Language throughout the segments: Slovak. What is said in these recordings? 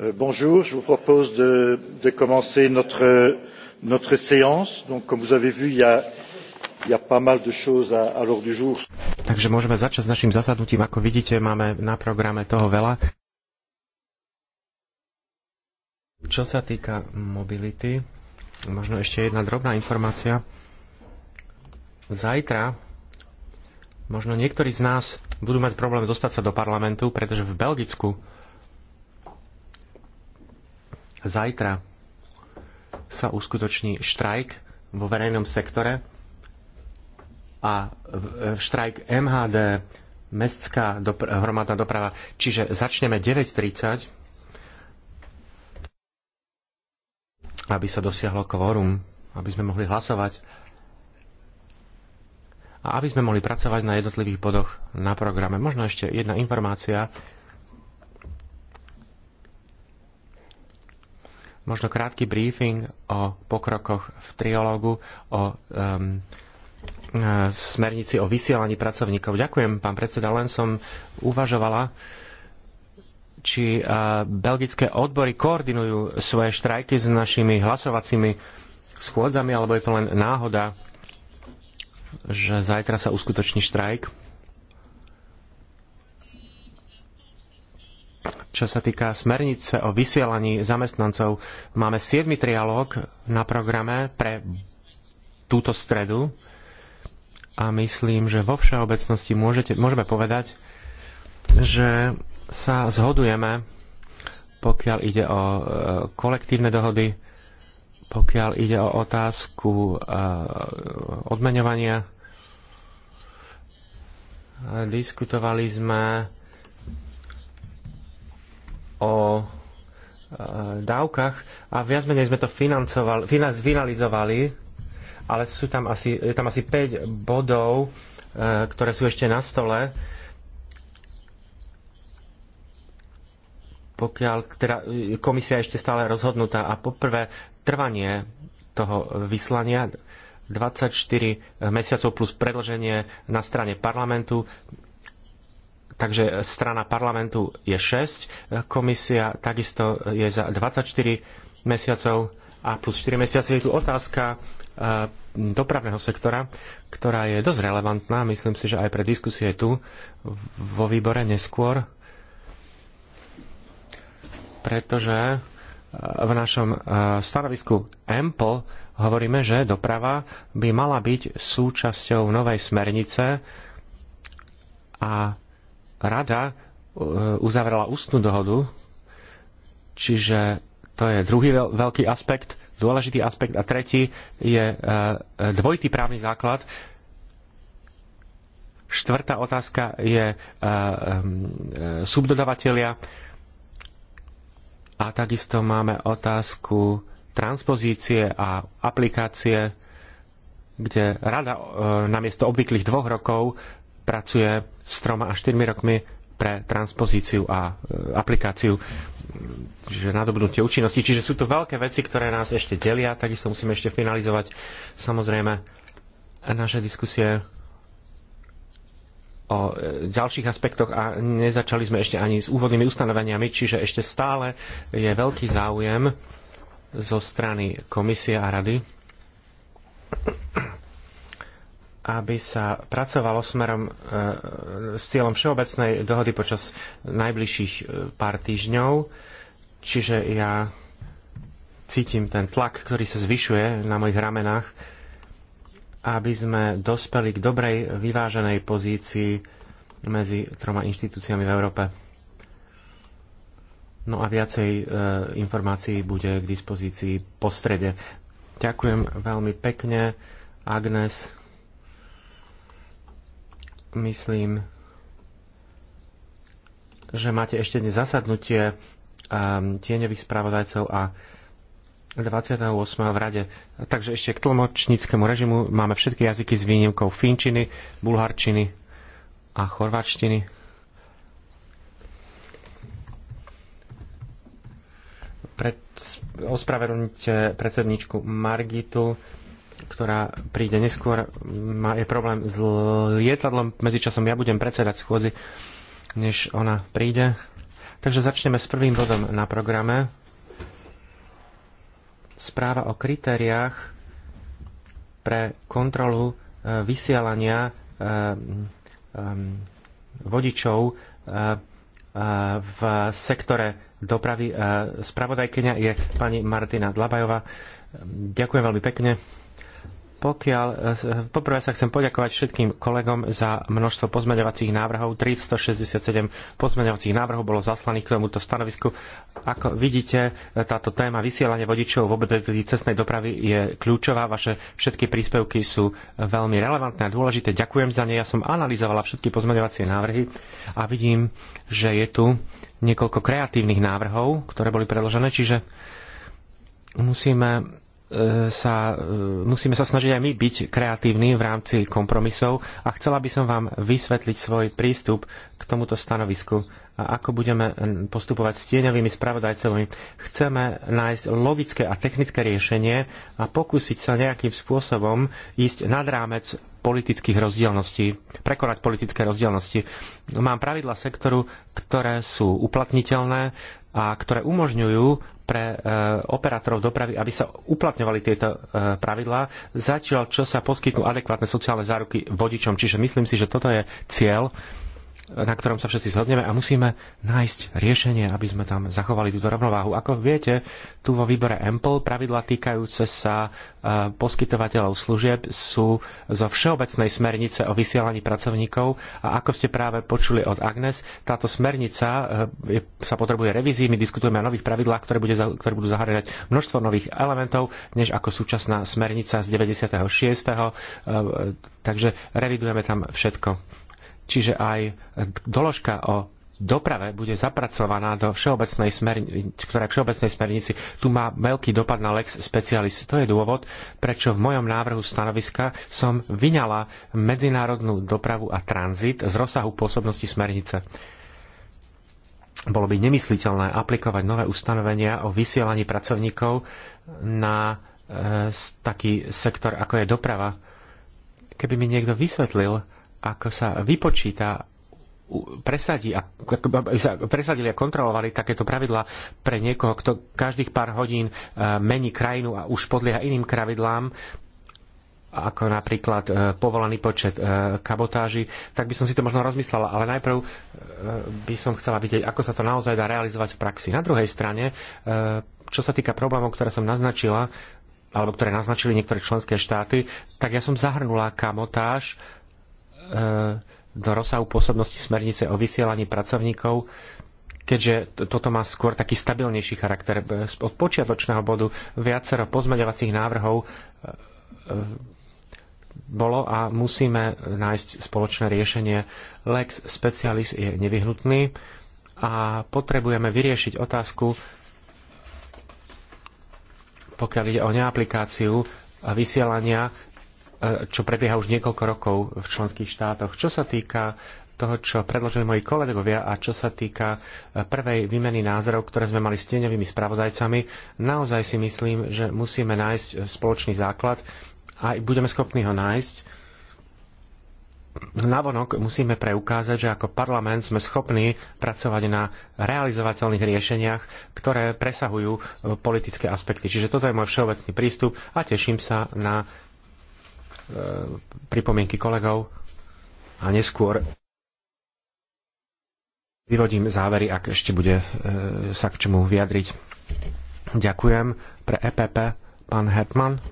Euh, bonjour je vous propose de, commencer notre, séance. Donc, comme vous avez vu il y a, il y a pas mal de choses à, à l'ordre du jour. Takže môžeme začať s našim zasadnutím. Ako vidíte, máme na programe toho veľa. Čo sa týka mobility, možno ešte jedna drobná informácia. Zajtra možno niektorí z nás budú mať problém dostať sa do parlamentu, pretože v Belgicku Zajtra sa uskutoční štrajk vo verejnom sektore a e, štrajk MHD, mestská dopr- hromadná doprava. Čiže začneme 9.30, aby sa dosiahlo kvórum, aby sme mohli hlasovať a aby sme mohli pracovať na jednotlivých bodoch na programe. Možno ešte jedna informácia možno krátky briefing o pokrokoch v triológu, o um, e, smernici o vysielaní pracovníkov. Ďakujem, pán predseda, len som uvažovala, či uh, belgické odbory koordinujú svoje štrajky s našimi hlasovacími schôdzami, alebo je to len náhoda, že zajtra sa uskutoční štrajk čo sa týka smernice o vysielaní zamestnancov. Máme 7. trialóg na programe pre túto stredu a myslím, že vo všeobecnosti môžete, môžeme povedať, že sa zhodujeme, pokiaľ ide o e, kolektívne dohody, pokiaľ ide o otázku e, odmeňovania. Diskutovali sme o e, dávkach a viac menej sme to financovali, finalizovali, ale sú tam asi, je tam asi 5 bodov, e, ktoré sú ešte na stole. Pokiaľ teda, e, komisia je ešte stále rozhodnutá a poprvé trvanie toho vyslania 24 mesiacov plus predlženie na strane parlamentu Takže strana parlamentu je 6, komisia takisto je za 24 mesiacov a plus 4 mesiace je tu otázka e, dopravného sektora, ktorá je dosť relevantná. Myslím si, že aj pre diskusie tu vo výbore neskôr, pretože e, v našom e, stanovisku EMPL hovoríme, že doprava by mala byť súčasťou novej smernice a Rada e, uzavrela ústnu dohodu, čiže to je druhý veľký aspekt, dôležitý aspekt. A tretí je e, dvojitý právny základ. Štvrtá otázka je e, subdodavatelia. A takisto máme otázku transpozície a aplikácie, kde rada namiesto obvyklých dvoch rokov pracuje s troma až 4 rokmi pre transpozíciu a e, aplikáciu že nadobudnutie účinnosti. Čiže sú to veľké veci, ktoré nás ešte delia, takisto musíme ešte finalizovať samozrejme naše diskusie o e, ďalších aspektoch a nezačali sme ešte ani s úvodnými ustanoveniami, čiže ešte stále je veľký záujem zo strany komisie a rady aby sa pracovalo smerom e, s cieľom všeobecnej dohody počas najbližších e, pár týždňov. Čiže ja cítim ten tlak, ktorý sa zvyšuje na mojich ramenách, aby sme dospeli k dobrej vyváženej pozícii medzi troma inštitúciami v Európe. No a viacej e, informácií bude k dispozícii po strede. Ďakujem veľmi pekne, Agnes myslím, že máte ešte dnes zasadnutie um, tieňových spravodajcov a 28. v rade. Takže ešte k tlmočníckému režimu máme všetky jazyky s výnimkou finčiny, bulharčiny a chorvačtiny. Pred, ospravedlňte predsedničku Margitu ktorá príde neskôr, má, je problém s lietadlom. Medzičasom ja budem predsedať schôdzi, než ona príde. Takže začneme s prvým bodom na programe. Správa o kritériách pre kontrolu e, vysielania e, e, vodičov v sektore dopravy. spravodajkenia je pani Martina Dlabajová. Ďakujem veľmi pekne. Pokiaľ, eh, poprvé sa chcem poďakovať všetkým kolegom za množstvo pozmeňovacích návrhov. 367 pozmeňovacích návrhov bolo zaslaných k tomuto stanovisku. Ako vidíte, eh, táto téma vysielania vodičov v obedvetví cestnej dopravy je kľúčová. Vaše všetky príspevky sú eh, veľmi relevantné a dôležité. Ďakujem za ne. Ja som analyzovala všetky pozmeňovacie návrhy a vidím, že je tu niekoľko kreatívnych návrhov, ktoré boli predložené, čiže musíme E, sa, e, musíme sa snažiť aj my byť kreatívni v rámci kompromisov a chcela by som vám vysvetliť svoj prístup k tomuto stanovisku a ako budeme e, postupovať s tieňovými spravodajcovmi. Chceme nájsť logické a technické riešenie a pokúsiť sa nejakým spôsobom ísť nad rámec politických rozdielností, prekonať politické rozdielnosti. Mám pravidla sektoru, ktoré sú uplatniteľné, a ktoré umožňujú pre e, operátorov dopravy, aby sa uplatňovali tieto e, pravidlá, zatiaľ čo sa poskytnú adekvátne sociálne záruky vodičom. Čiže myslím si, že toto je cieľ, na ktorom sa všetci zhodneme a musíme nájsť riešenie, aby sme tam zachovali túto rovnováhu. Ako viete, tu vo výbore Apple, pravidla týkajúce sa e, poskytovateľov služieb sú zo Všeobecnej smernice o vysielaní pracovníkov a ako ste práve počuli od Agnes, táto smernica e, sa potrebuje revízii, my diskutujeme o nových pravidlách, ktoré, bude, ktoré budú zahrňať množstvo nových elementov, než ako súčasná smernica z 96. E, takže revidujeme tam všetko. Čiže aj doložka o doprave bude zapracovaná do všeobecnej smernici, ktorá je všeobecnej smernici. Tu má veľký dopad na lex specialis. To je dôvod, prečo v mojom návrhu stanoviska som vyňala medzinárodnú dopravu a tranzit z rozsahu pôsobnosti smernice. Bolo by nemysliteľné aplikovať nové ustanovenia o vysielaní pracovníkov na e, taký sektor, ako je doprava. Keby mi niekto vysvetlil, ak sa vypočíta presadí a, presadili a kontrolovali takéto pravidlá pre niekoho, kto každých pár hodín e, mení krajinu a už podlieha iným pravidlám, ako napríklad e, povolaný počet e, kabotáží, tak by som si to možno rozmyslela, ale najprv by som chcela vidieť, ako sa to naozaj dá realizovať v praxi. Na druhej strane, čo sa týka problémov, ktoré som naznačila, alebo ktoré naznačili niektoré členské štáty, tak ja som zahrnula kamotáž E, do rozsahu pôsobnosti smernice o vysielaní pracovníkov, keďže toto má skôr taký stabilnejší charakter. E, od počiatočného bodu viacero pozmeňovacích návrhov e, bolo a musíme nájsť spoločné riešenie. Lex specialis je nevyhnutný a potrebujeme vyriešiť otázku, pokiaľ ide o neaplikáciu a vysielania E, čo prebieha už niekoľko rokov v členských štátoch. Čo sa týka toho, čo predložili moji kolegovia a čo sa týka e, prvej výmeny názorov, ktoré sme mali s tieňovými spravodajcami, naozaj si myslím, že musíme nájsť e, spoločný základ a budeme schopní ho nájsť. Navonok musíme preukázať, že ako parlament sme schopní pracovať na realizovateľných riešeniach, ktoré presahujú politické aspekty. Čiže toto je môj všeobecný prístup a teším sa na E, pripomienky kolegov a neskôr vyvodím závery, ak ešte bude e, sa k čomu vyjadriť. Ďakujem pre EPP, pán Hetman.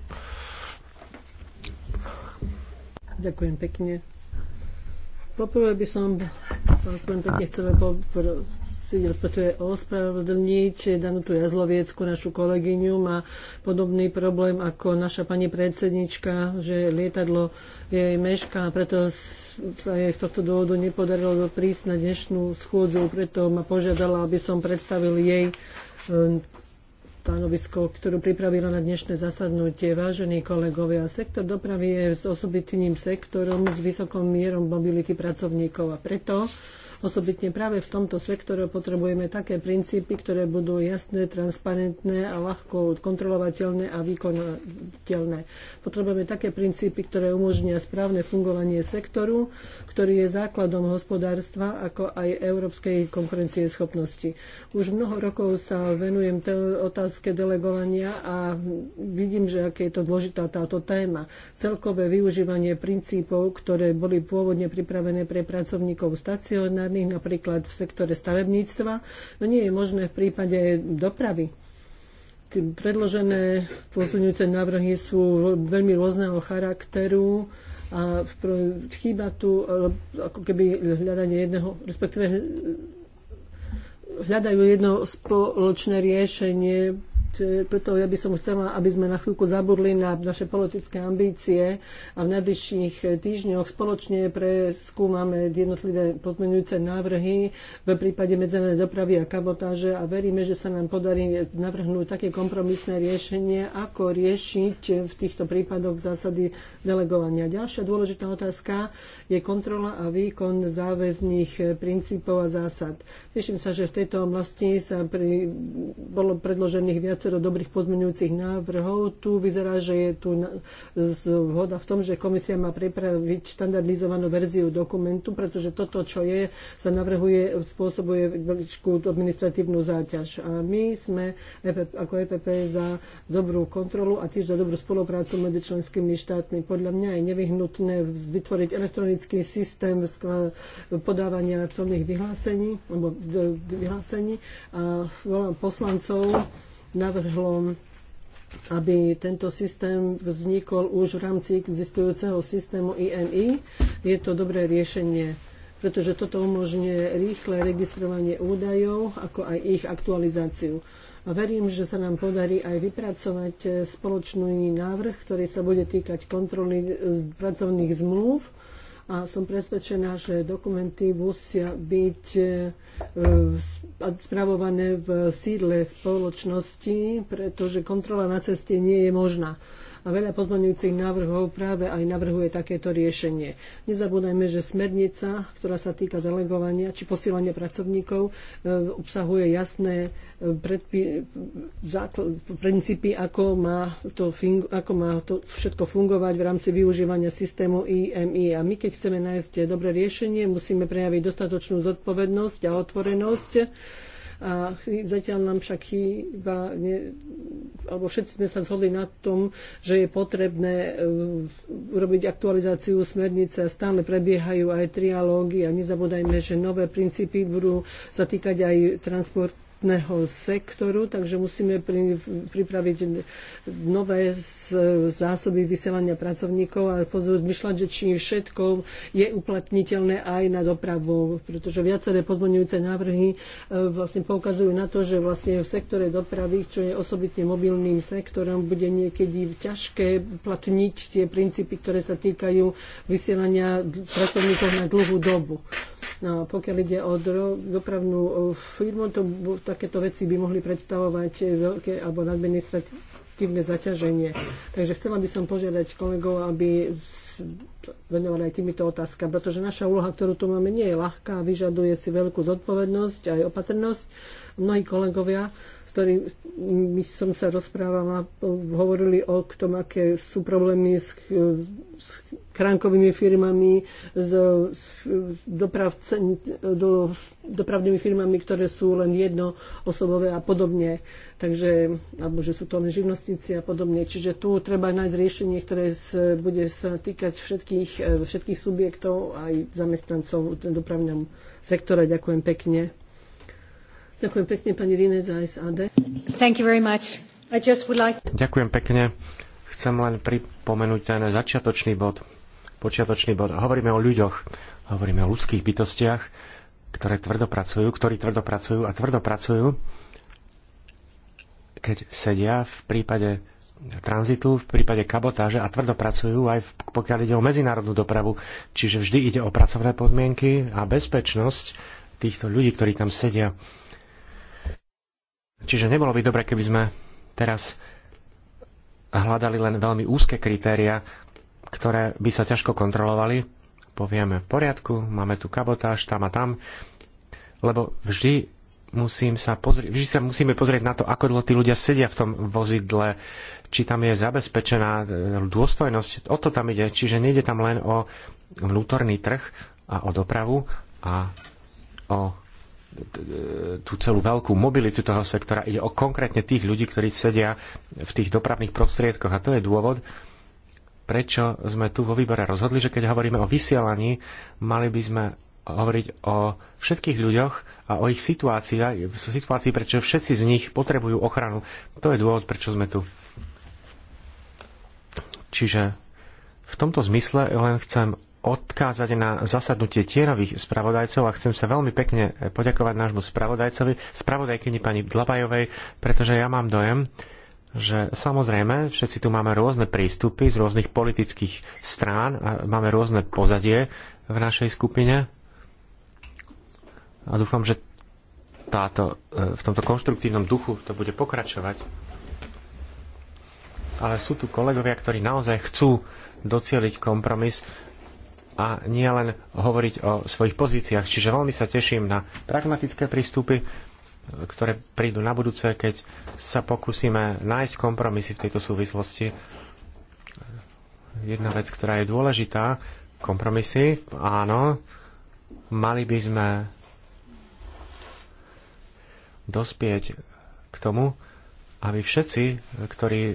Ďakujem pekne. Poprvé by som vás len pekne chcel si respektíve ospravedlniť Danutu Jazloviecku, našu kolegyňu, má podobný problém ako naša pani predsednička, že lietadlo jej meška a preto sa jej z tohto dôvodu nepodarilo prísť na dnešnú schôdzu, preto ma požiadala, aby som predstavil jej um, stanovisko, ktorú pripravila na dnešné zasadnutie. Vážení kolegovia, sektor dopravy je s osobitným sektorom s vysokou mierom mobility pracovníkov a preto Osobitne práve v tomto sektore potrebujeme také princípy, ktoré budú jasné, transparentné a ľahko kontrolovateľné a vykonateľné. Potrebujeme také princípy, ktoré umožnia správne fungovanie sektoru, ktorý je základom hospodárstva ako aj európskej konkurencieschopnosti. Už mnoho rokov sa venujem otázke delegovania a vidím, že aké je to dôležitá táto téma. Celkové využívanie princípov, ktoré boli pôvodne pripravené pre pracovníkov stacionárne, zodpovedných napríklad v sektore stavebníctva, no nie je možné v prípade dopravy predložené pozmeňujúce návrhy sú veľmi rôzneho charakteru a chýba tu e, ako keby hľadanie jedného, respektíve hľadajú jedno spoločné riešenie preto ja by som chcela, aby sme na chvíľku zabudli na naše politické ambície a v najbližších týždňoch spoločne preskúmame jednotlivé podmenujúce návrhy v prípade medzenej dopravy a kabotáže a veríme, že sa nám podarí navrhnúť také kompromisné riešenie, ako riešiť v týchto prípadoch zásady delegovania. Ďalšia dôležitá otázka je kontrola a výkon záväzných princípov a zásad. Teším sa, že v tejto oblasti sa pri, bolo predložených viac viacero dobrých pozmeňujúcich návrhov. Tu vyzerá, že je tu zhoda v tom, že komisia má pripraviť štandardizovanú verziu dokumentu, pretože toto, čo je, sa navrhuje, spôsobuje veľkú administratívnu záťaž. A my sme e ako EPP za dobrú kontrolu a tiež za dobrú spoluprácu medzi členskými štátmi. Podľa mňa je nevyhnutné vytvoriť elektronický systém podávania colných vyhlásení, alebo e, vyhlásení a volám poslancov, navrhlo aby tento systém vznikol už v rámci existujúceho systému IMI. Je to dobré riešenie, pretože toto umožňuje rýchle registrovanie údajov, ako aj ich aktualizáciu. A verím, že sa nám podarí aj vypracovať spoločný návrh, ktorý sa bude týkať kontroly pracovných zmluv a som presvedčená, že dokumenty musia byť e, e, spravované v sídle spoločnosti, pretože kontrola na ceste nie je možná a veľa pozmeňujúcich návrhov práve aj navrhuje takéto riešenie. Nezabúdajme, že smernica, ktorá sa týka delegovania či posielania pracovníkov, e, obsahuje jasné e, predpí, zákl, princípy, ako má, to ako má to všetko fungovať v rámci využívania systému IMI. A my, keď chceme nájsť dobré riešenie, musíme prejaviť dostatočnú zodpovednosť a otvorenosť a zatiaľ nám však chýba, ne, alebo všetci sme sa zhodli na tom, že je potrebné e, urobiť aktualizáciu smernice a stále prebiehajú aj trialógy a nezabúdajme, že nové princípy budú zatýkať aj transport vlastného sektoru, takže musíme pri, pripraviť nové z, zásoby vysielania pracovníkov a myšľať, že či všetko je uplatniteľné aj na dopravu, pretože viaceré pozmoňujúce návrhy e, vlastne poukazujú na to, že vlastne v sektore dopravy, čo je osobitne mobilným sektorom, bude niekedy ťažké platniť tie princípy, ktoré sa týkajú vysielania pracovníkov na dlhú dobu. No, pokiaľ ide o dopravnú e, firmu, to, to takéto veci by mohli predstavovať eh, veľké alebo administratívne zaťaženie. Takže chcela by som požiadať kolegov, aby venovali aj týmito otázkam, pretože naša úloha, ktorú tu máme, nie je ľahká, vyžaduje si veľkú zodpovednosť aj opatrnosť. Mnohí kolegovia ktorými som sa rozprávala, hovorili o tom, aké sú problémy s, s kránkovými firmami, s, s dopravce, do, dopravnými firmami, ktoré sú len jednoosobové a podobne. Takže, alebo že sú to len živnostníci a podobne. Čiže tu treba nájsť riešenie, ktoré s, bude sa týkať všetkých, všetkých subjektov, aj zamestnancov v dopravnom sektore. Ďakujem pekne. Ďakujem pekne, pani Rine za SAD. Thank you very much. I just would like... Ďakujem pekne. Chcem len pripomenúť ten začiatočný bod. Počiatočný bod. Hovoríme o ľuďoch, hovoríme o ľudských bytostiach, ktoré tvrdopracujú, ktorí tvrdopracujú a tvrdopracujú, keď sedia v prípade tranzitu, v prípade kabotáže a tvrdo pracujú aj v, pokiaľ ide o medzinárodnú dopravu. Čiže vždy ide o pracovné podmienky a bezpečnosť týchto ľudí, ktorí tam sedia. Čiže nebolo by dobre, keby sme teraz hľadali len veľmi úzke kritéria, ktoré by sa ťažko kontrolovali. Povieme v poriadku, máme tu kabotáž tam a tam, lebo vždy, musím sa pozrieť, vždy sa musíme pozrieť na to, ako dlho tí ľudia sedia v tom vozidle, či tam je zabezpečená e, dôstojnosť, o to tam ide, čiže nejde tam len o vnútorný trh a o dopravu a o tú celú veľkú mobilitu toho sektora. Ide o konkrétne tých ľudí, ktorí sedia v tých dopravných prostriedkoch. A to je dôvod, prečo sme tu vo výbore rozhodli, že keď hovoríme o vysielaní, mali by sme hovoriť o všetkých ľuďoch a o ich situácii, situácii, prečo všetci z nich potrebujú ochranu. To je dôvod, prečo sme tu. Čiže v tomto zmysle len chcem odkázať na zasadnutie tierových spravodajcov a chcem sa veľmi pekne poďakovať nášmu spravodajcovi, spravodajkyni pani Dlabajovej, pretože ja mám dojem, že samozrejme všetci tu máme rôzne prístupy z rôznych politických strán a máme rôzne pozadie v našej skupine. A dúfam, že táto, e, v tomto konštruktívnom duchu to bude pokračovať. Ale sú tu kolegovia, ktorí naozaj chcú docieliť kompromis a nie len hovoriť o svojich pozíciách. Čiže veľmi sa teším na pragmatické prístupy, ktoré prídu na budúce, keď sa pokúsime nájsť kompromisy v tejto súvislosti. Jedna vec, ktorá je dôležitá, kompromisy, áno, mali by sme dospieť k tomu, aby všetci, ktorí e,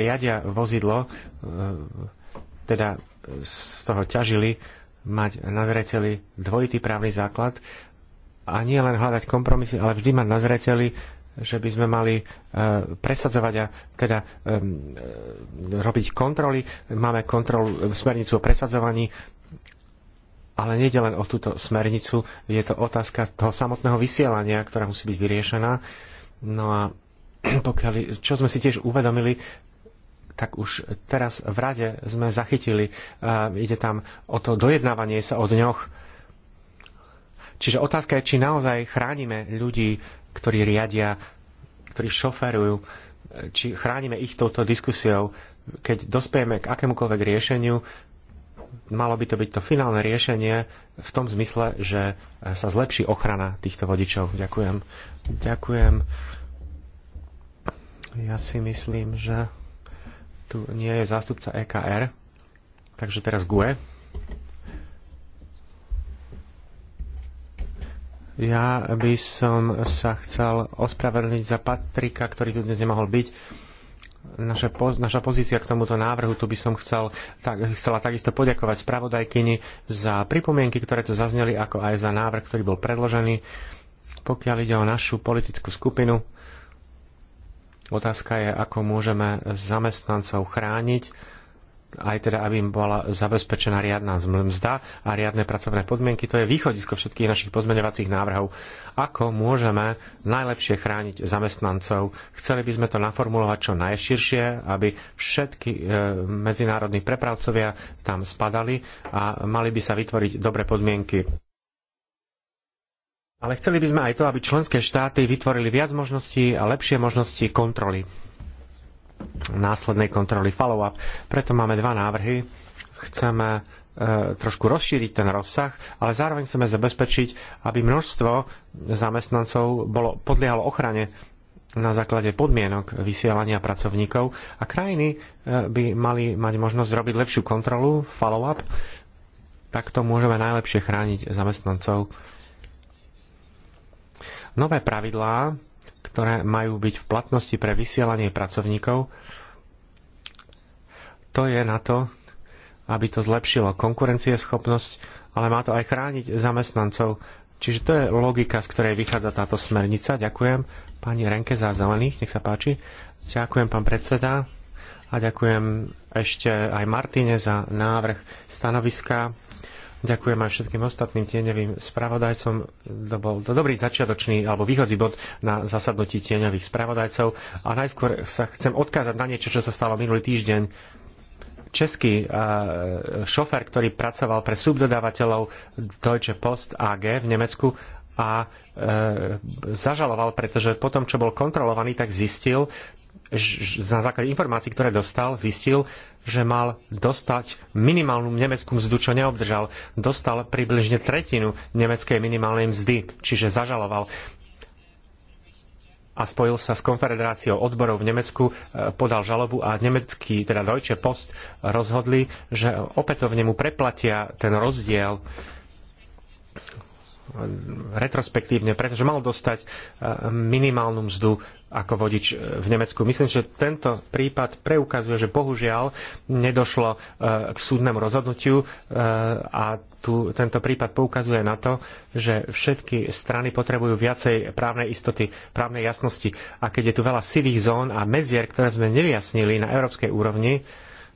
riadia vozidlo, e, teda z toho ťažili, mať na zreteli dvojitý právny základ a nie len hľadať kompromisy, ale vždy mať na zreteli, že by sme mali e, presadzovať a teda e, e, robiť kontroly. Máme kontrolu, smernicu o presadzovaní, ale nejde len o túto smernicu, je to otázka toho samotného vysielania, ktorá musí byť vyriešená. No a pokiaľ, čo sme si tiež uvedomili, tak už teraz v rade sme zachytili, ide tam o to dojednávanie sa o dňoch. Čiže otázka je, či naozaj chránime ľudí, ktorí riadia, ktorí šoferujú, či chránime ich touto diskusiou. Keď dospieme k akémukoľvek riešeniu, malo by to byť to finálne riešenie v tom zmysle, že sa zlepší ochrana týchto vodičov. Ďakujem. Ďakujem. Ja si myslím, že tu nie je zástupca EKR, takže teraz GUE. Ja by som sa chcel ospravedlniť za Patrika, ktorý tu dnes nemohol byť. Naša, poz, naša pozícia k tomuto návrhu, tu by som chcel, tak, chcela takisto poďakovať spravodajkyni za pripomienky, ktoré tu zazneli, ako aj za návrh, ktorý bol predložený. Pokiaľ ide o našu politickú skupinu, Otázka je, ako môžeme zamestnancov chrániť, aj teda, aby im bola zabezpečená riadna mzda a riadne pracovné podmienky. To je východisko všetkých našich pozmeňovacích návrhov. Ako môžeme najlepšie chrániť zamestnancov? Chceli by sme to naformulovať čo najširšie, aby všetky e, medzinárodní prepravcovia tam spadali a mali by sa vytvoriť dobre podmienky ale chceli by sme aj to, aby členské štáty vytvorili viac možností a lepšie možnosti kontroly. Následnej kontroly follow-up. Preto máme dva návrhy. Chceme e, trošku rozšíriť ten rozsah, ale zároveň chceme zabezpečiť, aby množstvo zamestnancov bolo, podliehalo ochrane na základe podmienok vysielania pracovníkov a krajiny e, by mali mať možnosť robiť lepšiu kontrolu, follow-up. Takto môžeme najlepšie chrániť zamestnancov nové pravidlá, ktoré majú byť v platnosti pre vysielanie pracovníkov. To je na to, aby to zlepšilo konkurencieschopnosť, ale má to aj chrániť zamestnancov. Čiže to je logika, z ktorej vychádza táto smernica. Ďakujem pani Renke za zelených, nech sa páči. Ďakujem pán predseda a ďakujem ešte aj Martine za návrh stanoviska Ďakujem aj všetkým ostatným tieňovým spravodajcom. To bol to dobrý začiatočný alebo výhodzí bod na zasadnutí tieňových spravodajcov. A najskôr sa chcem odkázať na niečo, čo sa stalo minulý týždeň. Český eh, šofér, ktorý pracoval pre subdodávateľov Deutsche Post AG v Nemecku, a e, zažaloval, pretože potom, čo bol kontrolovaný, tak zistil, na základe informácií, ktoré dostal, zistil, že mal dostať minimálnu nemeckú mzdu, čo neobdržal. Dostal približne tretinu nemeckej minimálnej mzdy, čiže zažaloval a spojil sa s konfederáciou odborov v Nemecku, e, podal žalobu a nemecký, teda Deutsche Post, rozhodli, že opätovne mu preplatia ten rozdiel e, retrospektívne, pretože mal dostať e, minimálnu mzdu ako vodič e, v Nemecku. Myslím, že tento prípad preukazuje, že bohužiaľ nedošlo e, k súdnemu rozhodnutiu e, a tu, tento prípad poukazuje na to, že všetky strany potrebujú viacej právnej istoty, právnej jasnosti. A keď je tu veľa sivých zón a medzier, ktoré sme nevyjasnili na európskej úrovni,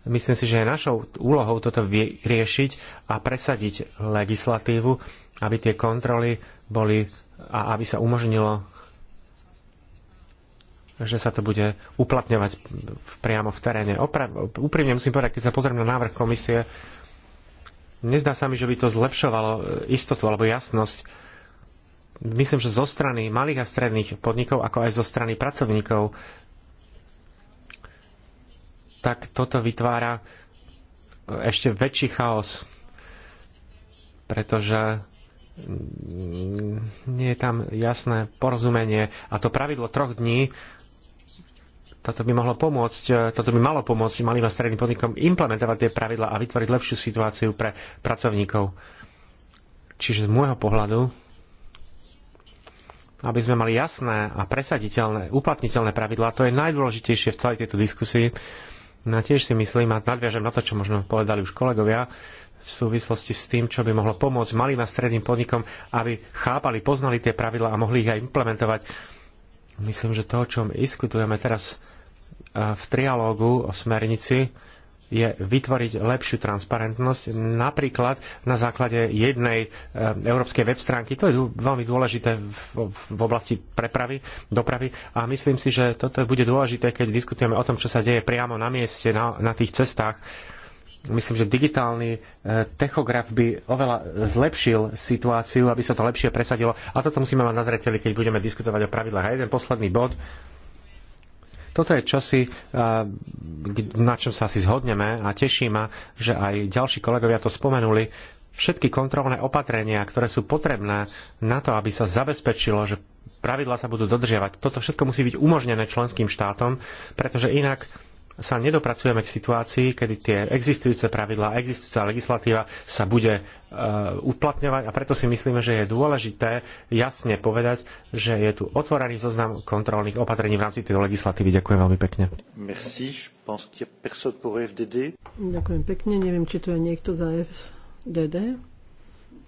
myslím si, že je našou úlohou toto riešiť a presadiť legislatívu, aby tie kontroly boli a aby sa umožnilo že sa to bude uplatňovať priamo v teréne. Opra- úprimne musím povedať, keď sa pozriem na návrh komisie, nezdá sa mi, že by to zlepšovalo e, istotu alebo jasnosť. Myslím, že zo strany malých a stredných podnikov, ako aj zo strany pracovníkov, tak toto vytvára ešte väčší chaos, pretože nie je tam jasné porozumenie a to pravidlo troch dní toto by mohlo pomôcť, e, toto by malo pomôcť malým a stredným podnikom implementovať tie pravidla a vytvoriť lepšiu situáciu pre pracovníkov. Čiže z môjho pohľadu, aby sme mali jasné a presaditeľné, uplatniteľné pravidlá, to je najdôležitejšie v celej tejto diskusii. No a tiež si myslím, a nadviažem na to, čo možno povedali už kolegovia, v súvislosti s tým, čo by mohlo pomôcť malým a stredným podnikom, aby chápali, poznali tie pravidlá a mohli ich aj implementovať. Myslím, že to, o čom diskutujeme teraz, v trialógu o smernici je vytvoriť lepšiu transparentnosť, napríklad na základe jednej e, európskej web stránky. To je veľmi dôležité v, oblasti prepravy, dopravy a myslím si, že toto bude dôležité, keď diskutujeme o tom, čo sa deje priamo na mieste, na, na tých cestách. Myslím, že digitálny e, techograf by oveľa zlepšil situáciu, aby sa to lepšie presadilo. A toto musíme mať na zreteli, keď budeme diskutovať o pravidlách. A jeden posledný bod toto je čosi, eh, na čom sa si zhodneme a teší ma, že aj ďalší kolegovia to spomenuli. Všetky kontrolné opatrenia, ktoré sú potrebné na to, aby sa zabezpečilo, že pravidlá sa budú dodržiavať. Toto všetko musí byť umožnené členským štátom, pretože inak sa nedopracujeme k situácii, kedy tie existujúce pravidlá, existujúca legislatíva sa bude e, uplatňovať a preto si myslíme, že je dôležité jasne povedať, že je tu otvorený zoznam kontrolných opatrení v rámci tej legislatívy. Ďakujem veľmi pekne. Merci. Ďakujem pekne. Neviem, či tu je niekto za FDD.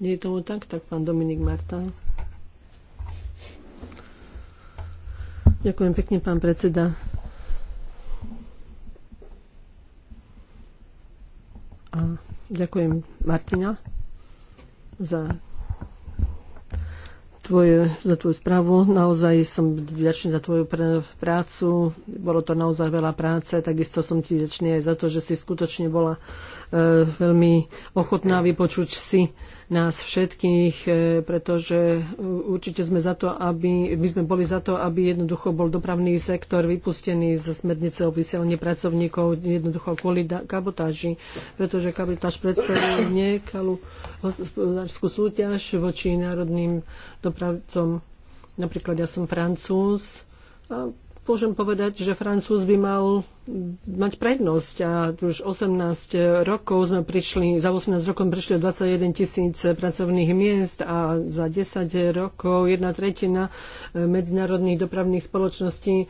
Nie je tomu tak? Tak pán Dominik Marta. Ďakujem pekne, pán predseda. A ďakujem Martina za tvoje, za tvoju správu. Naozaj som vďačný za tvoju pr- prácu. Bolo to naozaj veľa práce. Takisto som ti vďačný aj za to, že si skutočne bola E, veľmi ochotná vypočuť si nás všetkých, e, pretože určite sme za to, aby, my sme boli za to, aby jednoducho bol dopravný sektor vypustený z smernice o vysielanie pracovníkov jednoducho kvôli kabotáži, pretože kabotáž predstavuje nekalú hospodárskú súťaž voči národným dopravcom. Napríklad ja som francúz a môžem povedať, že Francúz by mal mať prednosť a už 18 rokov sme prišli, za 18 rokov prišli 21 tisíc pracovných miest a za 10 rokov jedna tretina e, medzinárodných dopravných spoločností e,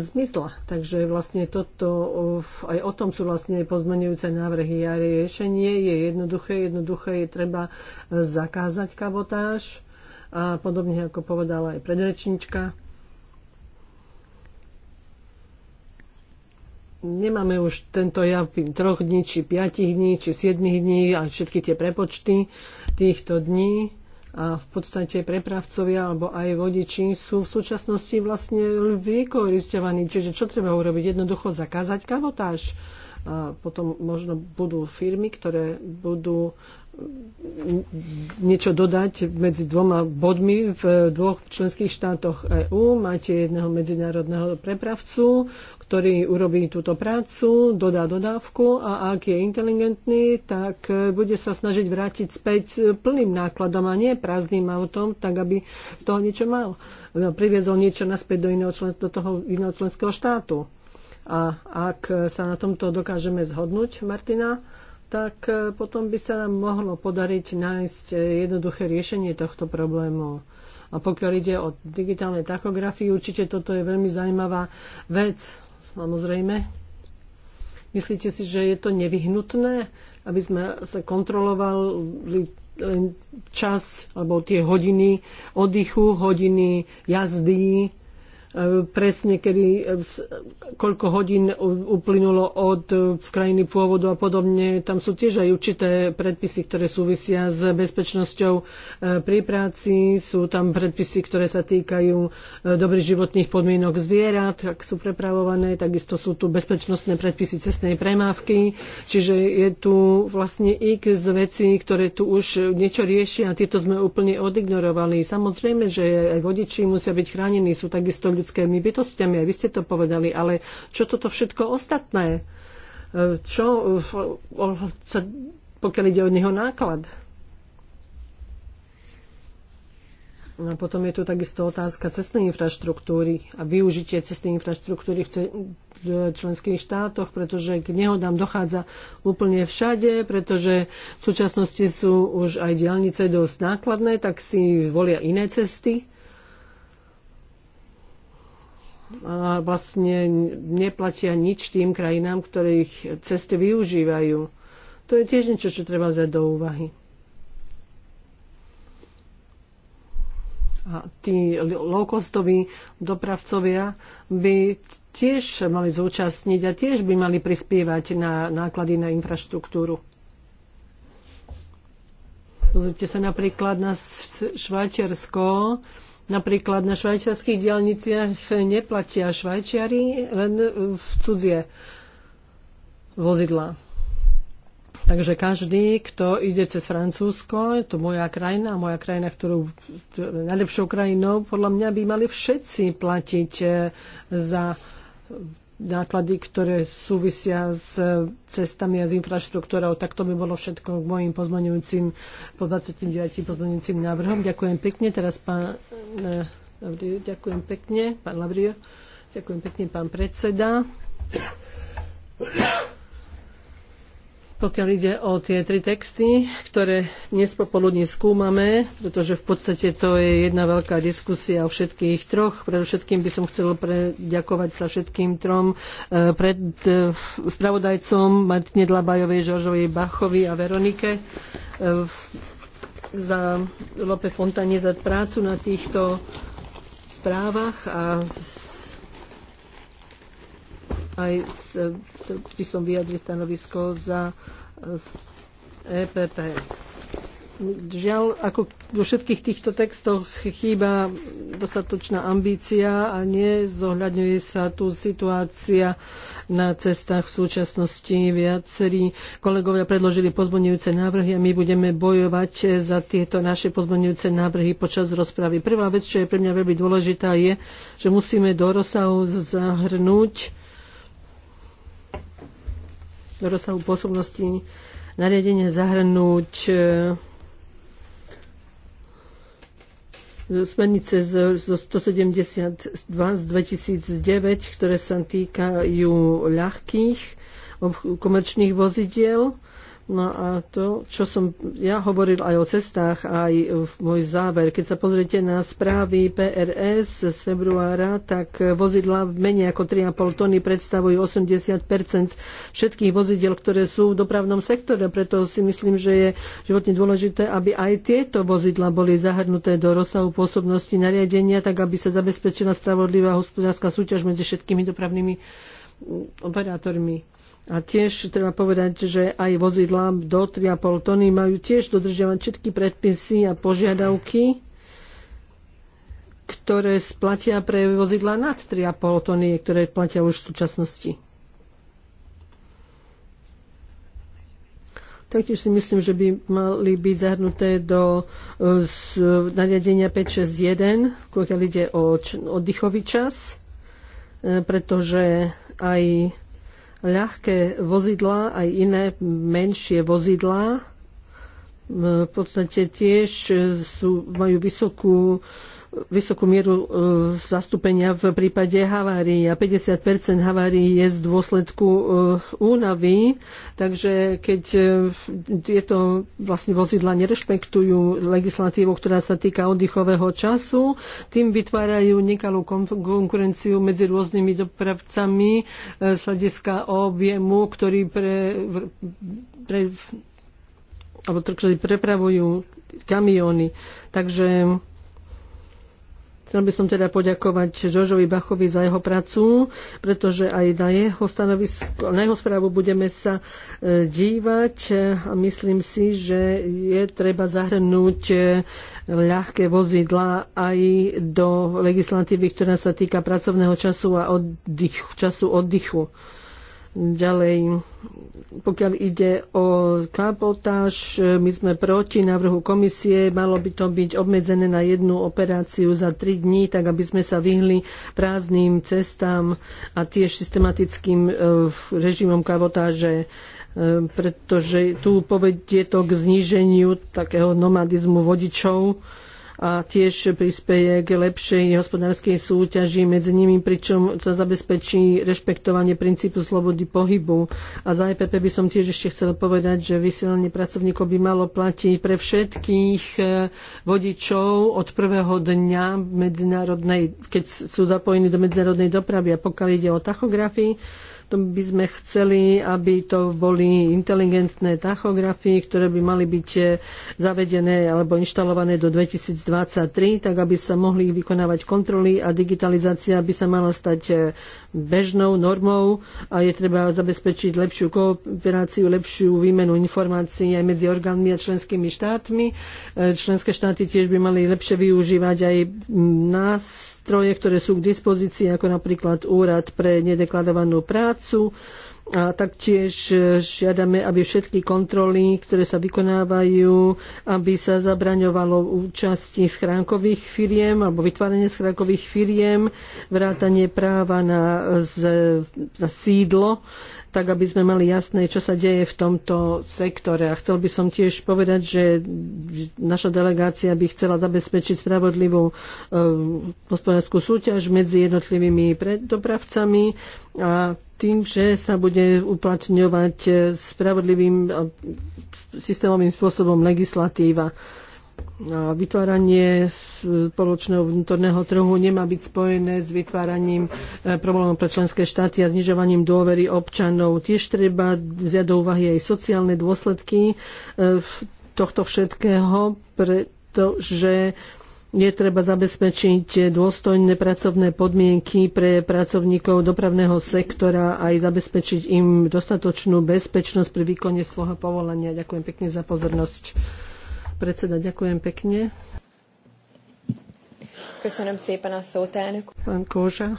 zmizla. Takže vlastne toto, aj o tom sú vlastne pozmenujúce návrhy a riešenie je jednoduché, jednoduché je treba e, zakázať kabotáž a podobne ako povedala aj predrečnička nemáme už tento jav troch dní, či piatich dní, či siedmých dní a všetky tie prepočty týchto dní. A v podstate prepravcovia alebo aj vodiči sú v súčasnosti vlastne vykoristovaní. Čiže čo treba urobiť? Jednoducho zakázať kabotáž. A potom možno budú firmy, ktoré budú niečo dodať medzi dvoma bodmi v dvoch členských štátoch EÚ. Máte jedného medzinárodného prepravcu, ktorý urobí túto prácu, dodá dodávku a ak je inteligentný, tak bude sa snažiť vrátiť späť plným nákladom a nie prázdnym autom, tak aby z toho niečo mal. No, priviezol niečo naspäť do, iného člen, do toho iného členského štátu. A ak sa na tomto dokážeme zhodnúť, Martina, tak e, potom by sa nám mohlo podariť nájsť e, jednoduché riešenie tohto problému. A pokiaľ ide o digitálne tachografii, určite toto je veľmi zaujímavá vec, samozrejme. Myslíte si, že je to nevyhnutné, aby sme sa kontrolovali čas alebo tie hodiny oddychu, hodiny jazdy presne kedy, koľko hodín uplynulo od e, krajiny pôvodu a podobne. Tam sú tiež aj určité predpisy, ktoré súvisia s bezpečnosťou e, pri práci. Sú tam predpisy, ktoré sa týkajú e, dobrých životných podmienok zvierat, ak sú prepravované. Takisto sú tu bezpečnostné predpisy cestnej premávky. Čiže je tu vlastne x z vecí, ktoré tu už niečo riešia a tieto sme úplne odignorovali. Samozrejme, že aj vodiči musia byť chránení, sú takisto ľudia ľudskými bytostiami, aj vy ste to povedali, ale čo toto všetko ostatné? E, čo čo e, pokiaľ ide o neho náklad? No a potom je tu takisto otázka cestnej infraštruktúry a využitie cestnej infraštruktúry v členských štátoch, pretože k nehodám dochádza úplne všade, pretože v súčasnosti sú už aj diálnice dosť nákladné, tak si volia iné cesty a vlastne neplatia nič tým krajinám, ktorých cesty využívajú. To je tiež niečo, čo treba vziať do úvahy. A tí low-costoví dopravcovia by tiež mali zúčastniť a tiež by mali prispievať na náklady na infraštruktúru. Pozrite sa napríklad na Švajčiarsko, Napríklad na švajčiarských dielniciach neplatia švajčiari, len v cudzie vozidla. Takže každý, kto ide cez Francúzsko, je to moja krajina, moja krajina, ktorú najlepšou krajinou, podľa mňa by mali všetci platiť eh, za náklady, ktoré súvisia s e, cestami a s infraštruktúrou. Tak to by bolo všetko k mojim pozmeňujúcim, po 29 pozmeňujúcim návrhom. Ďakujem pekne. Teraz pán e, Lavrio, ďakujem pekne. Pán Lavrio, ďakujem pekne, pán predseda pokiaľ ide o tie tri texty, ktoré dnes popoludne skúmame, pretože v podstate to je jedna veľká diskusia o všetkých troch. Predovšetkým by som chcel ďakovať sa všetkým trom eh, pred eh, spravodajcom Martine Dlabajovej, Žoržovej Bachovi a Veronike eh, za Lope Fontane za prácu na týchto právach a aj z, by som vyjadril stanovisko za EPP. Eh, e Žiaľ, ako vo všetkých týchto textoch chýba dostatočná ambícia a nezohľadňuje sa tu situácia na cestách v súčasnosti. Viacerí kolegovia predložili pozmenujúce návrhy a my budeme bojovať eh, za tieto naše pozmenujúce návrhy počas rozpravy. Prvá vec, čo je pre mňa veľmi dôležitá, je, že musíme do rozsahu zahrnúť do rozsahu pôsobnosti nariadenia zahrnúť e, smernice zo, zo 172 z 2009, ktoré sa týkajú ľahkých komerčných vozidiel No a to, čo som ja hovoril aj o cestách, aj v môj záver, keď sa pozriete na správy PRS z februára, tak vozidla v menej ako 3,5 tony predstavujú 80 všetkých vozidel, ktoré sú v dopravnom sektore. Preto si myslím, že je životne dôležité, aby aj tieto vozidla boli zahrnuté do rozsahu pôsobnosti nariadenia, tak aby sa zabezpečila spravodlivá hospodárska súťaž medzi všetkými dopravnými operátormi. A tiež treba povedať, že aj vozidlá do 3,5 tony majú tiež dodržiavať všetky predpisy a požiadavky, ktoré splatia pre vozidlá nad 3,5 tony, ktoré platia už v súčasnosti. Taktiež si myslím, že by mali byť zahrnuté do z, e, nariadenia 561, pokiaľ ide o oddychový čas, e, pretože aj ľahké vozidlá, aj iné menšie vozidlá v podstate tiež sú, majú vysokú vysokú mieru e, zastúpenia v prípade havárií a 50 havárií je z dôsledku e, únavy, takže keď e, tieto vlastne vozidla nerešpektujú legislatívu, ktorá sa týka oddychového času, tým vytvárajú nekalú konkurenciu medzi rôznymi dopravcami z hľadiska objemu, ktorý pre, pre alebo ktorý prepravujú kamióny. Takže Chcel by som teda poďakovať Žožovi Bachovi za jeho prácu, pretože aj na jeho, stanovisko, na jeho správu budeme sa e, dívať a myslím si, že je treba zahrnúť e, ľahké vozidla aj do legislatívy, ktorá sa týka pracovného času a oddych, času oddychu. Ďalej, pokiaľ ide o kabotáž, my sme proti návrhu komisie, malo by to byť obmedzené na jednu operáciu za tri dní, tak aby sme sa vyhli prázdnym cestám a tiež systematickým e, režimom kabotáže e, pretože tu povedie to k zníženiu takého nomadizmu vodičov a tiež prispieje k lepšej hospodárskej súťaži medzi nimi, pričom sa zabezpečí rešpektovanie princípu slobody pohybu. A za EPP by som tiež ešte chcel povedať, že vysielanie pracovníkov by malo platiť pre všetkých e, vodičov od prvého dňa medzinárodnej, keď sú zapojení do medzinárodnej dopravy. A pokiaľ ide o tachografii, to by sme chceli, aby to boli inteligentné tachografy, ktoré by mali byť e, zavedené alebo inštalované do 2023, tak aby sa mohli vykonávať kontroly a digitalizácia by sa mala stať e, bežnou normou a je treba zabezpečiť lepšiu kooperáciu, lepšiu výmenu informácií aj medzi orgánmi a členskými štátmi. E, členské štáty tiež by mali lepšie využívať aj nás nástroje, ktoré sú k dispozícii, ako napríklad úrad pre nedekladovanú prácu. A taktiež e, žiadame, aby všetky kontroly, ktoré sa vykonávajú, aby sa zabraňovalo účasti schránkových firiem alebo vytváranie schránkových firiem, vrátanie práva na, na sídlo tak aby sme mali jasné, čo sa deje v tomto sektore. A chcel by som tiež povedať, že naša delegácia by chcela zabezpečiť spravodlivú e, hospodárskú súťaž medzi jednotlivými dopravcami a tým, že sa bude uplatňovať spravodlivým e, systémovým spôsobom legislatíva vytváranie spoločného vnútorného trhu nemá byť spojené s vytváraním e, problémov pre členské štáty a znižovaním dôvery občanov. Tiež treba vziať do úvahy aj sociálne dôsledky e, tohto všetkého, pretože je treba zabezpečiť dôstojné pracovné podmienky pre pracovníkov dopravného sektora a aj zabezpečiť im dostatočnú bezpečnosť pri výkone svojho povolania. Ďakujem pekne za pozornosť. Predseda, ďakujem pekne. Köszönöm szépen a szót, elnök. Pán Kózsa.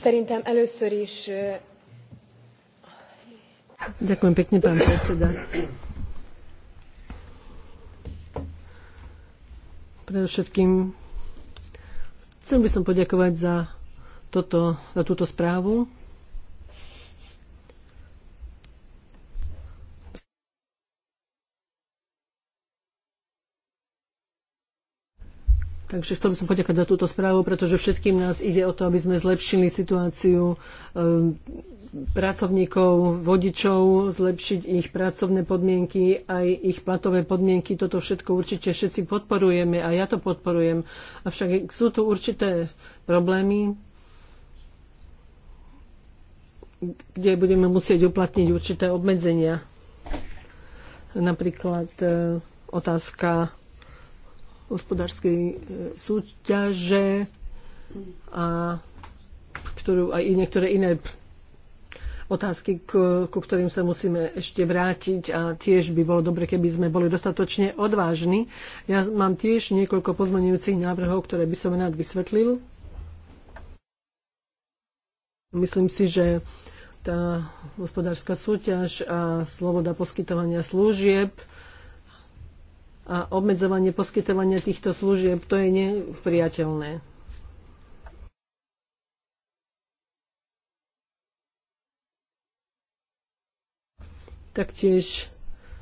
Szerintem először is... Ďakujem pekne, pán predseda. Predovšetkým chcem by som poďakovať za, toto, za túto správu, Takže chcel by som poďakať za túto správu, pretože všetkým nás ide o to, aby sme zlepšili situáciu eh, pracovníkov, vodičov, zlepšiť ich pracovné podmienky, aj ich platové podmienky. Toto všetko určite všetci podporujeme a ja to podporujem. Avšak sú tu určité problémy, kde budeme musieť uplatniť určité obmedzenia. Napríklad e, otázka hospodárskej e, súťaže a ktorú aj niektoré iné otázky, ku ktorým sa musíme ešte vrátiť a tiež by bolo dobre, keby sme boli dostatočne odvážni. Ja mám tiež niekoľko pozmenujúcich návrhov, ktoré by som rád vysvetlil. Myslím si, že tá hospodárska súťaž a sloboda poskytovania služieb a obmedzovanie poskytovania týchto služieb, to je nepriateľné. Taktiež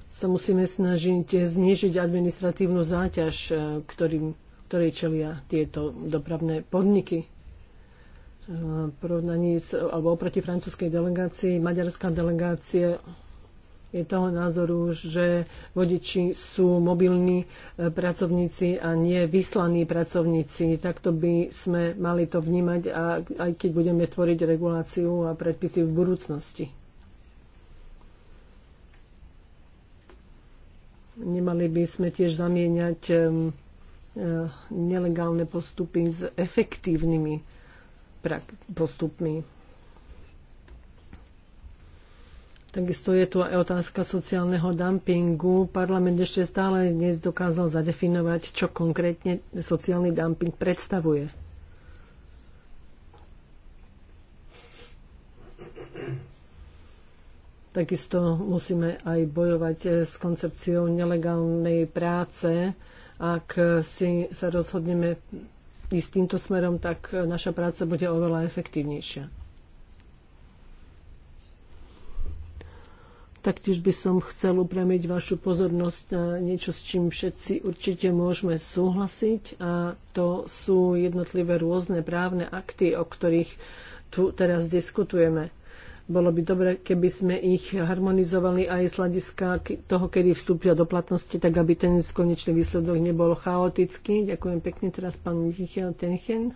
sa musíme snažiť znižiť administratívnu záťaž, e, ktorým, ktorej čelia tieto dopravné podniky. E, porovnaní s, alebo oproti francúzskej delegácii, maďarská delegácia je toho názoru, že vodiči sú mobilní e, pracovníci a nie vyslaní pracovníci. Takto by sme mali to vnímať, a aj keď budeme tvoriť reguláciu a predpisy v budúcnosti. Nemali by sme tiež zamieňať e, nelegálne postupy s efektívnymi postupmi Takisto je tu aj otázka sociálneho dumpingu. Parlament ešte stále dnes dokázal zadefinovať, čo konkrétne sociálny dumping predstavuje. Takisto musíme aj bojovať eh, s koncepciou nelegálnej práce. Ak si sa rozhodneme ísť týmto smerom, tak naša práca bude oveľa efektívnejšia. Taktiež by som chcel upremiť vašu pozornosť na niečo, s čím všetci určite môžeme súhlasiť a to sú jednotlivé rôzne právne akty, o ktorých tu teraz diskutujeme. Bolo by dobre, keby sme ich harmonizovali aj z hľadiska toho, kedy vstúpia do platnosti, tak aby ten konečný výsledok nebol chaotický. Ďakujem pekne teraz pán Michiel Tenchen.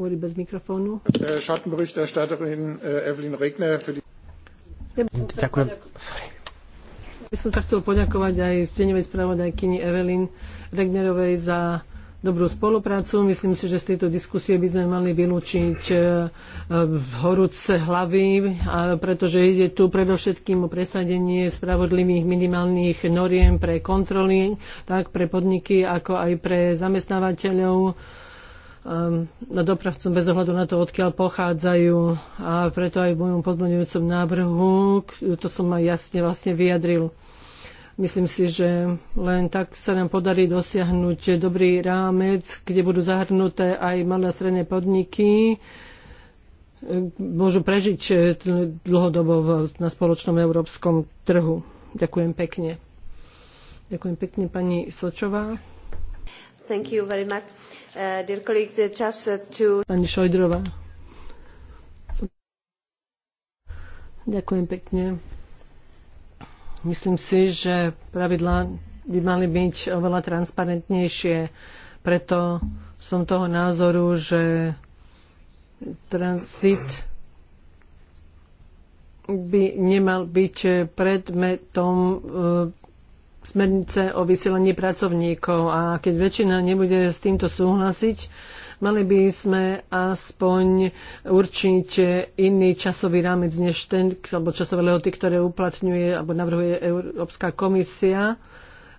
Hovorí bez mikrofónu. Äh, Schattenberichterstatterin äh, Evelyn Regner für die Ďakujem. Sorry. som sa chcel poďakovať aj steňovej spravodajkyni Evelyn Regnerovej za dobrú spoluprácu. Myslím si, že z tejto diskusie by sme mali vylúčiť e, e, horúce hlavy, pretože ide tu predovšetkým o presadenie spravodlivých minimálnych noriem pre kontroly, tak pre podniky, ako aj pre zamestnávateľov Um, na dopravcom bez ohľadu na to, odkiaľ pochádzajú. A preto aj v mojom podmenujúcom návrhu, to som aj jasne vlastne vyjadril. Myslím si, že len tak sa nám podarí dosiahnuť dobrý rámec, kde budú zahrnuté aj malé a stredné podniky, môžu prežiť e, dlhodobo na spoločnom európskom trhu. Ďakujem pekne. Ďakujem pekne pani Sočová. Thank you very much. Uh, dear colleague, just uh, to... Pani Šojdrová. Ďakujem pekne. Myslím si, že pravidlá by mali byť oveľa transparentnejšie. Preto som toho názoru, že tranzit by nemal byť predmetom uh, smernice o vysielaní pracovníkov a keď väčšina nebude s týmto súhlasiť, mali by sme aspoň určiť iný časový rámec než ten, alebo časové lehoty, ktoré uplatňuje alebo navrhuje Európska komisia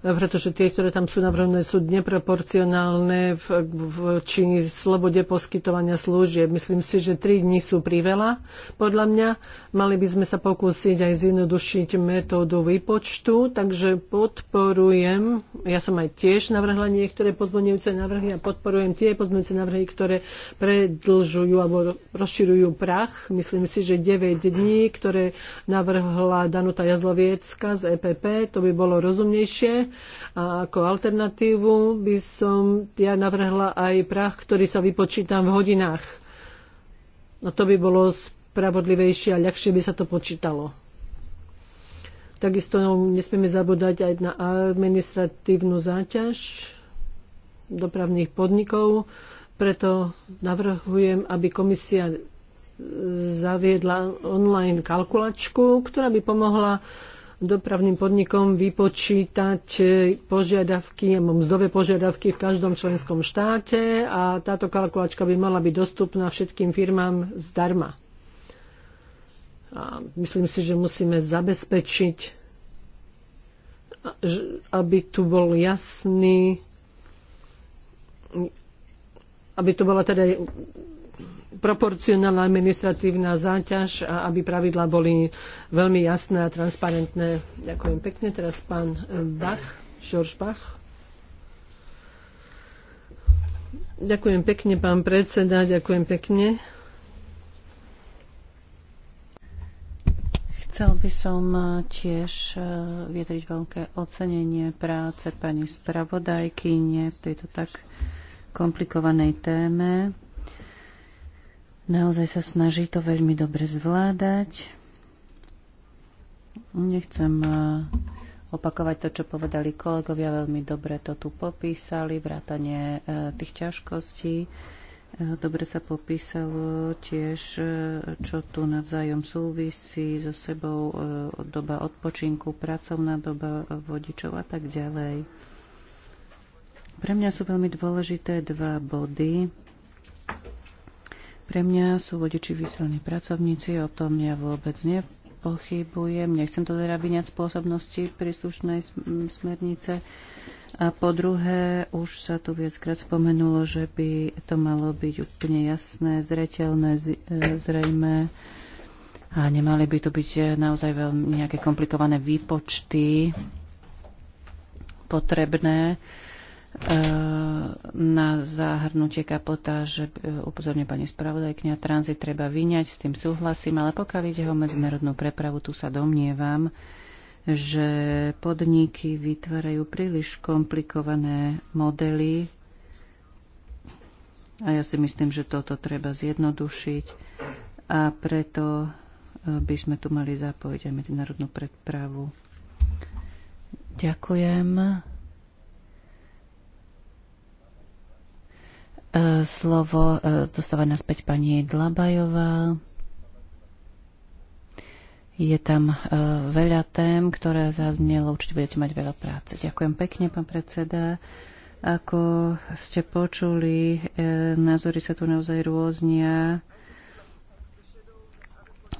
pretože tie, ktoré tam sú navrhnuté, sú neproporcionálne v, v, či slobode poskytovania služieb. Myslím si, že tri dní sú priveľa, podľa mňa. Mali by sme sa pokúsiť aj zjednodušiť metódu výpočtu, takže podporujem, ja som aj tiež navrhla niektoré pozmeňujúce návrhy a podporujem tie pozmeňujúce návrhy, ktoré predlžujú alebo rozširujú prach. Myslím si, že 9 dní, ktoré navrhla Danuta Jazloviecka z EPP, to by bolo rozumnejšie a ako alternatívu by som ja navrhla aj prach, ktorý sa vypočítam v hodinách. No to by bolo spravodlivejšie a ľahšie by sa to počítalo. Takisto nesmieme zabúdať aj na administratívnu záťaž dopravných podnikov, preto navrhujem, aby komisia zaviedla online kalkulačku, ktorá by pomohla dopravným podnikom vypočítať e, požiadavky, mzdové požiadavky v každom členskom štáte a táto kalkulačka by mala byť dostupná všetkým firmám zdarma. A myslím si, že musíme zabezpečiť, aby tu bol jasný, aby tu bola teda proporcionálna administratívna záťaž a aby pravidla boli veľmi jasné a transparentné. Ďakujem pekne. Teraz pán Bach, George Bach. Ďakujem pekne, pán predseda, ďakujem pekne. Chcel by som tiež eh, vyjadriť veľké ocenenie práce pani spravodajky nie v tejto tak komplikovanej téme. Naozaj sa snaží to veľmi dobre zvládať. Nechcem eh, opakovať to, čo povedali kolegovia, veľmi dobre to tu popísali, vrátanie eh, tých ťažkostí. Eh, dobre sa popísalo tiež, čo tu navzájom súvisí so sebou doba odpočinku, pracovná doba vodičov a tak ďalej. Pre mňa sú veľmi dôležité dva body pre mňa sú vodiči výsilní pracovníci, o tom ja vôbec nepochybujem. Nechcem to teda vyňať spôsobnosti príslušnej smernice. A po druhé, už sa tu viackrát spomenulo, že by to malo byť úplne jasné, zreteľné, e, zrejmé. A nemali by to byť e, naozaj veľmi nejaké komplikované výpočty potrebné na zahrnutie kapota, že e, upozorňuje pani spravodajkňa, tranzit treba vyňať, s tým súhlasím, ale pokiaľ ide o medzinárodnú prepravu, tu sa domnievam, že podniky vytvárajú príliš komplikované modely a ja si myslím, že toto treba zjednodušiť a preto e, by sme tu mali zapojiť aj medzinárodnú prepravu. Ďakujem. E, slovo e, dostáva naspäť pani Dlabajová. Je tam e, veľa tém, ktoré zaznelo. Určite budete mať veľa práce. Ďakujem pekne, pán predseda. Ako ste počuli, názory sa tu naozaj rôznia.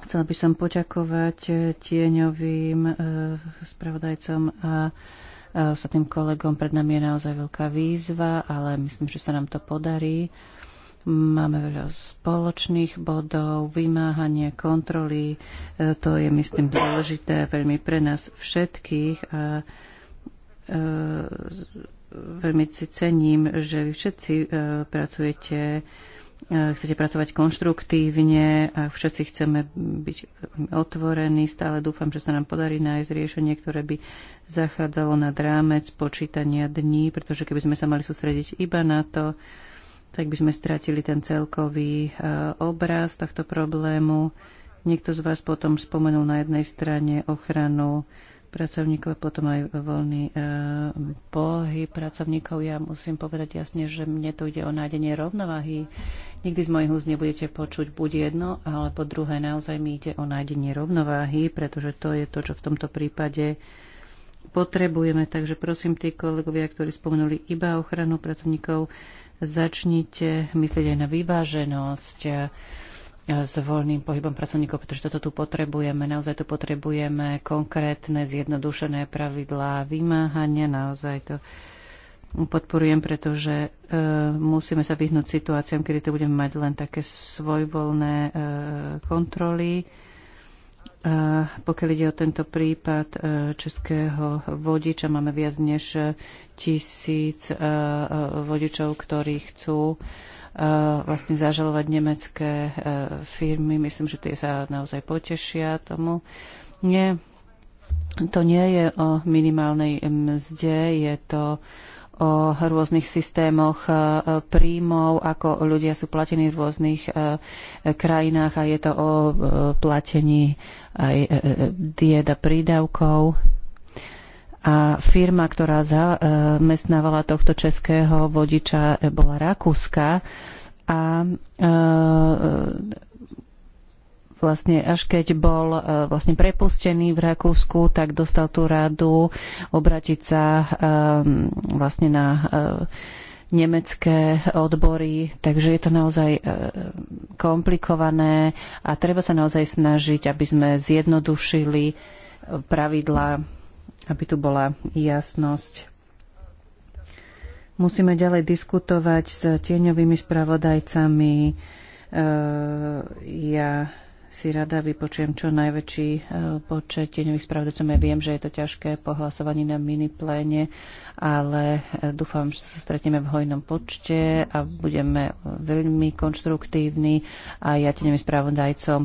Chcela by som poďakovať tieňovým spravodajcom a E, ostatným kolegom. Pred nami je naozaj veľká výzva, ale myslím, že sa nám to podarí. Máme veľa spoločných bodov, vymáhanie, kontroly. E, to je, myslím, dôležité veľmi pre nás všetkých. A e, veľmi si cením, že vy všetci pracujete E, chcete pracovať konštruktívne a všetci chceme byť otvorení. Stále dúfam, že sa nám podarí nájsť riešenie, ktoré by zachádzalo na rámec počítania dní, pretože keby sme sa mali sústrediť iba na to, tak by sme stratili ten celkový e, obraz tohto problému. Niekto z vás potom spomenul na jednej strane ochranu pracovníkov a potom aj voľný e, pohyb pracovníkov. Ja musím povedať jasne, že mne to ide o nájdenie rovnováhy. Nikdy z mojich úst nebudete počuť buď jedno, alebo druhé. Naozaj mi ide o nájdenie rovnováhy, pretože to je to, čo v tomto prípade potrebujeme. Takže prosím tí kolegovia, ktorí spomenuli iba ochranu pracovníkov, začnite myslieť aj na vyváženosť s voľným pohybom pracovníkov, pretože toto tu potrebujeme. Naozaj tu potrebujeme konkrétne, zjednodušené pravidlá vymáhania. Naozaj to podporujem, pretože e, musíme sa vyhnúť situáciám, kedy tu budeme mať len také svojvoľné e, kontroly. E, pokiaľ ide o tento prípad e, českého vodiča, máme viac než tisíc e, e, vodičov, ktorí chcú vlastne zažalovať nemecké e, firmy. Myslím, že tie sa naozaj potešia tomu. Nie, to nie je o minimálnej mzde, je to o rôznych systémoch e, príjmov, ako ľudia sú platení v rôznych e, krajinách a je to o platení aj dieda prídavkov a firma, ktorá zamestnávala tohto českého vodiča, bola Rakúska a e, vlastne až keď bol e, vlastne prepustený v Rakúsku, tak dostal tú radu obratiť sa e, vlastne na nemecké odbory, takže je to naozaj komplikované a treba sa naozaj snažiť, aby sme zjednodušili pravidlá aby tu bola jasnosť. Musíme ďalej diskutovať s tieňovými spravodajcami. E, ja si rada vypočujem čo najväčší e, počet tieňových spravodajcov. Ja viem, že je to ťažké po hlasovaní na minipléne, ale e, dúfam, že sa stretneme v hojnom počte a budeme veľmi konštruktívni a ja tieňovým spravodajcom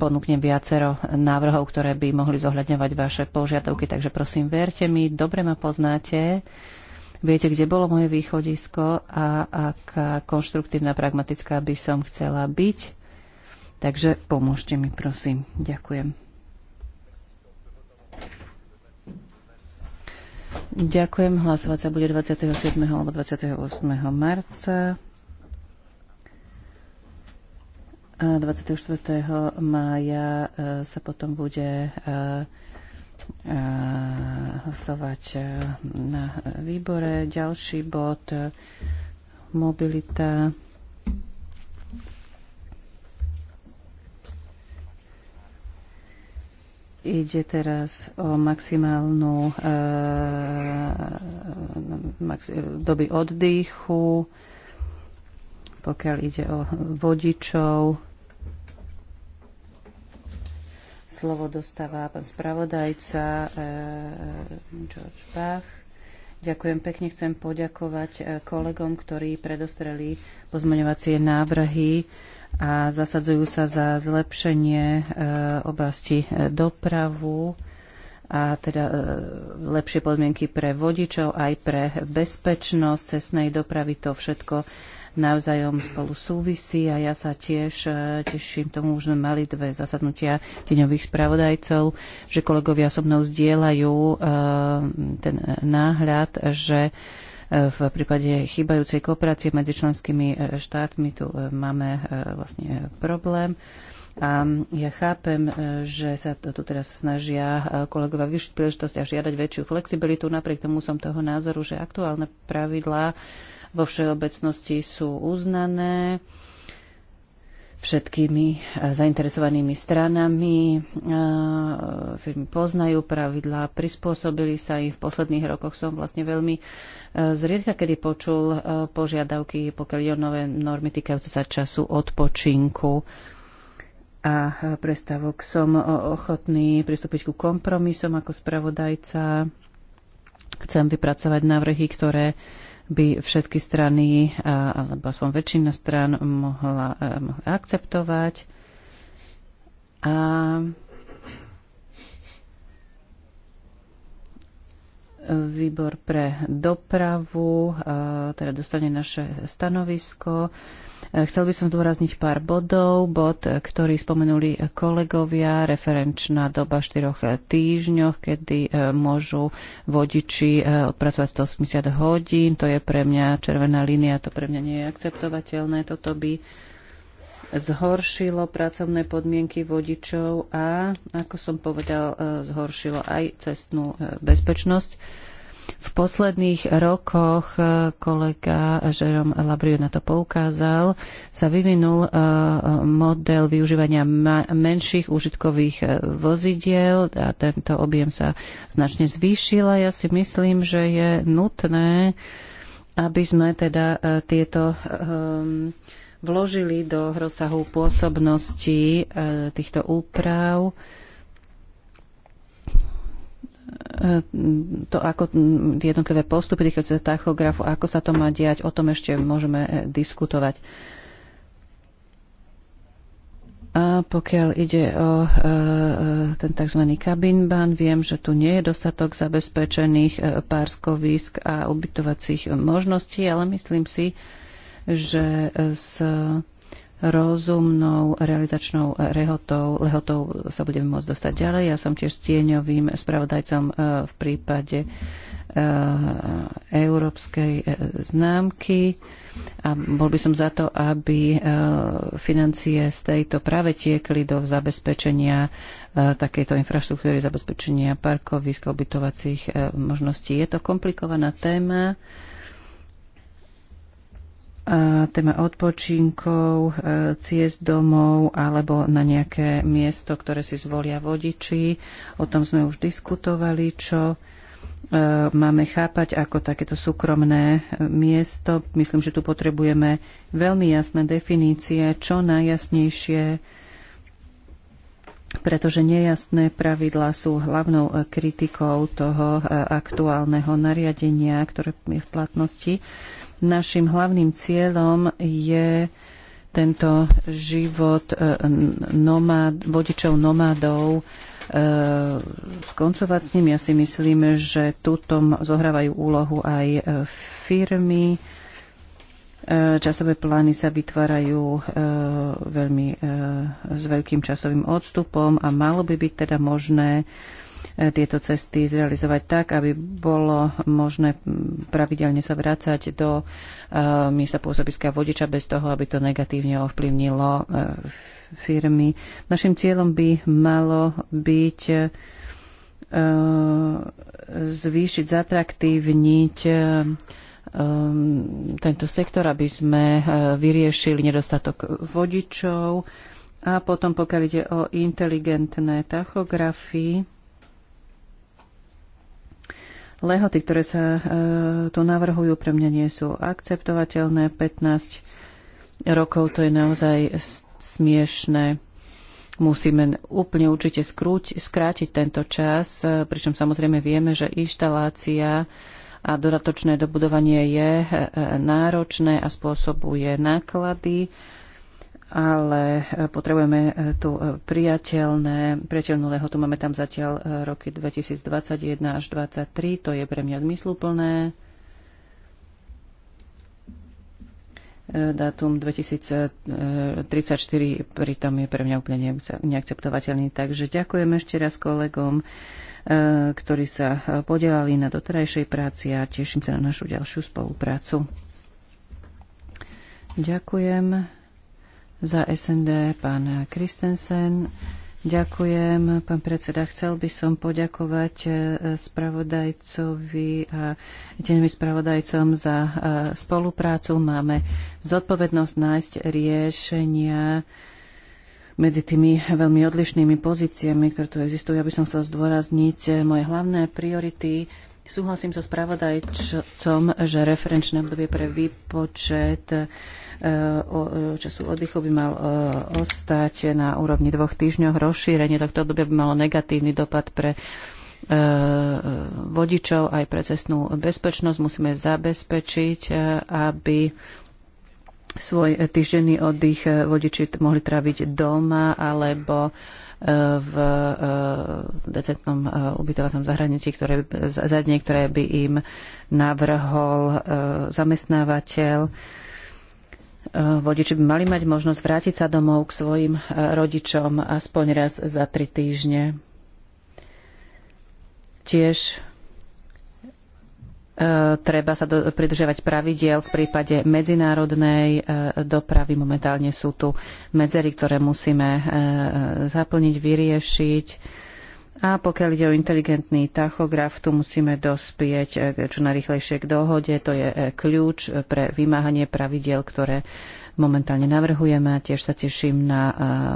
ponúknem viacero návrhov, ktoré by mohli zohľadňovať vaše požiadavky, takže prosím, verte mi, dobre ma poznáte, viete, kde bolo moje východisko a aká konštruktívna, pragmatická by som chcela byť. Takže pomôžte mi, prosím. Ďakujem. Ďakujem. Hlasovať sa bude 27. alebo 28. marca. 24. mája e, sa potom bude e, e, hlasovať na výbore. Ďalší bod mobilita. Ide teraz o maximálnu e, maxi, doby oddychu. E, pokiaľ ide o vodičov. Slovo dostáva pán spravodajca eh, George Bach. Ďakujem pekne, chcem poďakovať eh, kolegom, ktorí predostreli pozmeňovacie návrhy a zasadzujú sa za zlepšenie eh, oblasti dopravu a teda lepšie podmienky pre vodičov, aj pre bezpečnosť cestnej dopravy. To všetko navzájom spolu súvisí a ja sa tiež e, teším tomu, že sme mali dve zasadnutia tieňových spravodajcov, že kolegovia so mnou zdieľajú e, ten náhľad, že e, v prípade chýbajúcej kooperácie medzi členskými štátmi tu máme vlastne problém. A ja chápem, že sa to tu teraz snažia kolegovia vyšiť príležitosť a žiadať väčšiu flexibilitu. Napriek tomu som toho názoru, že aktuálne pravidlá vo všeobecnosti sú uznané všetkými e, zainteresovanými stranami. E, firmy poznajú pravidlá, prispôsobili sa im. V posledných rokoch som vlastne veľmi e, zriedka, kedy počul požiadavky, pokiaľ je o nové normy týkajúce sa času odpočinku a prestavok. Som ochotný pristúpiť ku kompromisom ako spravodajca. Chcem vypracovať návrhy, ktoré by všetky strany alebo aspoň väčšina stran mohla, mohla akceptovať. A výbor pre dopravu, teda dostane naše stanovisko. Chcel by som zdôrazniť pár bodov. Bod, ktorý spomenuli kolegovia, referenčná doba 4 týždňoch, kedy e, môžu vodiči e, odpracovať 180 hodín. To je pre mňa červená línia, to pre mňa nie je akceptovateľné. Toto by zhoršilo pracovné podmienky vodičov a, ako som povedal, e, zhoršilo aj cestnú bezpečnosť v posledných rokoch e, kolega Žerom Labriu na to poukázal, sa vyvinul e, e, model využívania menších užitkových vozidiel a tento objem sa značne zvýšil a ja si myslím, že je nutné, aby sme teda tieto vložili do rozsahu pôsobnosti týchto úprav E, to, ako jednotlivé postupy týkajúce tachografu, ako sa to má diať, o tom ešte môžeme e, diskutovať. A pokiaľ ide o e, e ten tzv. kabinban, viem, že tu nie je dostatok zabezpečených párskovisk a ubytovacích možností, ale myslím si, že s rozumnou realizačnou rehotou, lehotou sa budeme môcť dostať ďalej. Ja som tiež stieňovým spravodajcom e, v prípade e, európskej e, známky a bol by som za to, aby financie z tejto práve tiekli do zabezpečenia takejto infraštruktúry, zabezpečenia parkovisk, ubytovacích možností. Je to komplikovaná téma téma odpočinkov, e, ciest domov alebo na nejaké miesto, ktoré si zvolia vodiči. O tom sme už diskutovali, čo e, máme chápať ako takéto súkromné e, miesto. Myslím, že tu potrebujeme veľmi jasné definície, čo najjasnejšie, pretože nejasné pravidlá sú hlavnou kritikou toho aktuálneho nariadenia, ktoré je v platnosti. Našim hlavným cieľom je tento život e, nomád, vodičov nomádov e, skoncovať s ním. Ja si myslím, že túto zohrávajú úlohu aj e, firmy. Časové plány sa vytvárajú veľmi s veľkým časovým odstupom a malo by byť teda možné tieto cesty zrealizovať tak, aby bolo možné pravidelne sa vrácať do e, miesta pôsobiska vodiča bez toho, aby to negatívne ovplyvnilo e, firmy. Našim cieľom by malo byť e, zvýšiť, zatraktívniť tento sektor, aby sme vyriešili nedostatok vodičov a potom, pokiaľ ide o inteligentné tachografy, lehoty, ktoré sa e, tu navrhujú, pre mňa nie sú akceptovateľné. 15 rokov to je naozaj smiešné. Musíme úplne určite skrúť, skrátiť tento čas, e, pričom samozrejme vieme, že inštalácia a dodatočné dobudovanie je e, náročné a spôsobuje náklady ale e, potrebujeme e, tu e, priateľné, priateľnú lehotu. Máme tam zatiaľ roky 2021 až 2023. To je pre mňa zmysluplné. dátum 2034 pritom je pre mňa úplne neakceptovateľný. Takže ďakujem ešte raz kolegom, ktorí sa podielali na doterajšej práci a teším sa na našu ďalšiu spoluprácu. Ďakujem. Za SND pán Kristensen. Ďakujem, pán predseda. Chcel by som poďakovať eh, spravodajcovi a tenými spravodajcom za eh, spoluprácu. Máme zodpovednosť nájsť riešenia medzi tými veľmi odlišnými pozíciami, ktoré tu existujú. Ja by som chcel zdôrazniť eh, moje hlavné priority Súhlasím so spravodajcom, že referenčné obdobie pre výpočet e, e, času oddychu by mal e, ostať na úrovni dvoch týždňov. Rozšírenie tohto obdobia by malo negatívny dopad pre vodičov aj pre cestnú bezpečnosť. Musíme zabezpečiť, aby svoj týždenný oddych vodiči mohli traviť doma alebo v e, decentnom e, ubytovacom zahraničí, ktoré, za dne, ktoré by im navrhol e, zamestnávateľ. Vodiči by mali mať možnosť vrátiť sa domov k svojim rodičom aspoň raz za tri týždne. Tiež E, treba sa do, pridržiavať pravidiel v prípade medzinárodnej e, dopravy. Momentálne sú tu medzery, ktoré musíme e, zaplniť, vyriešiť. A pokiaľ ide o inteligentný tachograf, tu musíme dospieť čo najrychlejšie k dohode. To je kľúč pre vymáhanie pravidiel, ktoré momentálne navrhujeme a tiež sa teším na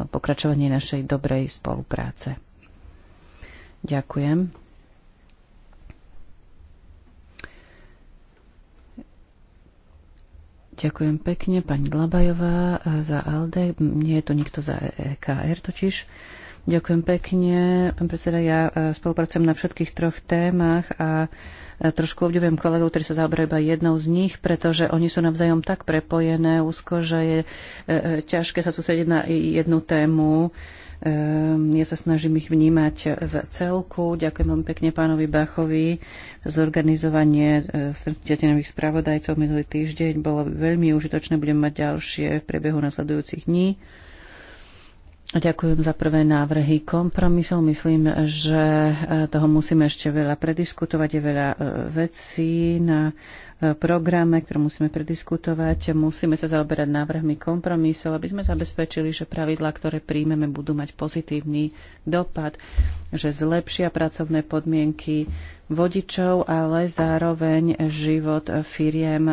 pokračovanie našej dobrej spolupráce. Ďakujem. Ďakujem pekne pani Dlabajová eh, za ALDE. Nie je tu nikto za EKR totiž. Ďakujem pekne. Pán predseda, ja eh, spolupracujem na všetkých troch témach a eh, trošku obdivujem kolegov, ktorí sa zaoberajú iba jednou z nich, pretože oni sú navzájom tak prepojené úzko, že je ťažké sa sústrediť na jednu tému Ehm, ja sa snažím ich vnímať v celku. Ďakujem veľmi pekne pánovi Bachovi za zorganizovanie e, stretnutia nových spravodajcov minulý týždeň. Bolo veľmi užitočné, budem mať ďalšie v priebehu nasledujúcich dní. Ďakujem za prvé návrhy kompromisov. Myslím, že e, toho musíme ešte veľa prediskutovať. Je veľa e, vecí na e, programe, ktoré musíme prediskutovať. Musíme sa zaoberať návrhmi kompromisov, aby sme zabezpečili, že pravidlá, ktoré príjmeme, budú mať pozitívny dopad, že zlepšia pracovné podmienky vodičov, ale zároveň život firiem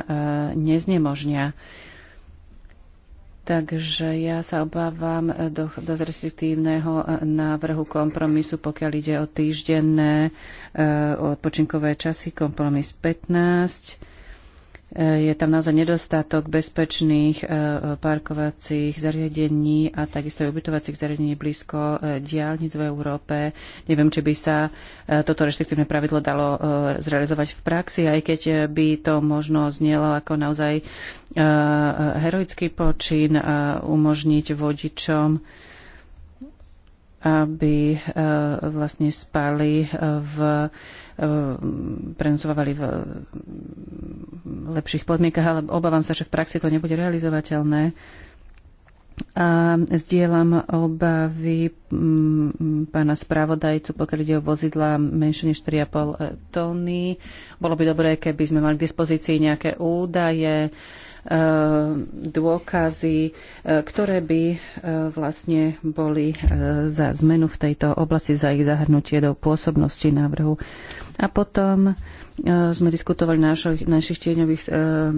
neznemožnia Takže ja sa obávam do, dosť restriktívneho návrhu kompromisu, pokiaľ ide o týždenné eh, odpočinkové časy, kompromis 15 je tam naozaj nedostatok bezpečných e, parkovacích zariadení a takisto aj ubytovacích zariadení blízko e, diálnic v Európe. Neviem, či by sa e, toto reštriktívne pravidlo dalo zrealizovať v praxi, aj keď by to možno znielo ako naozaj heroický počin a umožniť vodičom aby vlastne spali v Eh, prenocovávali v lepších podmienkach, ale obávam sa, že v praxi to nebude realizovateľné. A zdieľam obavy mm, pána správodajcu, pokiaľ ide o vozidla menšie než 4,5 tony. Bolo by dobré, keby sme mali k dispozícii nejaké údaje, E, dôkazy, e, ktoré by e, vlastne boli za zmenu v tejto oblasti, za ich zahrnutie do pôsobnosti návrhu. A potom sme diskutovali našich, našich tieňových,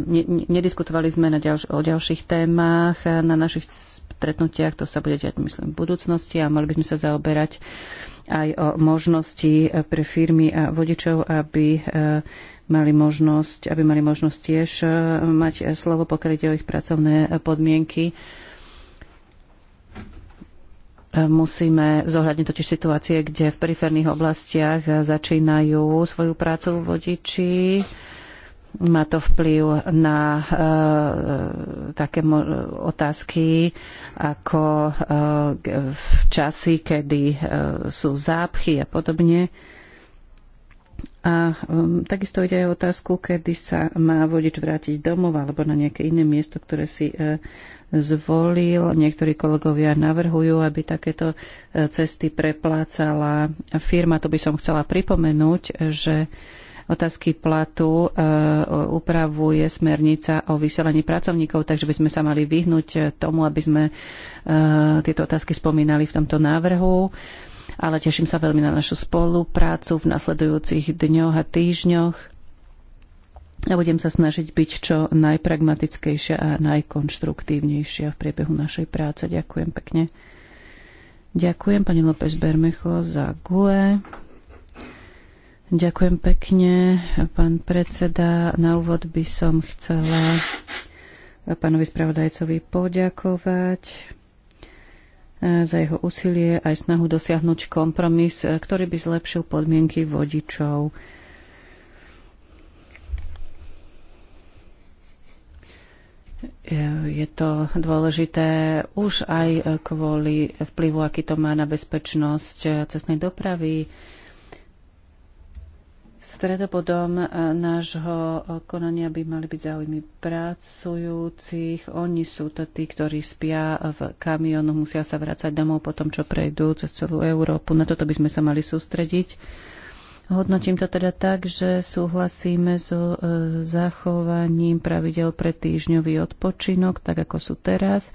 ne, nediskutovali sme na ďalš, o ďalších témach na našich stretnutiach, to sa bude diať, myslím, v budúcnosti a mali by sme sa zaoberať aj o možnosti pre firmy a vodičov, aby mali možnosť, aby mali možnosť tiež e, mať e, slovo, pokryť o ich pracovné e, podmienky. Musíme zohľadniť totiž situácie, kde v periférnych oblastiach začínajú svoju prácu vodiči. Má to vplyv na e, také otázky ako e, časy, kedy e, sú zápchy a podobne. E, a um, takisto ide aj otázku, kedy sa má vodič vrátiť domov alebo na nejaké iné miesto, ktoré si e, zvolil. Niektorí kolegovia navrhujú, aby takéto e, cesty preplácala firma. To by som chcela pripomenúť, že otázky platu e, upravuje smernica o vyselení pracovníkov, takže by sme sa mali vyhnúť tomu, aby sme e, tieto otázky spomínali v tomto návrhu. E, ale teším sa veľmi na našu spoluprácu v nasledujúcich dňoch a týždňoch a budem sa snažiť byť čo najpragmatickejšia a najkonštruktívnejšia v priebehu našej práce. Ďakujem pekne. Ďakujem pani López Bermecho za GUE. Ďakujem pekne, pán predseda. Na úvod by som chcela pánovi spravodajcovi poďakovať za jeho úsilie aj snahu dosiahnuť kompromis, ktorý by zlepšil podmienky vodičov. Je to dôležité už aj kvôli vplyvu, aký to má na bezpečnosť cestnej dopravy, Stredobodom e, nášho konania by mali byť záujmy pracujúcich. Oni sú to tí, ktorí spia v kamionoch, musia sa vrácať domov po tom, čo prejdú cez celú Európu. Na toto by sme sa mali sústrediť. Hodnotím to teda tak, že súhlasíme so e, zachovaním pravidel pre týždňový odpočinok, tak ako sú teraz,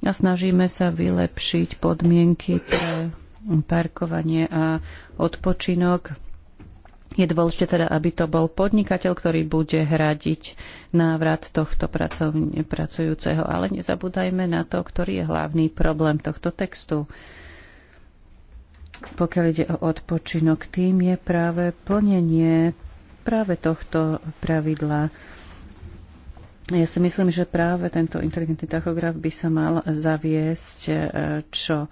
a snažíme sa vylepšiť podmienky pre parkovanie a odpočinok je dôležité teda, aby to bol podnikateľ, ktorý bude hradiť návrat tohto pracovne, pracujúceho. Ale nezabúdajme na to, ktorý je hlavný problém tohto textu. Pokiaľ ide o odpočinok, tým je práve plnenie práve tohto pravidla. Ja si myslím, že práve tento inteligentný tachograf by sa mal zaviesť eh, čo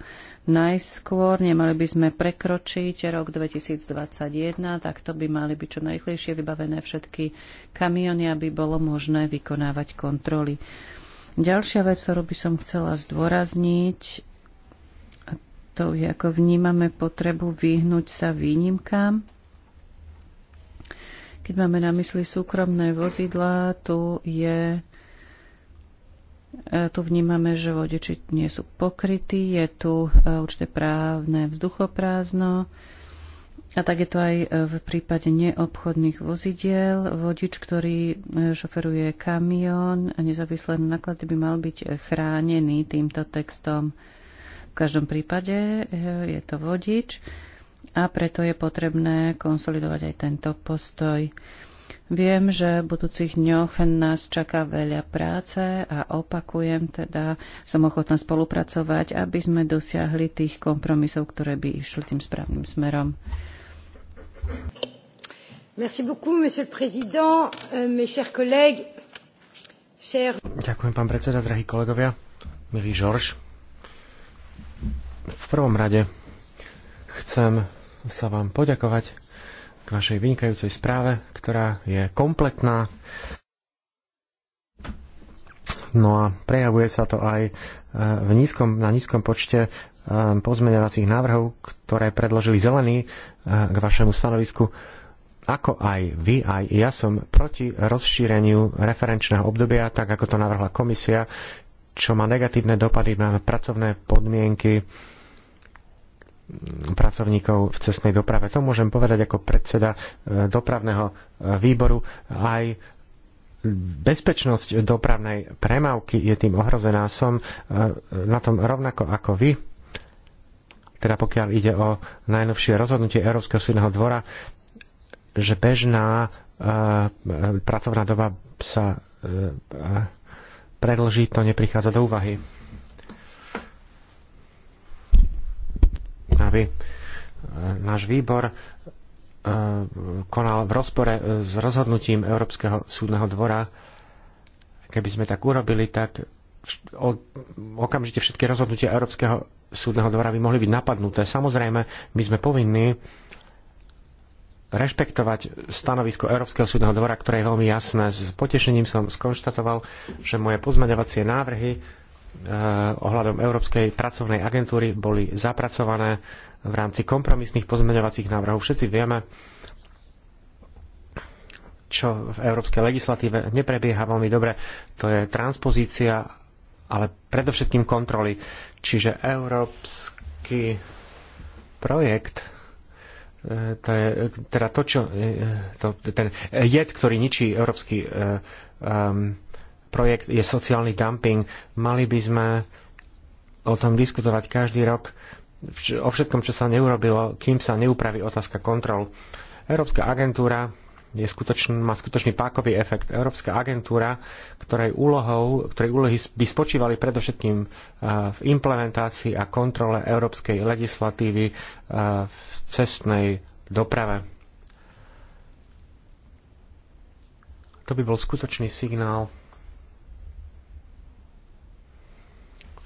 najskôr. Nemali by sme prekročiť rok 2021, tak to by mali byť čo najrychlejšie vybavené všetky kamiony, aby bolo možné vykonávať kontroly. Ďalšia vec, ktorú by som chcela zdôrazniť, to je, ako vnímame potrebu vyhnúť sa výnimkám. Keď máme na mysli súkromné vozidlá, tu je E, tu vnímame, že vodiči nie sú pokrytí, je tu e, určité právne vzduchoprázdno. A tak je to aj v prípade neobchodných vozidiel. Vodič, ktorý e, šoferuje kamión a nezávislé náklady by mal byť chránený týmto textom. V každom prípade je to vodič a preto je potrebné konsolidovať aj tento postoj. Viem, že v budúcich dňoch nás čaká veľa práce a opakujem, teda som ochotná spolupracovať, aby sme dosiahli tých kompromisov, ktoré by išli tým správnym smerom. Merci beaucoup, monsieur le président, euh, mes chers collègues. Chers... Ďakujem, pán predseda, drahí kolegovia, milý Žorž. V prvom rade chcem sa vám poďakovať vašej vynikajúcej správe, ktorá je kompletná. No a prejavuje sa to aj e, v nízkom, na nízkom počte e, pozmeňovacích návrhov, ktoré predložili zelení e, k vašemu stanovisku. Ako aj vy, aj ja som proti rozšíreniu referenčného obdobia, tak ako to navrhla komisia, čo má negatívne dopady na pracovné podmienky Mm, pracovníkov v cestnej doprave. To môžem povedať ako predseda e, dopravného e, výboru. Aj bezpečnosť dopravnej premávky je tým ohrozená. Som e, na tom rovnako ako vy. Teda pokiaľ ide o najnovšie rozhodnutie Európskeho súdneho dvora, že bežná pracovná doba sa predlží, to neprichádza do úvahy. aby Náš výbor e, konal v rozpore s rozhodnutím Európskeho súdneho dvora. Keby sme tak urobili, tak okamžite všetky rozhodnutia Európskeho súdneho dvora by mohli byť napadnuté. Samozrejme, my sme povinní rešpektovať stanovisko Európskeho súdneho dvora, ktoré je veľmi jasné. S potešením som skonštatoval, že moje pozmeňovacie návrhy Eh, ohľadom Európskej pracovnej agentúry boli zapracované v rámci kompromisných pozmeňovacích návrhov. Všetci vieme, čo v európskej legislatíve neprebieha veľmi dobre, to je transpozícia, ale predovšetkým kontroly. Čiže európsky projekt, eh, to je, eh, teda to, čo, to, ten jed, ktorý ničí európsky um, projekt je sociálny dumping. Mali by sme o tom diskutovať každý rok, o všetkom, čo sa neurobilo, kým sa neupraví otázka kontrol. Európska agentúra je skutočný, má skutočný pákový efekt. Európska agentúra, ktorej, úlohou, ktorej úlohy by spočívali predovšetkým eh, v implementácii a kontrole európskej legislatívy eh, v cestnej doprave. To by bol skutočný signál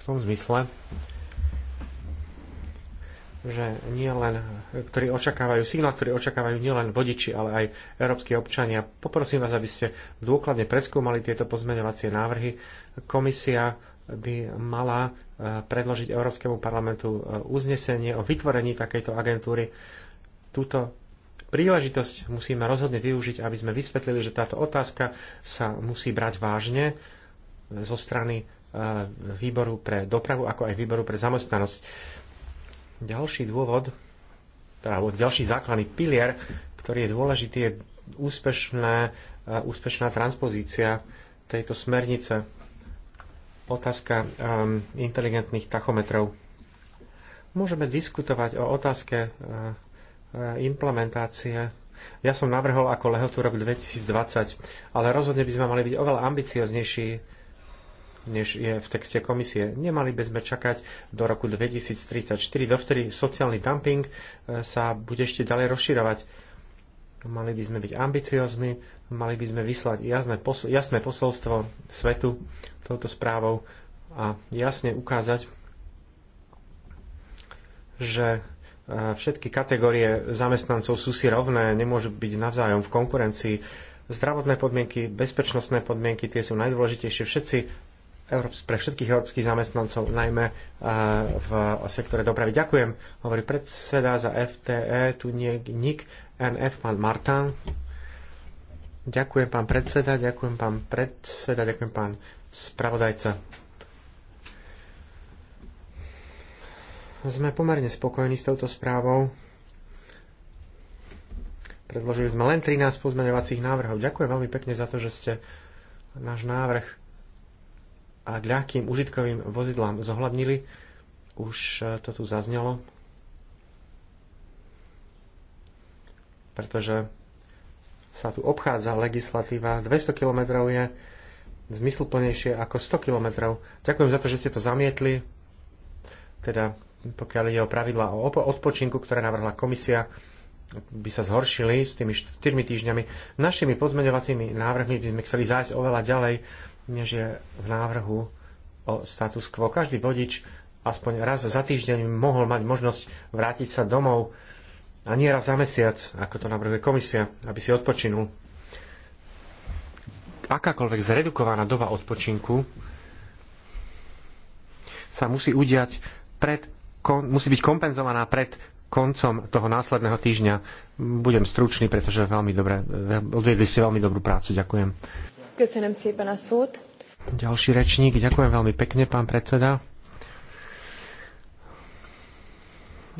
tom zmysle, že nie len, ktorí očakávajú, signál, ktorý očakávajú nielen vodiči, ale aj európsky občania. Poprosím vás, aby ste dôkladne preskúmali tieto pozmeňovacie návrhy. Komisia by mala e, predložiť Európskemu parlamentu e, uznesenie o vytvorení takejto agentúry. Túto príležitosť musíme rozhodne využiť, aby sme vysvetlili, že táto otázka sa musí brať vážne zo strany Eh, výboru pre dopravu, ako aj výboru pre zamestnanosť. Ďalší dôvod, teda, alebo ďalší základný pilier, ktorý je dôležitý, je úspešné, eh, úspešná transpozícia tejto smernice. Otázka um, inteligentných tachometrov. Môžeme diskutovať o otázke uh, implementácie. Ja som navrhol ako lehotu rok 2020, ale rozhodne by sme mali byť oveľa ambicioznejší než je v texte komisie. Nemali by sme čakať do roku 2034, dovtedy sociálny dumping e, sa bude ešte ďalej rozširovať. Mali by sme byť ambiciozni, mali by sme vyslať jasné, posl- jasné posolstvo svetu touto správou a jasne ukázať, že e, všetky kategórie zamestnancov sú si rovné, nemôžu byť navzájom v konkurencii. Zdravotné podmienky, bezpečnostné podmienky, tie sú najdôležitejšie. Všetci pre všetkých európskych zamestnancov, najmä eh, v sektore dopravy. Ďakujem, hovorí predseda za FTE, tu nie NIK, NF, pán Martin. Ďakujem, pán predseda, ďakujem, pán predseda, ďakujem, pán spravodajca. Sme pomerne spokojní s touto správou. Predložili sme len 13 pozmeňovacích návrhov. Ďakujem veľmi pekne za to, že ste náš návrh a k ľahkým užitkovým vozidlám zohľadnili. Už e, to tu zaznelo. Pretože sa tu obchádza legislatíva. 200 km je zmysluplnejšie ako 100 km. Ďakujem za to, že ste to zamietli. Teda pokiaľ ide o pravidla o odpočinku, ktoré navrhla komisia, by sa zhoršili s tými 4 týždňami. Našimi pozmeňovacími návrhmi by sme chceli zájsť oveľa ďalej než je v návrhu o status quo. Každý vodič aspoň raz za týždeň mohol mať možnosť vrátiť sa domov a nie raz za mesiac, ako to navrhuje komisia, aby si odpočinul. Akákoľvek zredukovaná doba odpočinku sa musí udiať pred, kon, musí byť kompenzovaná pred koncom toho následného týždňa. Budem stručný, pretože veľmi dobre, odviedli ste veľmi dobrú prácu. Ďakujem. Köszönöm szépen a szót. Ďalší rečník, ďakujem veľmi pekne, pán predseda.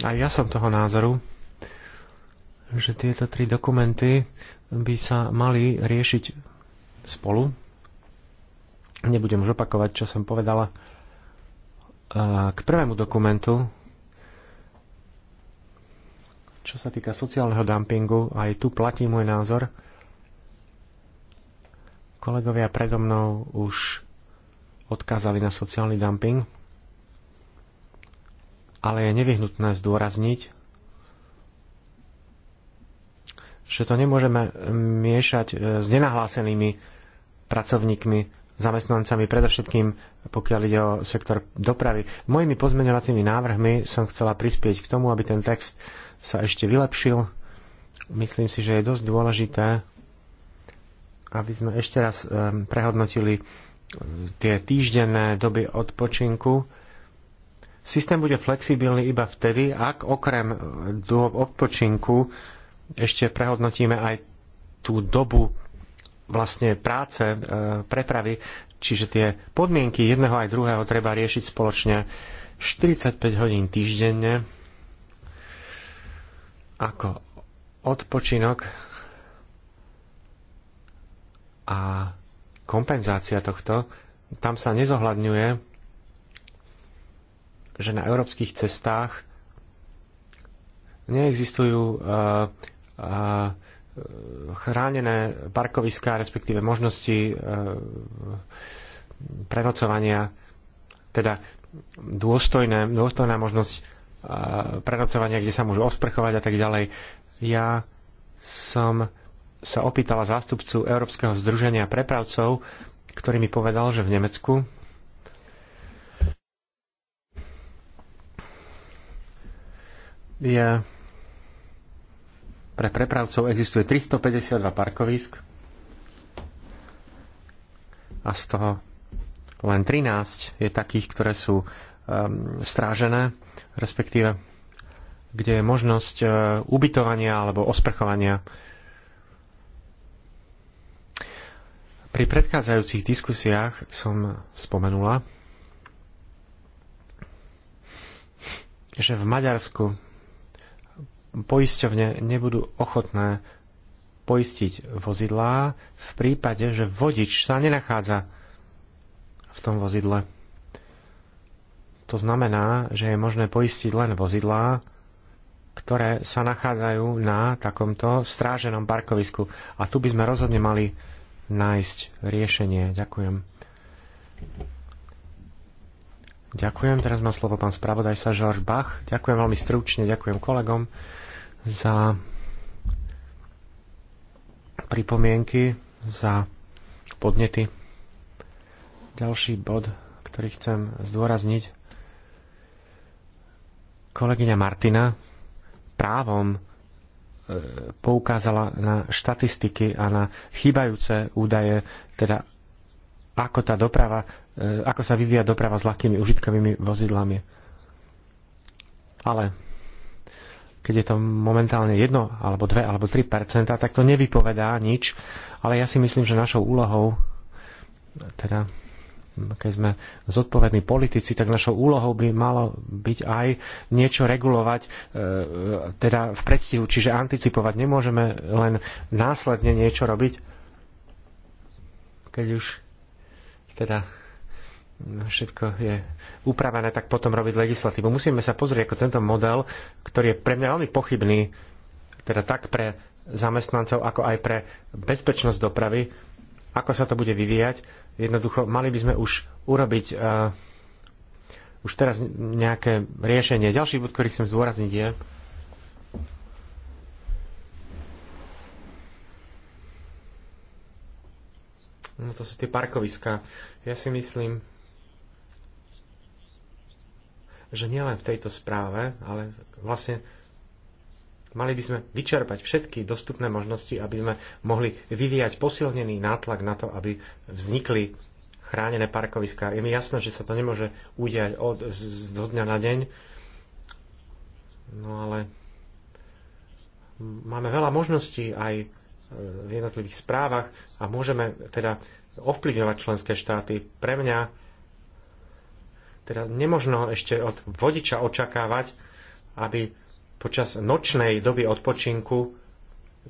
A ja som toho názoru, že tieto tri dokumenty by sa mali riešiť spolu. Nebudem už opakovať, čo som povedala. K prvému dokumentu, čo sa týka sociálneho dumpingu, aj tu platí môj názor, Kolegovia predo mnou už odkázali na sociálny dumping, ale je nevyhnutné zdôrazniť, že to nemôžeme miešať e, s nenahlásenými pracovníkmi, zamestnancami, predovšetkým pokiaľ ide o sektor dopravy. Mojimi pozmeňovacími návrhmi som chcela prispieť k tomu, aby ten text sa ešte vylepšil. Myslím si, že je dosť dôležité aby sme ešte raz prehodnotili eh, tie týždenné doby odpočinku. Systém bude flexibilný iba vtedy, ak okrem eh, dôb odpočinku ešte prehodnotíme aj tú dobu vlastne práce, eh, prepravy, čiže tie podmienky jedného aj druhého treba riešiť spoločne 45 hodín týždenne ako odpočinok a kompenzácia tohto, tam sa nezohľadňuje, že na európskych cestách neexistujú e, e, chránené parkoviská, respektíve možnosti e, prenocovania, teda dôstojné, dôstojná možnosť prenocovania, kde sa môžu osprchovať a tak ďalej. Ja som sa opýtala zástupcu Európskeho združenia prepravcov, ktorý mi povedal, že v Nemecku je pre prepravcov existuje 352 parkovisk a z toho len 13 je takých, ktoré sú um, strážené, respektíve kde je možnosť uh, ubytovania alebo osprchovania Pri predchádzajúcich diskusiách som spomenula, že v Maďarsku poisťovne nebudú ochotné poistiť vozidlá v prípade, že vodič sa nenachádza v tom vozidle. To znamená, že je možné poistiť len vozidlá, ktoré sa nachádzajú na takomto stráženom parkovisku. A tu by sme rozhodne mali nájsť riešenie. Ďakujem. Ďakujem. Teraz má slovo pán spravodajca George Bach. Ďakujem veľmi stručne, ďakujem kolegom za pripomienky, za podnety. Ďalší bod, ktorý chcem zdôrazniť. Kolegyňa Martina právom E, poukázala na štatistiky a na chýbajúce údaje, teda ako tá doprava, e, ako sa vyvíja doprava s ľahkými užitkovými vozidlami. Ale keď je to momentálne 1 alebo 2 alebo 3 tak to nevypovedá nič, ale ja si myslím, že našou úlohou teda keď sme zodpovední politici, tak našou úlohou by malo byť aj niečo regulovať e, teda v predstihu, čiže anticipovať. Nemôžeme len následne niečo robiť, keď už teda všetko je upravené, tak potom robiť legislatívu. Musíme sa pozrieť, ako tento model, ktorý je pre mňa veľmi pochybný, teda tak pre zamestnancov, ako aj pre bezpečnosť dopravy, ako sa to bude vyvíjať, Jednoducho, mali by sme už urobiť uh, už teraz nejaké riešenie. Ďalší bod, ktorý chcem zdôrazniť je, No to sú tie parkoviská. Ja si myslím, že nielen v tejto správe, ale vlastne Mali by sme vyčerpať všetky dostupné možnosti, aby sme mohli vyvíjať posilnený nátlak na to, aby vznikli chránené parkoviská. Je mi jasné, že sa to nemôže udiať od, z, zo dňa na deň, no ale máme veľa možností aj e, v jednotlivých správach a môžeme teda ovplyvňovať členské štáty. Pre mňa teda nemožno ešte od vodiča očakávať, aby počas nočnej doby odpočinku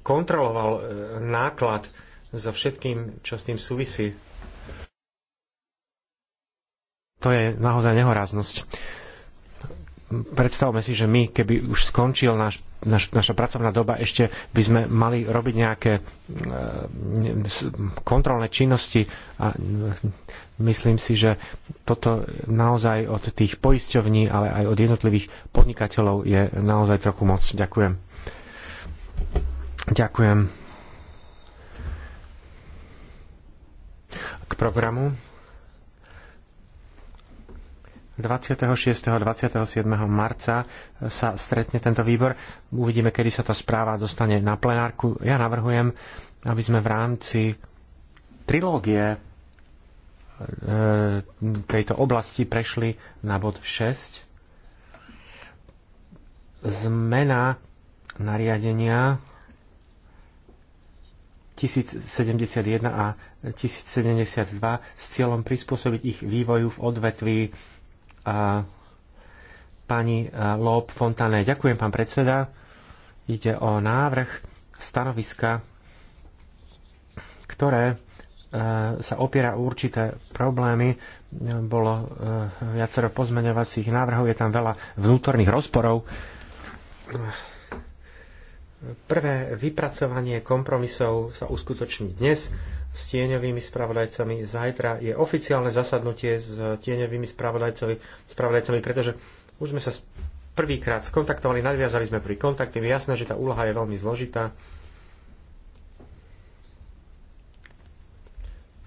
kontroloval e, náklad so všetkým, čo s tým súvisí. To je naozaj nehoráznosť predstavme si, že my, keby už skončil náš, naš, naša pracovná doba, ešte by sme mali robiť nejaké e, kontrolné činnosti a myslím si, že toto naozaj od tých poisťovní, ale aj od jednotlivých podnikateľov je naozaj trochu moc. Ďakujem. Ďakujem. K programu. 26. a 27. marca sa stretne tento výbor. Uvidíme, kedy sa tá správa dostane na plenárku. Ja navrhujem, aby sme v rámci trilógie e, tejto oblasti prešli na bod 6. Zmena nariadenia 1071 a 1072 s cieľom prispôsobiť ich vývoju v odvetví pani Lob Fontané. Ďakujem, pán predseda. Ide o návrh stanoviska, ktoré e, sa opiera o určité problémy. Bolo e, viacero pozmeňovacích návrhov, je tam veľa vnútorných rozporov. Prvé vypracovanie kompromisov sa uskutoční dnes s tieňovými spravodajcami. Zajtra je oficiálne zasadnutie s tieňovými spravodajcami, spravodajcami pretože už sme sa prvýkrát skontaktovali, nadviazali sme pri kontakty. Je jasné, že tá úloha je veľmi zložitá.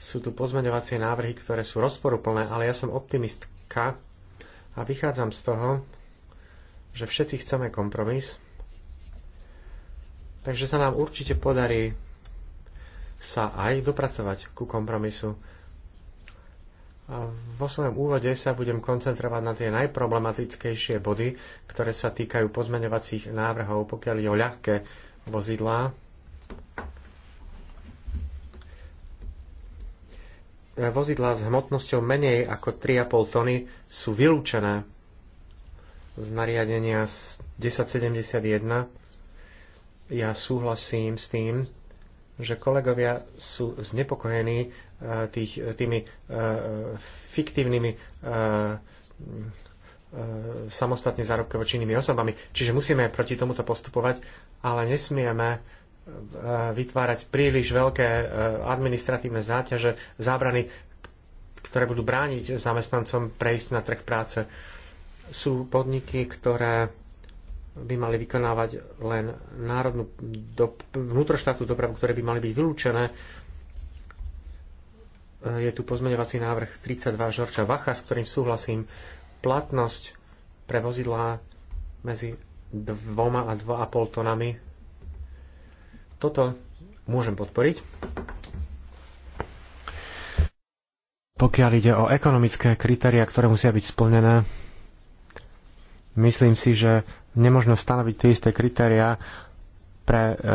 Sú tu pozmeňovacie návrhy, ktoré sú rozporuplné, ale ja som optimistka a vychádzam z toho, že všetci chceme kompromis. Takže sa nám určite podarí sa aj dopracovať ku kompromisu. A vo svojom úvode sa budem koncentrovať na tie najproblematickejšie body, ktoré sa týkajú pozmeňovacích návrhov, pokiaľ je o ľahké vozidlá. Vozidlá s hmotnosťou menej ako 3,5 tony sú vylúčené z nariadenia 1071. Ja súhlasím s tým, že kolegovia sú znepokojení e, tých, e, tými e, fiktívnymi samostatne zárobkovo činnými osobami. Čiže musíme proti tomuto postupovať, ale nesmieme vytvárať príliš veľké administratívne záťaže, zábrany, ktoré budú brániť zamestnancom prejsť na trh práce. Sú podniky, ktoré by mali vykonávať len národnú do, vnútroštátnu dopravu, ktoré by mali byť vylúčené. E, je tu pozmeňovací návrh 32 Žorča Vacha, s ktorým súhlasím. Platnosť pre vozidlá medzi dvoma a pol tonami. Toto môžem podporiť. Pokiaľ ide o ekonomické kritéria, ktoré musia byť splnené, myslím si, že nemožno stanoviť tie isté kritériá pre e, e,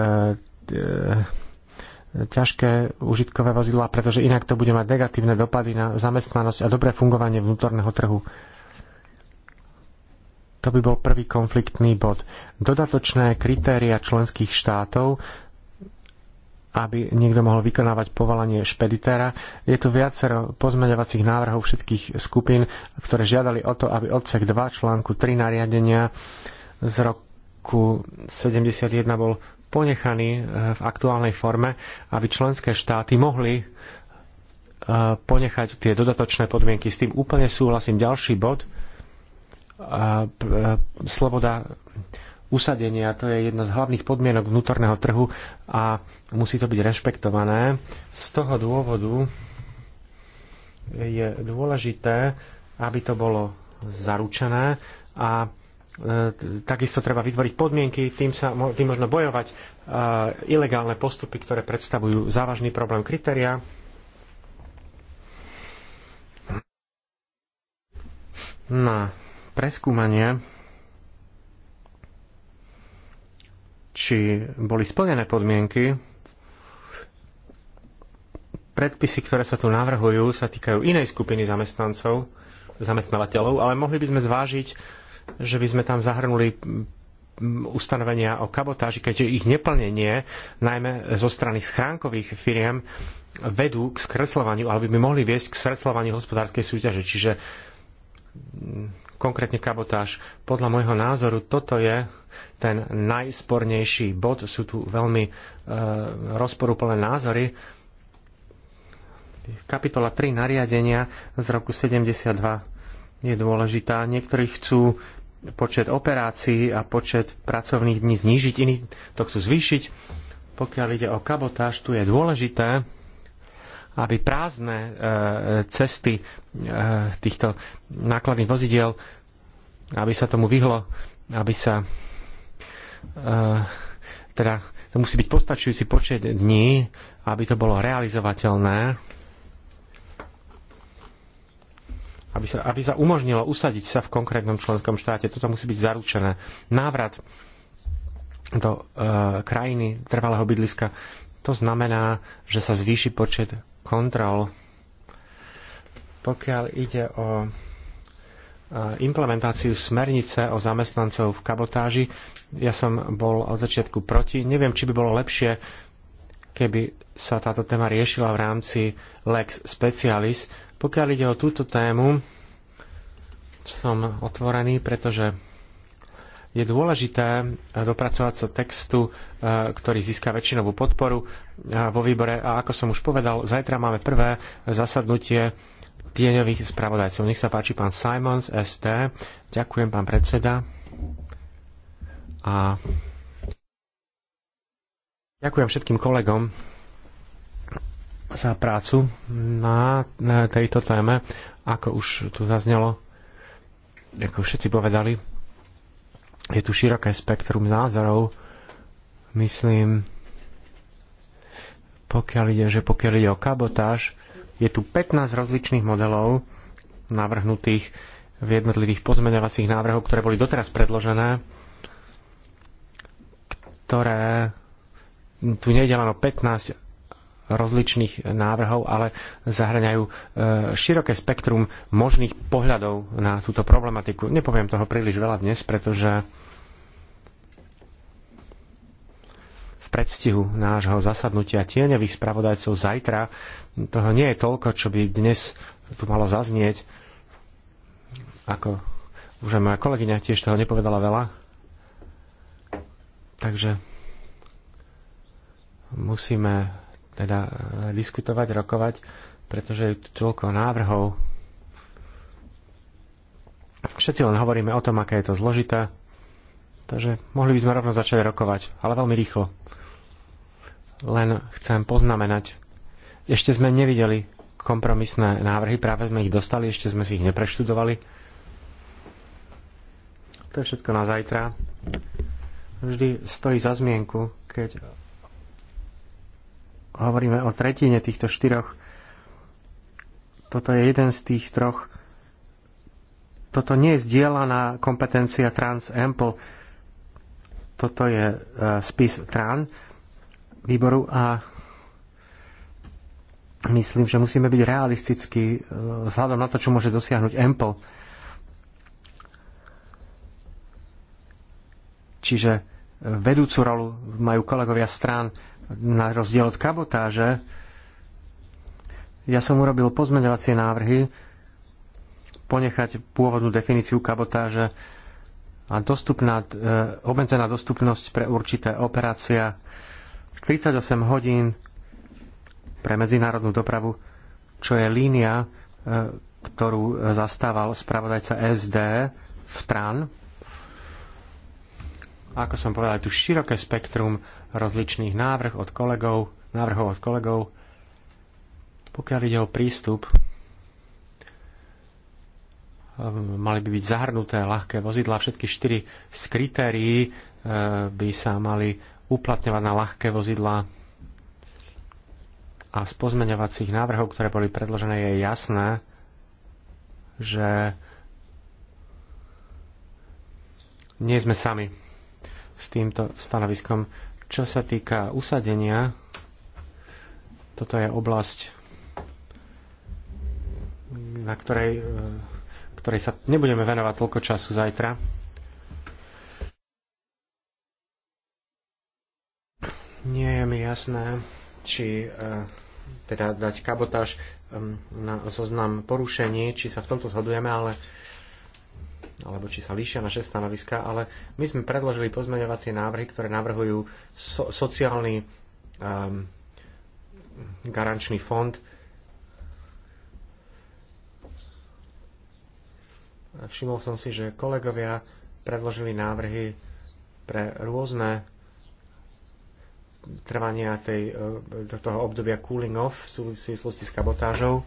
ťažké užitkové vozidlá, pretože inak to bude mať negatívne dopady na zamestnanosť a dobré fungovanie vnútorného trhu. To by bol prvý konfliktný bod. Dodatočné kritéria členských štátov, aby niekto mohol vykonávať povolanie špeditéra. Je tu viacero pozmeňovacích návrhov všetkých skupín, ktoré žiadali o to, aby odsek 2 článku 3 nariadenia z roku 71 bol ponechaný e, v aktuálnej forme, aby členské štáty mohli e, ponechať tie dodatočné podmienky. S tým úplne súhlasím. Ďalší bod, e, sloboda usadenia, to je jedna z hlavných podmienok vnútorného trhu a musí to byť rešpektované. Z toho dôvodu je dôležité, aby to bolo zaručené a E, takisto treba vytvoriť podmienky, tým, sa, tým možno bojovať e, ilegálne postupy, ktoré predstavujú závažný problém kritéria. Na preskúmanie, či boli splnené podmienky, predpisy, ktoré sa tu navrhujú, sa týkajú inej skupiny zamestnancov, zamestnávateľov, ale mohli by sme zvážiť že by sme tam zahrnuli ustanovenia o kabotáži, keďže ich neplnenie, najmä zo strany schránkových firiem, vedú k skresľovaniu, alebo by mohli viesť k skreslovaniu hospodárskej súťaže. Čiže mm, konkrétne kabotáž. Podľa môjho názoru toto je ten najspornejší bod. Sú tu veľmi e, rozporúplné názory. Kapitola 3 nariadenia z roku 72 je dôležitá. Niektorí chcú počet operácií a počet pracovných dní znížiť, iní to chcú zvýšiť. Pokiaľ ide o kabotáž, tu je dôležité, aby prázdne e, cesty e, týchto nákladných vozidiel, aby sa tomu vyhlo, aby sa e, teda to musí byť postačujúci počet dní, aby to bolo realizovateľné aby sa, aby sa umožnilo usadiť sa v konkrétnom členskom štáte. Toto musí byť zaručené. Návrat do e, krajiny trvalého bydliska. To znamená, že sa zvýši počet kontrol. Pokiaľ ide o e, implementáciu smernice o zamestnancov v kabotáži. Ja som bol od začiatku proti. Neviem, či by bolo lepšie, keby sa táto téma riešila v rámci Lex Specialis, pokiaľ ide o túto tému, som otvorený, pretože je dôležité dopracovať sa textu, e, ktorý získa väčšinovú podporu e, vo výbore. A ako som už povedal, zajtra máme prvé zasadnutie tieňových spravodajcov. Nech sa páči pán Simons, ST. Ďakujem, pán predseda. A ďakujem všetkým kolegom, za prácu na, tejto téme. Ako už tu zaznelo, ako všetci povedali, je tu široké spektrum názorov. Myslím, pokiaľ ide, že pokiaľ ide o kabotáž, je tu 15 rozličných modelov navrhnutých v jednotlivých pozmeňovacích návrhov, ktoré boli doteraz predložené, ktoré tu nejde len o 15 rozličných návrhov, ale zahraňajú e, široké spektrum možných pohľadov na túto problematiku. Nepoviem toho príliš veľa dnes, pretože v predstihu nášho zasadnutia tieňových spravodajcov zajtra toho nie je toľko, čo by dnes tu malo zaznieť. Ako už aj moja kolegyňa tiež toho nepovedala veľa. Takže musíme teda e, diskutovať, rokovať, pretože je tu toľko návrhov. Všetci len hovoríme o tom, aké je to zložité, takže mohli by sme rovno začať rokovať, ale veľmi rýchlo. Len chcem poznamenať, ešte sme nevideli kompromisné návrhy, práve sme ich dostali, ešte sme si ich nepreštudovali. To je všetko na zajtra. Vždy stojí za zmienku, keď hovoríme o tretine týchto štyroch. Toto je jeden z tých troch. Toto nie je zdieľaná kompetencia Trans-Ample. Toto je e, spis TRAN výboru a myslím, že musíme byť realistickí e, vzhľadom na to, čo môže dosiahnuť Ample. Čiže e, vedúcu rolu majú kolegovia strán na rozdiel od kabotáže, ja som urobil pozmeňovacie návrhy, ponechať pôvodnú definíciu kabotáže a dostupná, e, obmedzená dostupnosť pre určité operácia 48 hodín pre medzinárodnú dopravu, čo je línia, e, ktorú e, zastával spravodajca SD v TRAN, a ako som povedal, je tu široké spektrum rozličných návrh od kolegov, návrhov od kolegov. Pokiaľ ide o prístup, ehm, mali by byť zahrnuté ľahké vozidla. Všetky štyri z kritérií ehm, by sa mali uplatňovať na ľahké vozidla. A z pozmeňovacích návrhov, ktoré boli predložené, je jasné, že nie sme sami s týmto stanoviskom. Čo sa týka usadenia, toto je oblasť, na ktorej, e, ktorej sa nebudeme venovať toľko času zajtra. Nie je mi jasné, či e, teda dať kabotáž na zoznam porušení, či sa v tomto zhodujeme, ale alebo či sa líšia naše stanoviska, ale my sme predložili pozmeňovacie návrhy, ktoré navrhujú so, sociálny um, garančný fond. Všimol som si, že kolegovia predložili návrhy pre rôzne trvania tej, e, do toho obdobia cooling off v súvislosti s kabotážou.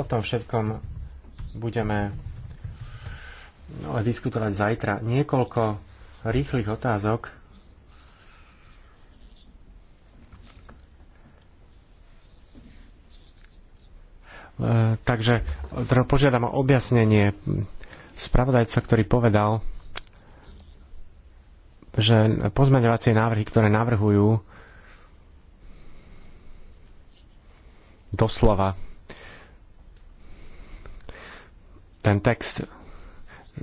O tom všetkom budeme ale diskutovať zajtra. Niekoľko rýchlych otázok. E, takže požiadam o objasnenie spravodajca, ktorý povedal, že pozmeňovacie návrhy, ktoré navrhujú doslova ten text,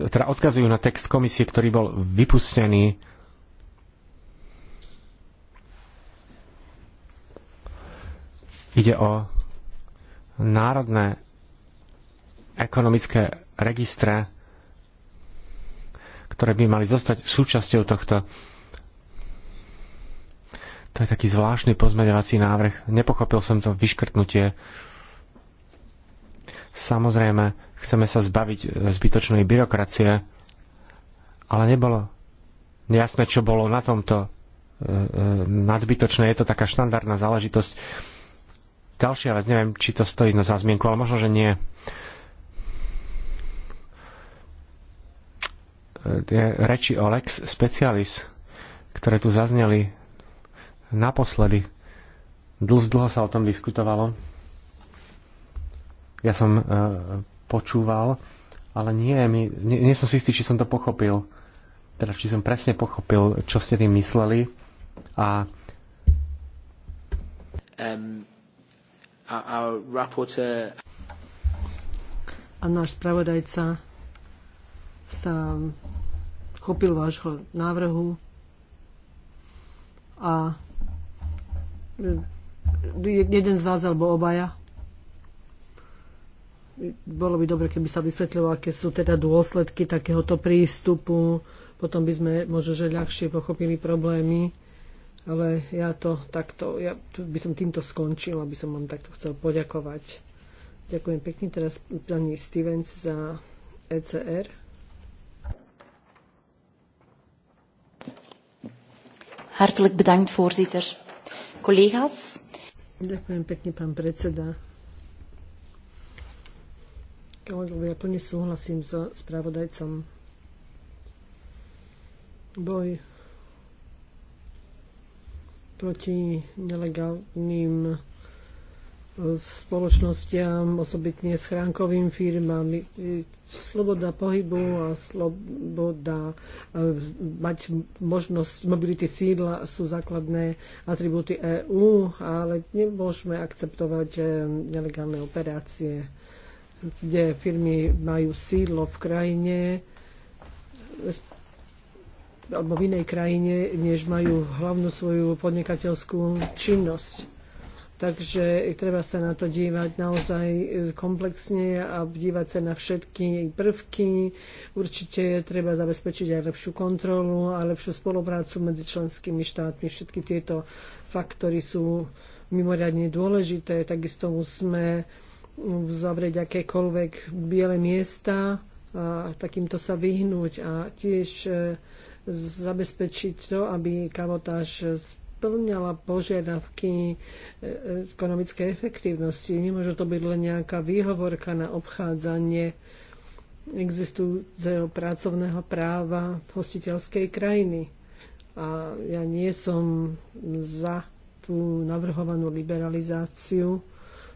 teda odkazujú na text komisie, ktorý bol vypustený Ide o národné ekonomické registre, ktoré by mali zostať súčasťou tohto. To je taký zvláštny pozmeňovací návrh. Nepochopil som to vyškrtnutie. Samozrejme, Chceme sa zbaviť e, zbytočnej byrokracie, ale nebolo jasné, čo bolo na tomto e, e, nadbytočné. Je to taká štandardná záležitosť. Ďalšia vec, neviem, či to stojí na zazmienku, ale možno, že nie. Tie reči o Lex Specialis, ktoré tu zazneli naposledy, dlho, dlho sa o tom diskutovalo. Ja som počúval, ale nie, my, nie, nie som si istý, či som to pochopil. Teda, či som presne pochopil, čo ste tým mysleli. A um, our rapporteur... A náš spravodajca sa chopil vášho návrhu a e, jeden z vás alebo obaja bolo by dobre, keby sa vysvetlilo, aké sú teda dôsledky takéhoto prístupu. Potom by sme možno, že ľahšie pochopili problémy. Ale ja to takto, ja by som týmto skončil, aby som vám takto chcel poďakovať. Ďakujem pekne teraz pani Stevens za ECR. Hartelijk bedankt, voorzitter. Collega's. Ďakujem pekne, pán predseda kolegovia, ja plne súhlasím so spravodajcom. Boj proti nelegálnym e, spoločnostiam, osobitne schránkovým firmám. E, sloboda pohybu a sloboda e, mať možnosť mobility sídla sú základné atribúty EÚ, ale nemôžeme akceptovať nelegálne operácie kde firmy majú sídlo v krajine alebo v inej krajine, než majú hlavnú svoju podnikateľskú činnosť. Takže treba sa na to dívať naozaj komplexne a dívať sa na všetky prvky. Určite treba zabezpečiť aj lepšiu kontrolu a lepšiu spoluprácu medzi členskými štátmi. Všetky tieto faktory sú mimoriadne dôležité. Takisto musíme zavrieť akékoľvek biele miesta a takýmto sa vyhnúť a tiež e, zabezpečiť to, aby kabotáž splňala požiadavky e, ekonomickej efektívnosti. Nemôže to byť len nejaká výhovorka na obchádzanie existujúceho pracovného práva v hostiteľskej krajiny. A ja nie som za tú navrhovanú liberalizáciu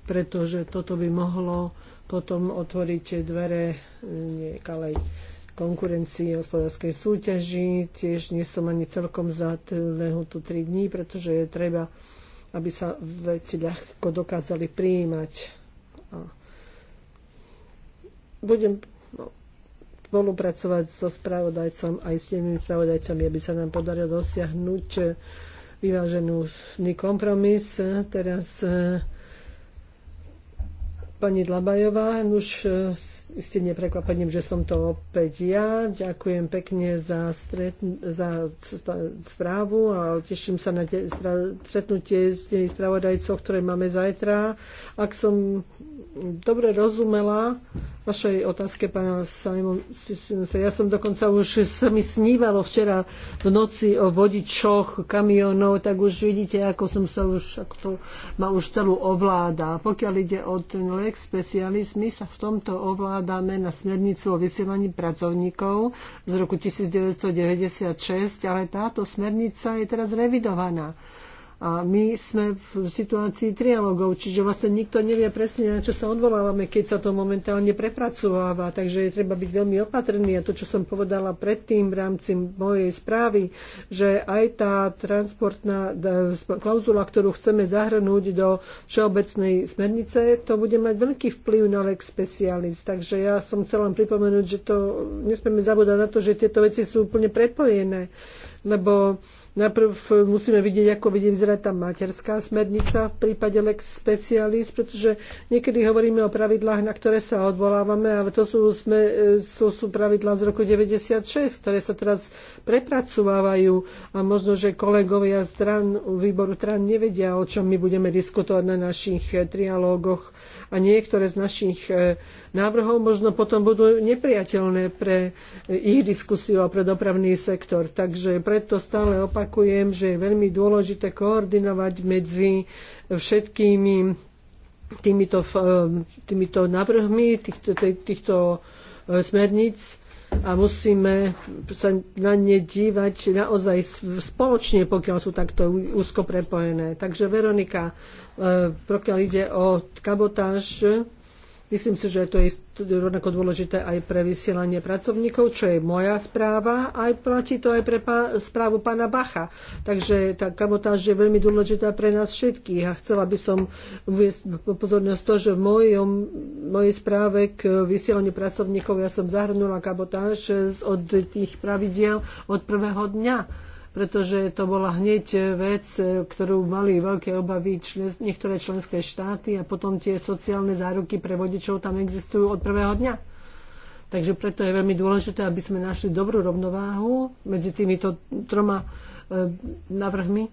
pretože toto by mohlo potom otvoriť dvere e, nekalej konkurencii hospodárskej súťaži. Tiež nie som ani celkom za lehotu 3 dní, pretože je treba, aby sa veci ľahko dokázali prijímať. A budem no, spolupracovať so spravodajcom aj s tými spravodajcami, aby sa nám podarilo dosiahnuť vyváženú kompromis. Teraz e, Pani Dlabajová, už e, s tým neprekvapením, že som to opäť ja. Ďakujem pekne za, stret, za správu a teším sa na stretnutie s tými spravodajcov, ktoré máme zajtra. Ak som dobre rozumela vašej otázke, pána Simon. Ja som dokonca už sa mi snívalo včera v noci o vodičoch kamionov, tak už vidíte, ako som sa už, ako to ma už celú ovláda. Pokiaľ ide o ten lex specialis, my sa v tomto ovládame na smernicu o vysielaní pracovníkov z roku 1996, ale táto smernica je teraz revidovaná. A my sme v situácii trialogov, čiže vlastne nikto nevie presne, na čo sa odvolávame, keď sa to momentálne prepracováva. Takže je treba byť veľmi opatrný. A to, čo som povedala predtým v rámci mojej správy, že aj tá transportná e, klauzula, ktorú chceme zahrnúť do všeobecnej smernice, to bude mať veľký vplyv na lex specialis. Takže ja som chcela len pripomenúť, že to nesmieme zabúdať na to, že tieto veci sú úplne prepojené. Lebo Najprv eh, musíme vidieť, ako bude vyzerať tá materská smernica v prípade lex specialis, pretože niekedy hovoríme o pravidlách, na ktoré sa odvolávame, ale to sú, sme, eh, sú, sú pravidlá z roku 96, ktoré sa teraz prepracovávajú a možno, že kolegovia z TRAN, výboru TRAN nevedia, o čom my budeme diskutovať na našich eh, trialógoch a niektoré z našich návrhov možno potom budú nepriateľné pre e, ich diskusiu a pre dopravný sektor. Takže preto stále opakujem, že je veľmi dôležité koordinovať medzi všetkými týmito, e, týmito návrhmi týchto, týchto e, smerníc a musíme sa na ne dívať naozaj spoločne, pokiaľ sú takto úzko prepojené. Takže Veronika, pokiaľ ide o kabotáž, Myslím si, že to je rovnako dôležité aj pre vysielanie pracovníkov, čo je moja správa, aj platí to aj pre pá, správu pána Bacha. Takže tá kabotáž je veľmi dôležitá pre nás všetkých a chcela by som uviesť pozornosť to, že v mojom, mojej správe k vysielaniu pracovníkov ja som zahrnula kabotáž od tých pravidiel od prvého dňa pretože to bola hneď vec, e, ktorú mali veľké obavy člen, niektoré členské štáty a potom tie sociálne záruky pre vodičov tam existujú od prvého dňa. Takže preto je veľmi dôležité, aby sme našli dobrú rovnováhu medzi týmito troma e, navrhmi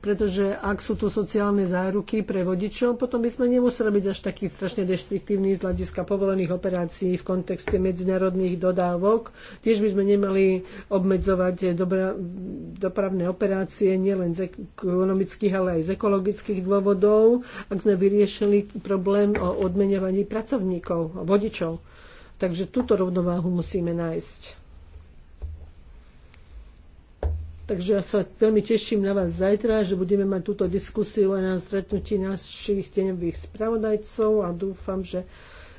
pretože ak sú tu sociálne záruky pre vodičov, potom by sme nemuseli byť až taký strašne deštriktívny z hľadiska povolených operácií v kontexte medzinárodných dodávok. Tiež by sme nemali obmedzovať dobra, dopravné operácie nielen z ekonomických, ale aj z ekologických dôvodov, ak sme vyriešili problém o odmeňovaní pracovníkov, vodičov. Takže túto rovnováhu musíme nájsť. Takže ja sa veľmi teším na vás zajtra, že budeme mať túto diskusiu aj na stretnutí našich tenových spravodajcov a dúfam, že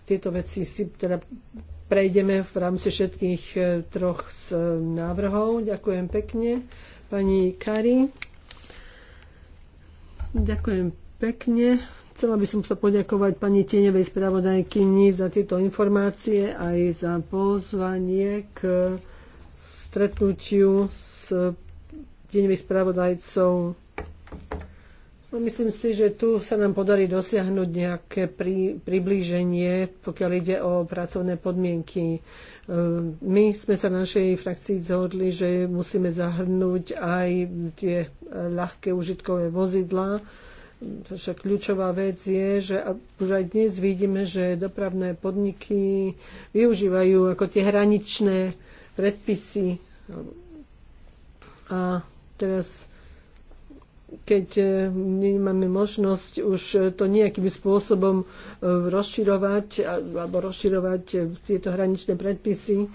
tieto veci si teda prejdeme v rámci všetkých e, troch z e, návrhov. Ďakujem pekne. Pani Kari. Ďakujem pekne. Chcela by som sa poďakovať pani Tienevej spravodajkyni za tieto informácie aj za pozvanie k stretnutiu s deňových spravodajcov. No, myslím si, že tu sa nám podarí dosiahnuť nejaké pri, priblíženie, pokiaľ ide o pracovné podmienky. E, my sme sa v našej frakcii zhodli, že musíme zahrnúť aj tie ľahké užitkové vozidlá. Však kľúčová vec je, že už aj dnes vidíme, že dopravné podniky využívajú ako tie hraničné predpisy a teraz keď my e, máme možnosť už e, to nejakým spôsobom e, rozširovať alebo rozširovať tieto hraničné predpisy,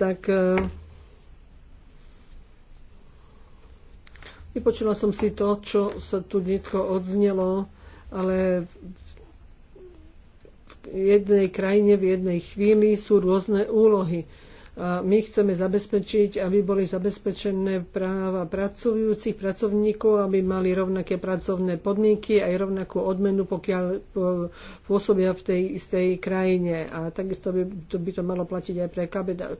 tak vypočula som si to, čo sa tu nieko odznelo, ale v jednej krajine, v jednej chvíli sú rôzne úlohy. A my chceme zabezpečiť, aby boli zabezpečené práva pracujúcich pracovníkov, aby mali rovnaké pracovné podmienky aj rovnakú odmenu, pokiaľ pôsobia v tej istej krajine. A takisto by to, by to malo platiť aj pre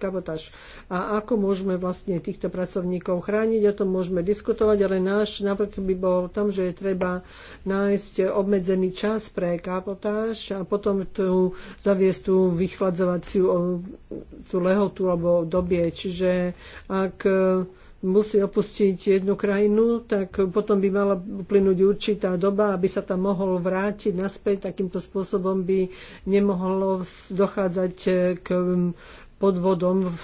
kabotáž. A ako môžeme vlastne týchto pracovníkov chrániť, o tom môžeme diskutovať, ale náš návrh by bol tam, že je treba nájsť obmedzený čas pre kabotáž a potom tu zaviesť tú vychladzovaciu tú lehotu alebo dobie. Čiže ak e, musí opustiť jednu krajinu, tak potom by mala uplynúť určitá doba, aby sa tam mohol vrátiť naspäť. Takýmto spôsobom by nemohlo dochádzať e, k podvodom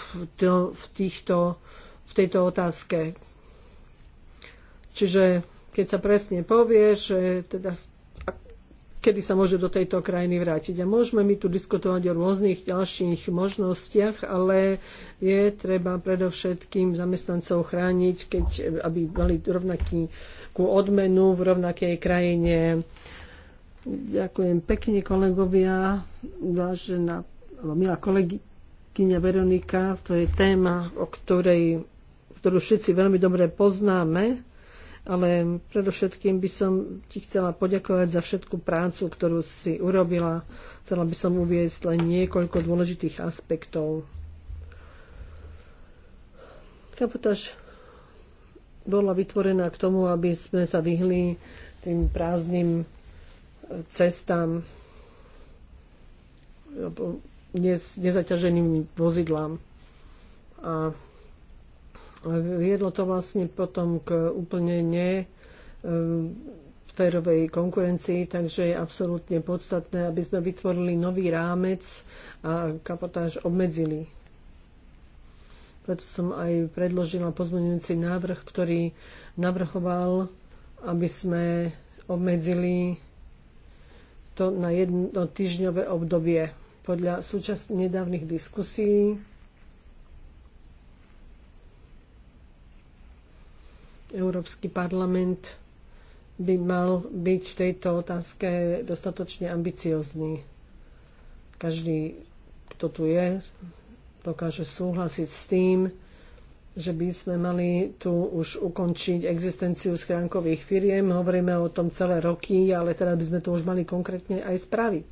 v, týchto, v tejto otázke. Čiže keď sa presne povie, že teda kedy sa môže do tejto krajiny vrátiť. A môžeme my tu diskutovať o rôznych ďalších možnostiach, ale je treba predovšetkým zamestnancov chrániť, keď, aby mali rovnakú odmenu v rovnakej krajine. Ďakujem pekne kolegovia, vážená, milá kolegyňa Veronika, to je téma, o ktorej, ktorú všetci veľmi dobre poznáme ale predovšetkým by som ti chcela poďakovať za všetku prácu, ktorú si urobila. Chcela by som uviezť len niekoľko dôležitých aspektov. Kapotáž bola vytvorená k tomu, aby sme sa vyhli tým prázdnym e, cestám, nezaťaženým vozidlám. A viedlo to vlastne potom k úplne ne eh, férovej konkurencii, takže je absolútne podstatné, aby sme vytvorili nový rámec a kapotáž obmedzili. Preto som aj predložila pozmeňujúci návrh, ktorý navrhoval, aby sme obmedzili to na týždňové obdobie. Podľa súčasne nedávnych diskusí Európsky parlament by mal byť v tejto otázke dostatočne ambiciozný. Každý, kto tu je, dokáže súhlasiť s tým, že by sme mali tu už ukončiť existenciu schránkových firiem. Hovoríme o tom celé roky, ale teda by sme to už mali konkrétne aj spraviť.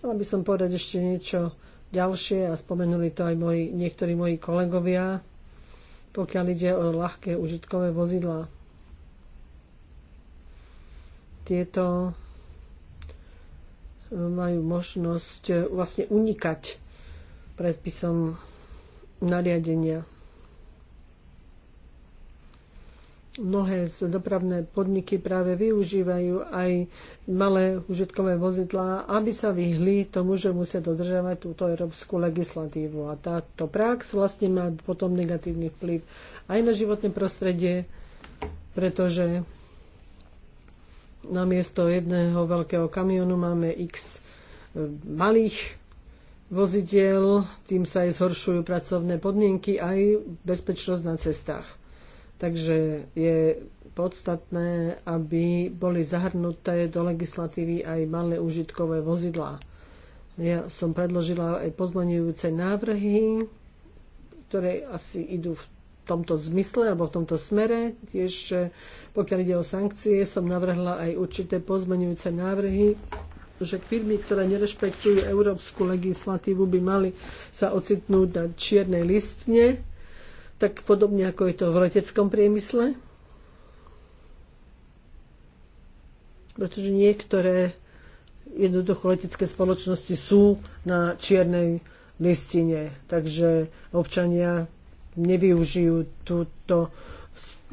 Chcela by som povedať ešte niečo ďalšie a spomenuli to aj moji, niektorí moji kolegovia pokiaľ ide o ľahké užitkové vozidlá. Tieto e, majú možnosť e, vlastne unikať predpisom nariadenia. mnohé z dopravné podniky práve využívajú aj malé užitkové vozidlá, aby sa vyhli tomu, že musia dodržiavať túto európsku legislatívu. A táto prax vlastne má potom negatívny vplyv aj na životné prostredie, pretože namiesto jedného veľkého kamionu máme x eh, malých vozidiel, tým sa aj zhoršujú pracovné podmienky, aj bezpečnosť na cestách. Takže je podstatné, aby boli zahrnuté do legislatívy aj malé užitkové vozidlá. Ja som predložila aj pozmaňujúce návrhy, ktoré asi idú v tomto zmysle alebo v tomto smere. Tiež eh, pokiaľ ide o sankcie, som navrhla aj určité pozmeňujúce návrhy, že firmy, ktoré nerešpektujú európsku legislatívu, by mali sa ocitnúť na čiernej listne tak podobne ako je to v leteckom priemysle. Pretože niektoré jednoducho letecké spoločnosti sú na čiernej listine, takže občania nevyužijú túto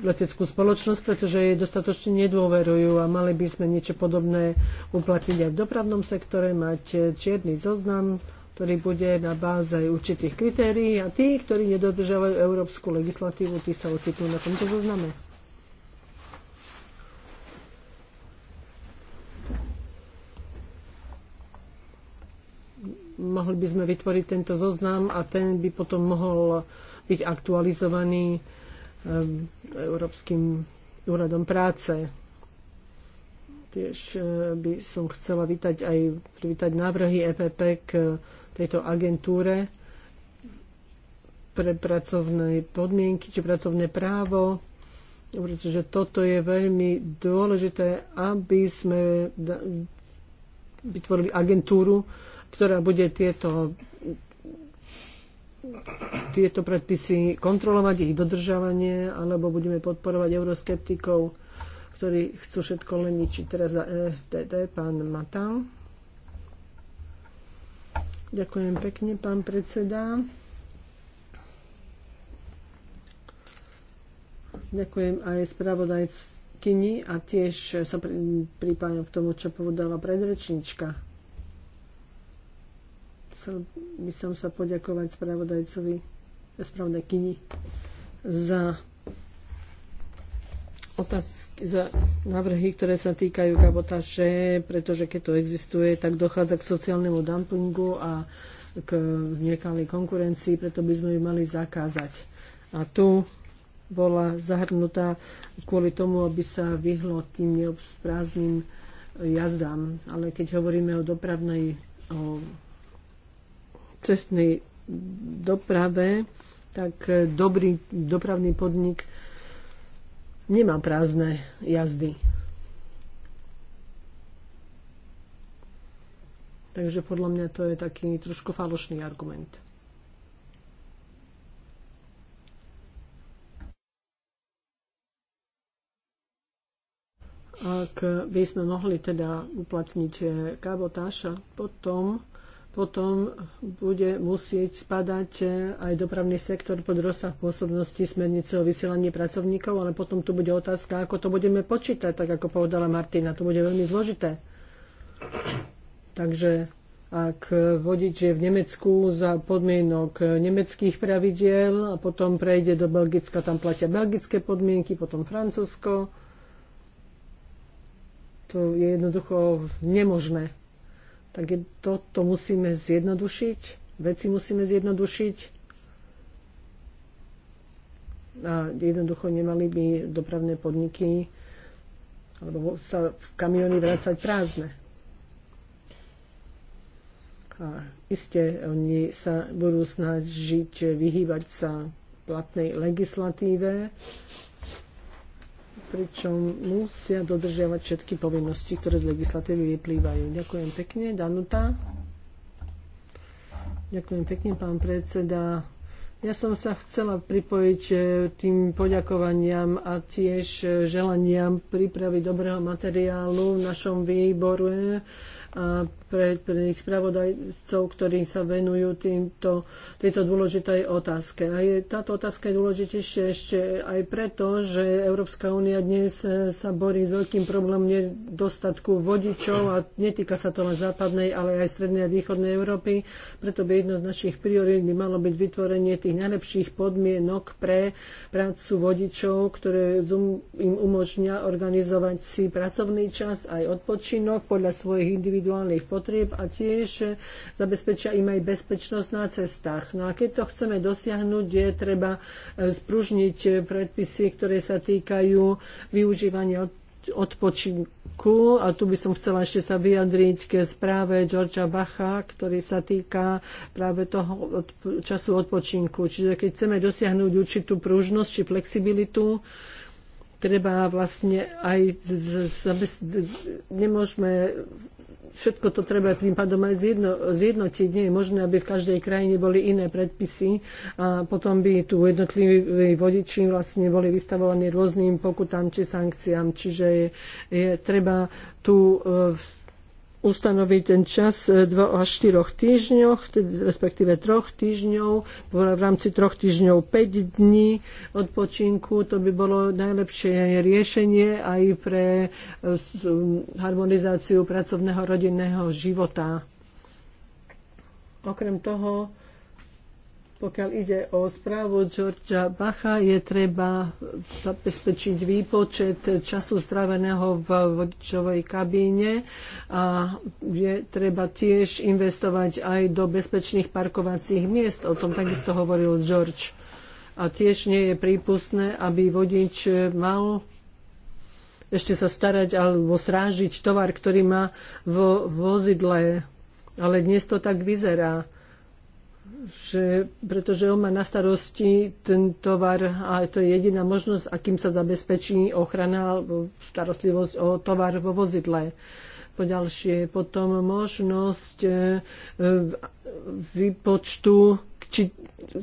leteckú spoločnosť, pretože jej dostatočne nedôverujú a mali by sme niečo podobné uplatniť aj v dopravnom sektore, mať čierny zoznam ktorý bude na báze určitých kritérií a tí, ktorí nedodržiavajú európsku legislatívu, tí sa ocitnú na tomto zozname. Mohli by sme vytvoriť tento zoznam a ten by potom mohol byť aktualizovaný eh, Európskym úradom práce. Tiež eh, by som chcela vytať aj privítať návrhy EPP k tejto agentúre pre pracovné podmienky či pracovné právo, pretože toto je veľmi dôležité, aby sme vytvorili agentúru, ktorá bude tieto, tieto predpisy kontrolovať, ich dodržavanie, alebo budeme podporovať euroskeptikov, ktorí chcú všetko len ničiť. Teraz za EDD, pán Matal. Ďakujem pekne, pán predseda. Ďakujem aj spravodajkyni a tiež sa pripájam k tomu, čo povedala predrečnička. Chcel by som sa poďakovať spravodajcovi, spravodajkyni za otázky, za návrhy, ktoré sa týkajú kabotáže, pretože keď to existuje, tak dochádza k sociálnemu dumpingu a k vznikalej konkurencii, preto by sme ju mali zakázať. A tu bola zahrnutá kvôli tomu, aby sa vyhlo tým neobsprázdnym jazdám. Ale keď hovoríme o dopravnej, o cestnej doprave, tak dobrý dopravný podnik nemá prázdne jazdy. Takže podľa mňa to je taký trošku falošný argument. Ak by sme mohli teda uplatniť eh, kabotáša, potom potom bude musieť spadať e, aj dopravný sektor pod rozsah pôsobnosti smernice o vysielaní pracovníkov, ale potom tu bude otázka, ako to budeme počítať, tak ako povedala Martina, to bude veľmi zložité. Takže ak vodič je v Nemecku za podmienok nemeckých pravidiel a potom prejde do Belgicka, tam platia belgické podmienky, potom Francúzsko, to je jednoducho nemožné tak je, toto musíme zjednodušiť, veci musíme zjednodušiť a jednoducho nemali by dopravné podniky alebo sa v kamiony vrácať prázdne. A iste oni sa budú snažiť vyhýbať sa platnej legislatíve pričom musia dodržiavať všetky povinnosti, ktoré z legislatívy vyplývajú. Ďakujem pekne. Danuta? Ďakujem pekne, pán predseda. Ja som sa chcela pripojiť e, tým poďakovaniam a tiež e, želaniam prípravy dobrého materiálu v našom výbore a predpredných spravodajcov, ktorí sa venujú týmto, tejto dôležitej otázke. A je, táto otázka je dôležitejšia ešte aj preto, že Európska únia dnes e, sa borí s veľkým problémom nedostatku vodičov a netýka sa to len západnej, ale aj strednej a východnej Európy. Preto by jedno z našich priorít by malo byť vytvorenie tých najlepších podmienok pre prácu vodičov, ktoré im umožňa organizovať si pracovný čas aj odpočinok podľa svojich individuálnych potrieb potrieb a tiež zabezpečia im aj bezpečnosť na cestách. No a keď to chceme dosiahnuť, je treba e, spružniť predpisy, ktoré sa týkajú využívania odpočinku a tu by som chcela ešte sa vyjadriť ke správe Georgia Bacha, ktorý sa týka práve toho času odpočinku. Čiže keď chceme dosiahnuť určitú pružnosť či flexibilitu, treba vlastne aj z, z, z, nemôžeme všetko to treba tým pádom aj zjedno, zjednotiť. Nie je možné, aby v každej krajine boli iné predpisy a potom by tu jednotliví vodiči vlastne boli vystavovaní rôznym pokutám či sankciám. Čiže je, je treba tu e, ustanoviť ten čas 2 e, až štyroch týždňoch, respektíve troch týždňov, v rámci troch týždňov 5 dní odpočinku. To by bolo najlepšie riešenie aj pre e, e, harmonizáciu pracovného rodinného života. Okrem toho, pokiaľ ide o správu Georgia Bacha, je treba zabezpečiť výpočet času stráveného v vodičovej kabíne a je treba tiež investovať aj do bezpečných parkovacích miest. O tom takisto hovoril George. A tiež nie je prípustné, aby vodič mal ešte sa starať alebo strážiť tovar, ktorý má vo vozidle. Ale dnes to tak vyzerá že, pretože on má na starosti ten tovar a to je jediná možnosť, akým sa zabezpečí ochrana alebo starostlivosť o tovar vo vozidle. ďalšie, potom možnosť e, e, výpočtu či,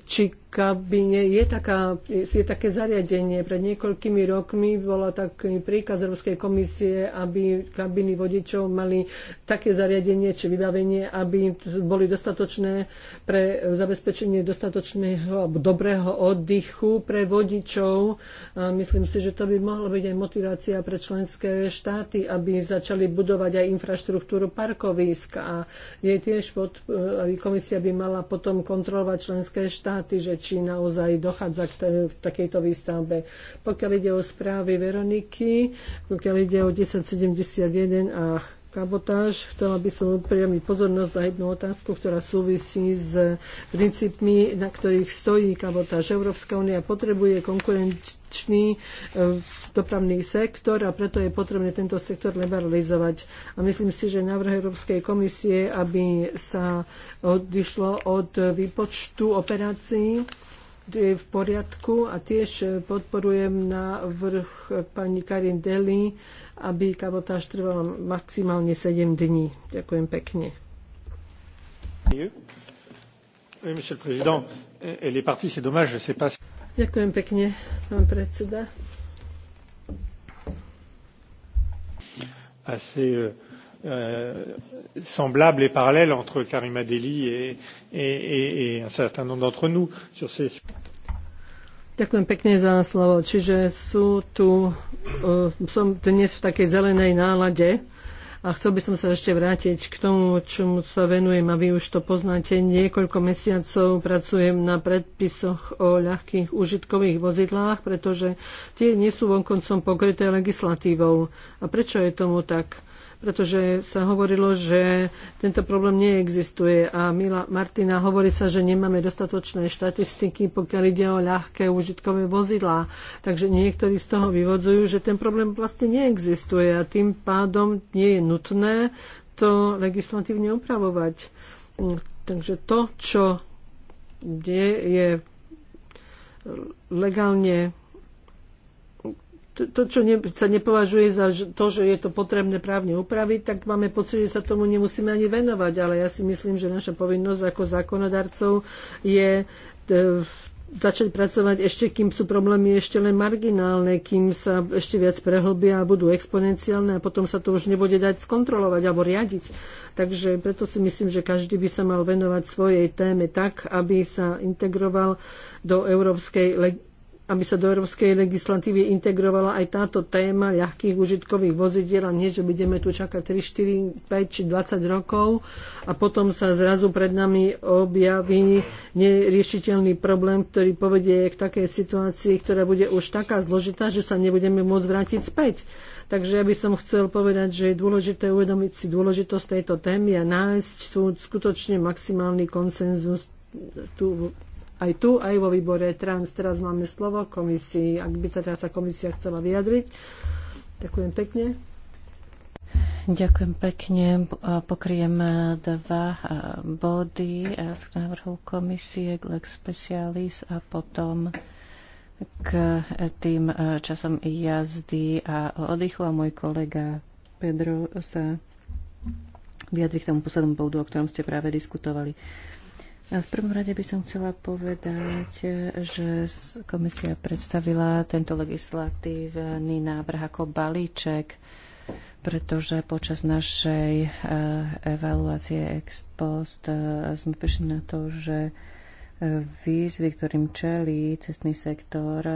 či kabine je, taká, je také zariadenie. Pred niekoľkými rokmi bola taký príkaz Európskej komisie, aby kabiny vodičov mali také zariadenie či vybavenie, aby boli dostatočné pre zabezpečenie dostatočného alebo dobrého oddychu pre vodičov. A myslím si, že to by mohla byť aj motivácia pre členské štáty, aby začali budovať aj infraštruktúru parkovísk. A je tiež pod, aby komisia by mala potom kontrolovať členské štáty, že či naozaj dochádza k, t- takejto výstavbe. Pokiaľ ide o správy Veroniky, pokiaľ ide o 1071 a kabotáž, chcela by som upriamiť pozornosť na jednu otázku, ktorá súvisí s princípmi, na ktorých stojí kabotáž. Európska únia potrebuje konkurenčný e, dopravný sektor a preto je potrebné tento sektor liberalizovať. A myslím si, že návrh Európskej komisie, aby sa odišlo od výpočtu operácií, je v poriadku a tiež podporujem na vrch pani Karin Deli, aby kabotáž trvala maximálne 7 dní. Ďakujem pekne. Ďakujem pekne, pán predseda. Assez euh, euh, semblable et parallèle entre Karima Deli et, et, et, et un certain nombre d'entre nous sur ces Ďakujem pekne za slovo. Čiže sú tu, eh, som dnes v takej zelenej nálade a chcel by som sa ešte vrátiť k tomu, čomu sa venujem a vy už to poznáte. Niekoľko mesiacov pracujem na predpisoch o ľahkých užitkových vozidlách, pretože tie nie sú vonkoncom pokryté legislatívou. A prečo je tomu tak? pretože sa hovorilo, že tento problém neexistuje. A Mila Martina hovorí sa, že nemáme dostatočné štatistiky, pokiaľ ide o ľahké užitkové vozidlá. Takže niektorí z toho vyvodzujú, že ten problém vlastne neexistuje a tým pádom nie je nutné to legislatívne upravovať. Takže to, čo je, je legálne to, čo ne, sa nepovažuje za to, že je to potrebné právne upraviť, tak máme pocit, že sa tomu nemusíme ani venovať. Ale ja si myslím, že naša povinnosť ako zákonodarcov je e, začať pracovať ešte, kým sú problémy ešte len marginálne, kým sa ešte viac prehlbia a budú exponenciálne a potom sa to už nebude dať skontrolovať alebo riadiť. Takže preto si myslím, že každý by sa mal venovať svojej téme tak, aby sa integroval do európskej aby sa do európskej legislatívy integrovala aj táto téma ľahkých užitkových vozidiel a nie, že budeme tu čakať 3, 4, 5 či 20 rokov a potom sa zrazu pred nami objaví neriešiteľný problém, ktorý povedie k takej situácii, ktorá bude už taká zložitá, že sa nebudeme môcť vrátiť späť. Takže ja by som chcel povedať, že je dôležité uvedomiť si dôležitosť tejto témy a nájsť skutočne maximálny konsenzus tu aj tu, aj vo výbore trans. Teraz máme slovo komisii, ak by teda sa komisia chcela vyjadriť. Ďakujem pekne. Ďakujem pekne. Pokriem e, dva e, body e, z návrhu komisie, lex specialis a potom k tým časom jazdy a oddychu a môj kolega Pedro sa vyjadri k tomu poslednému bodu, o ktorom ste práve diskutovali. V prvom rade by som chcela povedať, že komisia predstavila tento legislatívny návrh ako balíček, pretože počas našej eh, evaluácie ex post eh, sme prišli na to, že eh, výzvy, ktorým čelí cestný sektor,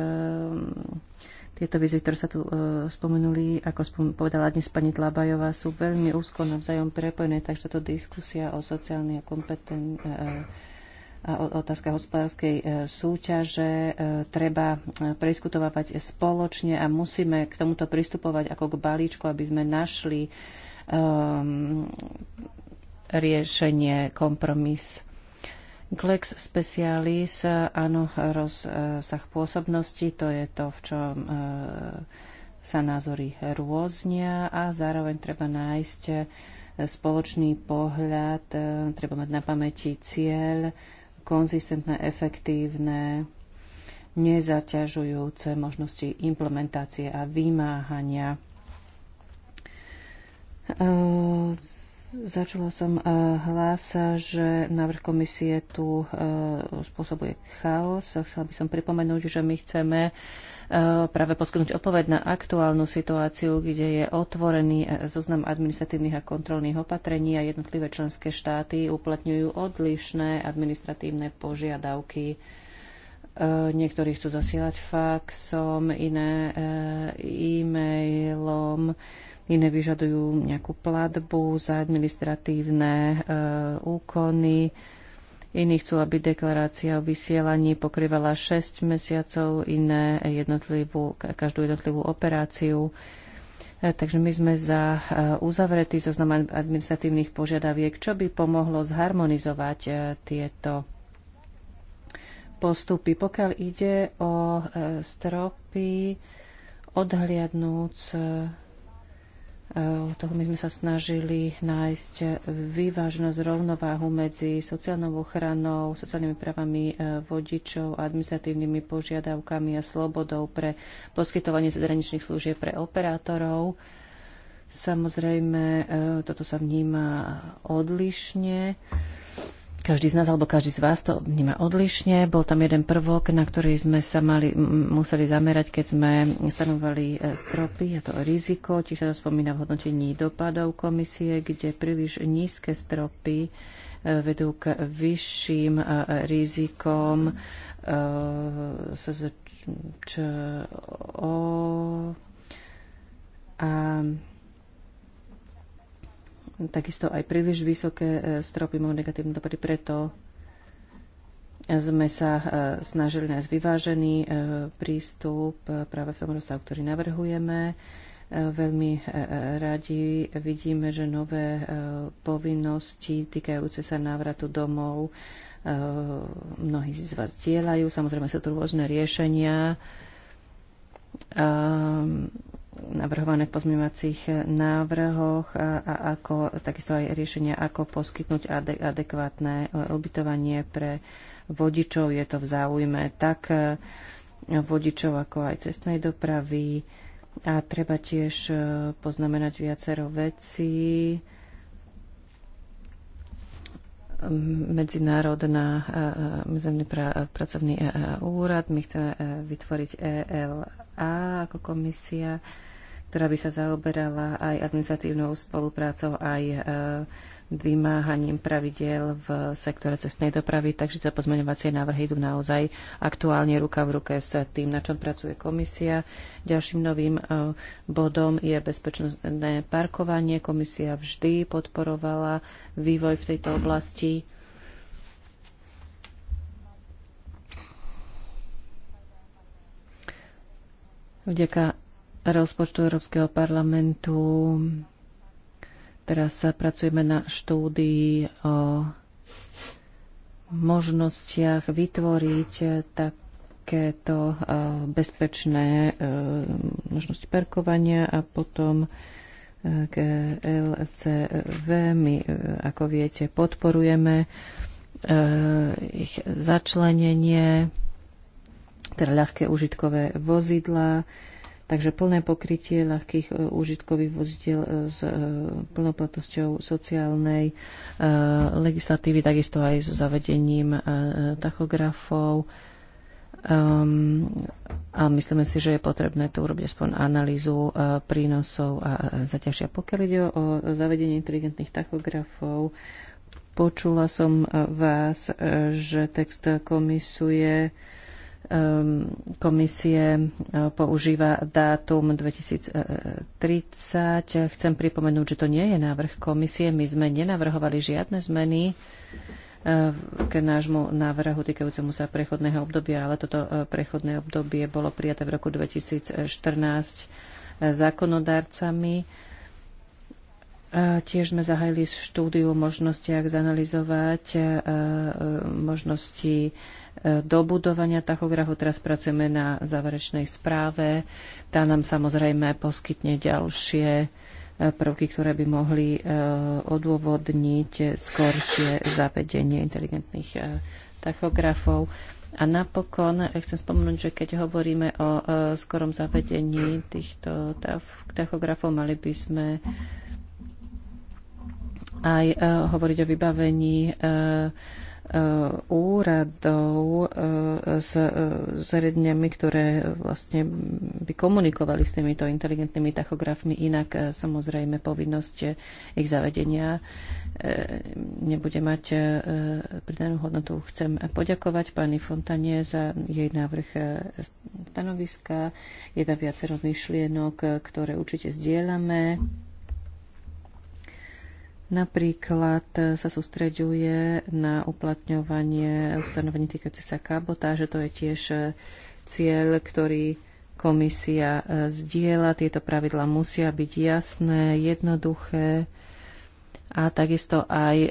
tieto výzvy, ktoré sa tu e, spomenuli, ako spom- povedala dnes pani Tlabajová, sú veľmi úzko navzájom prepojené, takže táto diskusia o sociálnej a kompeten- e, a otázka hospodárskej e, súťaže e, treba e, preskutovať spoločne a musíme k tomuto pristupovať ako k balíčku, aby sme našli um, riešenie, kompromis k lex specialis, áno, rozsah pôsobnosti, to je to, v čom e, sa názory rôznia a zároveň treba nájsť e, spoločný pohľad, e, treba mať na pamäti cieľ, konzistentné, efektívne, nezaťažujúce možnosti implementácie a vymáhania. Začula som eh, hlas, že návrh komisie tu eh, spôsobuje chaos. Chcela by som pripomenúť, že my chceme eh, práve poskytnúť odpoveď na aktuálnu situáciu, kde je otvorený zoznam administratívnych a kontrolných opatrení a jednotlivé členské štáty uplatňujú odlišné administratívne požiadavky. Niektorí chcú zasielať faxom, iné e-mailom. E- iné vyžadujú nejakú platbu za administratívne e, úkony. Iní chcú, aby deklarácia o vysielaní pokrývala 6 mesiacov, iné jednotlivú, každú jednotlivú operáciu. E, takže my sme za e, uzavretý zoznam administratívnych požiadaviek, čo by pomohlo zharmonizovať tieto postupy. Pokiaľ ide o stropy, odhliadnúc Eh, od toho my sme sa snažili nájsť vyváženosť, rovnováhu medzi sociálnou ochranou, sociálnymi právami eh, vodičov, administratívnymi požiadavkami a slobodou pre poskytovanie zahraničných služieb pre operátorov. Samozrejme, eh, toto sa vníma odlišne každý z nás alebo každý z vás to vníma odlišne. Bol tam jeden prvok, na ktorý sme sa mali, museli zamerať, keď sme stanovali e, stropy, a to riziko, tiež sa to spomína v hodnotení dopadov komisie, kde príliš nízke stropy e, vedú k vyšším e, rizikom o, a Takisto aj príliš vysoké e, stropy majú negatívne dopady, preto e, sme sa e, snažili nájsť vyvážený prístup práve v tom rozsahu, ktorý navrhujeme. Veľmi radi vidíme, že nové povinnosti týkajúce sa návratu domov mnohí z vás dielajú. Samozrejme sú tu rôzne riešenia. A navrhované v pozmývacích návrhoch a, a ako, takisto aj riešenia, ako poskytnúť adekvátne e, ubytovanie pre vodičov. Je to v záujme tak e, vodičov ako aj cestnej dopravy. A treba tiež e, poznamenať viacero vecí. Medzinárodná medzemný pra, pracovný úrad. My chceme vytvoriť ELA ako komisia ktorá by sa zaoberala aj administratívnou spoluprácou, aj e, vymáhaním pravidiel v sektore cestnej dopravy, takže tie pozmeňovacie návrhy idú naozaj aktuálne ruka v ruke s tým, na čom pracuje komisia. Ďalším novým e, bodom je bezpečnostné parkovanie. Komisia vždy podporovala vývoj v tejto oblasti. Vďaka rozpočtu Európskeho parlamentu. Teraz sa pracujeme na štúdii o možnostiach vytvoriť takéto e, bezpečné e, možnosti parkovania a potom e, k LCV. My, ako viete, podporujeme ich začlenenie, teda ľahké užitkové vozidla, Takže plné pokrytie ľahkých užitkových e, vozidiel e, s e, plnoplatnosťou sociálnej legislatívy, takisto aj so zavedením tachografov. Um, a myslíme si, že je potrebné tu urobiť aspoň analýzu uh, prínosov a zaťažia. Pokiaľ ide o zavedenie inteligentných tachografov, počula som vás, že text komisuje Ehm, komisie e, používa dátum 2030. E, Chcem pripomenúť, že to nie je návrh komisie. My sme nenavrhovali žiadne zmeny e, k nášmu návrhu týkajúcemu sa prechodného obdobia, ale toto prechodné obdobie bolo prijaté v roku 2014 zákonodárcami. Tiež sme zahajili štúdiu možnosti, ak zanalizovať možnosti dobudovania tachografu. Teraz pracujeme na záverečnej správe. Tá nám samozrejme poskytne ďalšie e, prvky, ktoré by mohli e, odôvodniť skoršie zavedenie inteligentných e, tachografov. A napokon chcem spomenúť, že keď hovoríme o skorom zavedení týchto tachografov, mali by sme aj hovoriť o vybavení Eh, úradov eh, s zariadeniami, eh, ktoré vlastne by komunikovali s týmito inteligentnými tachografmi. Inak samozrejme povinnosť ich zavedenia nebude mať pridanú hodnotu. Chcem poďakovať pani Fontane za jej návrh stanoviska. Je tam viacero myšlienok, ktoré určite zdieľame. Napríklad e, sa sústreďuje na uplatňovanie ustanovení týkajúce sa že To je tiež e, cieľ, ktorý komisia e, zdieľa. Tieto pravidla musia byť jasné, jednoduché a takisto aj e,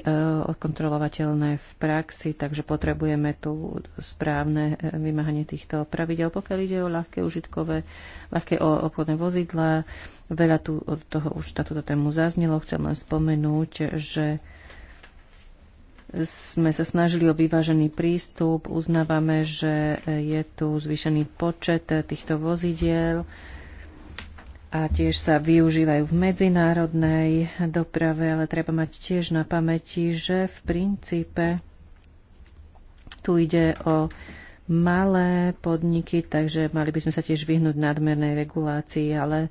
kontrolovateľné v praxi, takže potrebujeme tu správne e, vymáhanie týchto pravidel. Pokiaľ ide o ľahké užitkové, ľahké obchodné vozidlá, veľa tu od toho už na túto tému zaznelo. Chcem len spomenúť, že sme sa snažili o vyvážený prístup. Uznávame, že je tu zvýšený počet e, týchto vozidiel a tiež sa využívajú v medzinárodnej doprave, ale treba mať tiež na pamäti, že v princípe tu ide o malé podniky, takže mali by sme sa tiež vyhnúť nadmernej regulácii, ale e,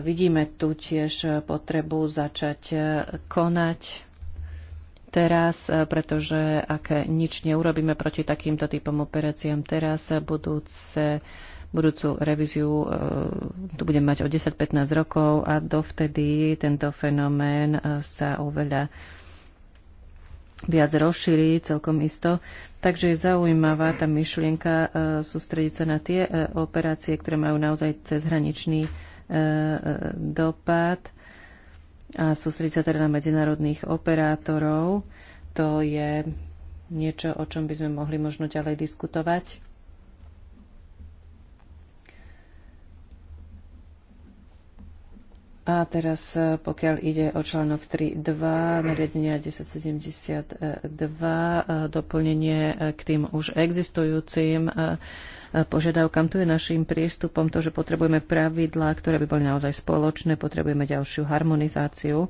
vidíme tu tiež potrebu začať e, konať teraz, e, pretože ak nič neurobíme proti takýmto typom operáciám teraz, budúce Budúcu revíziu e, tu budeme mať o 10-15 rokov a dovtedy tento fenomén e, sa oveľa viac rozšíri, celkom isto. Takže je zaujímavá tá myšlienka e, sústrediť sa na tie operácie, ktoré majú naozaj cezhraničný dopad a sústrediť sa teda na medzinárodných operátorov. To je niečo, o čom by sme mohli možno ďalej diskutovať. A teraz, e, pokiaľ ide o článok 3.2 nariadenia 1072, e, doplnenie e, k tým už existujúcim požiadavkám, tu je našim prístupom to, že potrebujeme pravidlá, ktoré by boli naozaj spoločné, potrebujeme ďalšiu harmonizáciu.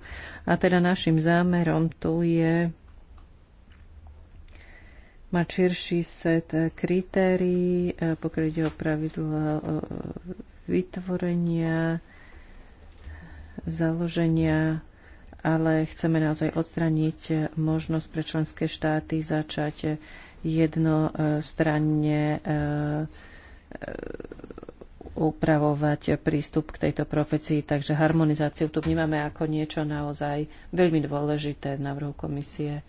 A teda našim zámerom tu je mať širší set kritérií, pokiaľ ide o pravidla vytvorenia, založenia, ale chceme naozaj odstraniť možnosť pre členské štáty začať jednostranne eh, eh, upravovať prístup k tejto profecii, takže harmonizáciu tu vnímame ako niečo naozaj veľmi dôležité v návrhu komisie.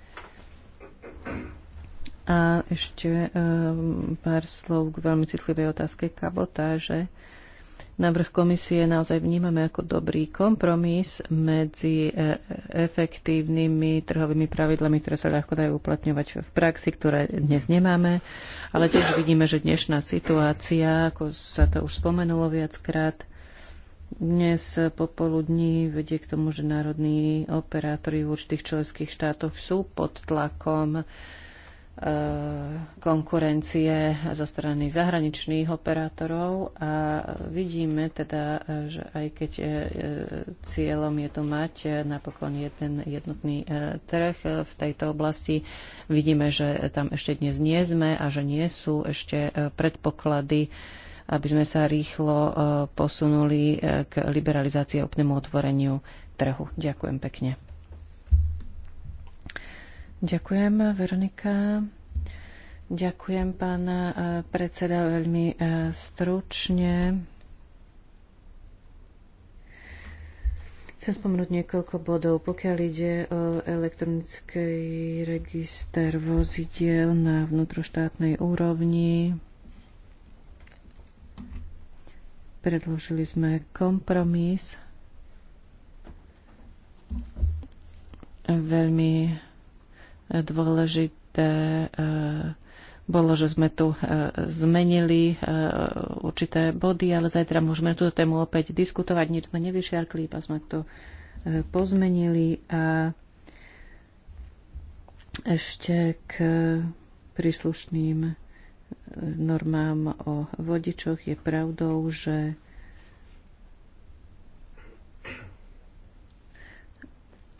A ešte um, pár slov k veľmi citlivej otázke kabotáže. Návrh komisie naozaj vnímame ako dobrý kompromis medzi e, efektívnymi trhovými pravidlami, ktoré sa ľahko dajú uplatňovať v praxi, ktoré dnes nemáme, ale tiež vidíme, že dnešná situácia, ako sa to už spomenulo viackrát, dnes popoludní vedie k tomu, že národní operátori v určitých členských štátoch sú pod tlakom Eh, konkurencie zo strany zahraničných operátorov a vidíme teda, že aj keď eh, cieľom je tu mať eh, napokon jeden jednotný trh v tejto oblasti, vidíme, že tam ešte dnes nie sme a že nie sú ešte predpoklady, aby sme sa rýchlo posunuli k liberalizácii a opnému otvoreniu trhu. Ďakujem pekne. Ďakujem, Veronika. Ďakujem, pán eh, predseda, veľmi eh, stručne. Chcem spomenúť niekoľko bodov. Pokiaľ ide o elektronický register vozidiel na vnútroštátnej úrovni, predložili sme kompromis. Veľmi Dôležité e, bolo, že sme tu e, zmenili e, určité body, ale zajtra môžeme túto tému opäť diskutovať. Nič sme nevyšiarkli, iba sme to pozmenili. A ešte k príslušným normám o vodičoch je pravdou, že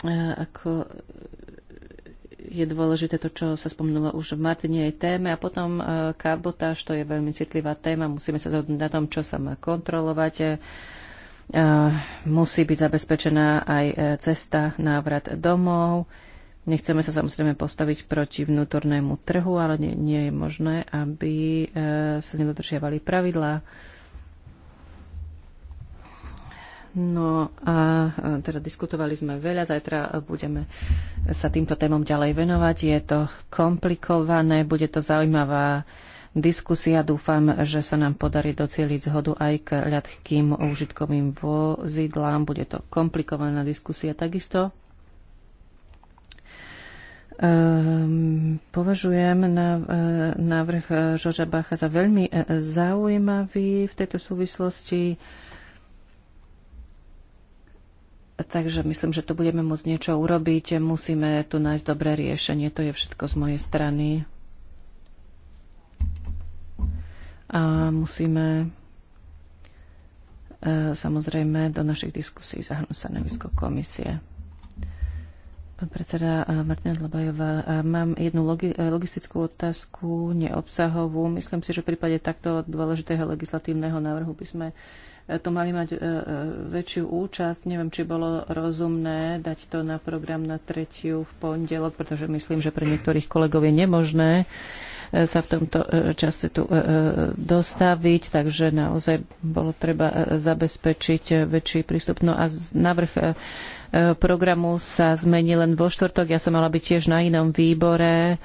ako je dôležité to, čo sa spomínalo už v aj téme a potom e, kabotáž, to je veľmi citlivá téma, musíme sa zhodnúť na tom, čo sa má kontrolovať. E, musí byť zabezpečená aj e, cesta, návrat domov. Nechceme sa samozrejme postaviť proti vnútornému trhu, ale nie, nie je možné, aby sa nedodržiavali pravidlá. No a teda diskutovali sme veľa, zajtra budeme sa týmto témom ďalej venovať. Je to komplikované, bude to zaujímavá diskusia. Dúfam, že sa nám podarí docieliť zhodu aj k ľahkým užitkovým vozidlám. Bude to komplikovaná diskusia takisto. Um, považujem na, e, návrh e, Žoža Bacha za veľmi e, zaujímavý v tejto súvislosti. Takže myslím, že tu budeme môcť niečo urobiť. Musíme tu nájsť dobré riešenie. To je všetko z mojej strany. A musíme e, samozrejme do našich diskusí zahrnúť stanovisko komisie. Pán predseda e, Martina Zlabajová, e, mám jednu logistickú otázku, neobsahovú. Myslím si, že v prípade takto dôležitého legislatívneho návrhu by sme to mali mať e, e, väčšiu účasť. Neviem, či bolo rozumné dať to na program na tretiu v pondelok, pretože myslím, že pre niektorých kolegov je nemožné e, sa v tomto čase tu dostaviť, takže naozaj bolo treba zabezpečiť väčší prístup. No a návrh programu sa zmení len vo štvrtok. Ja som mala byť tiež na inom výbore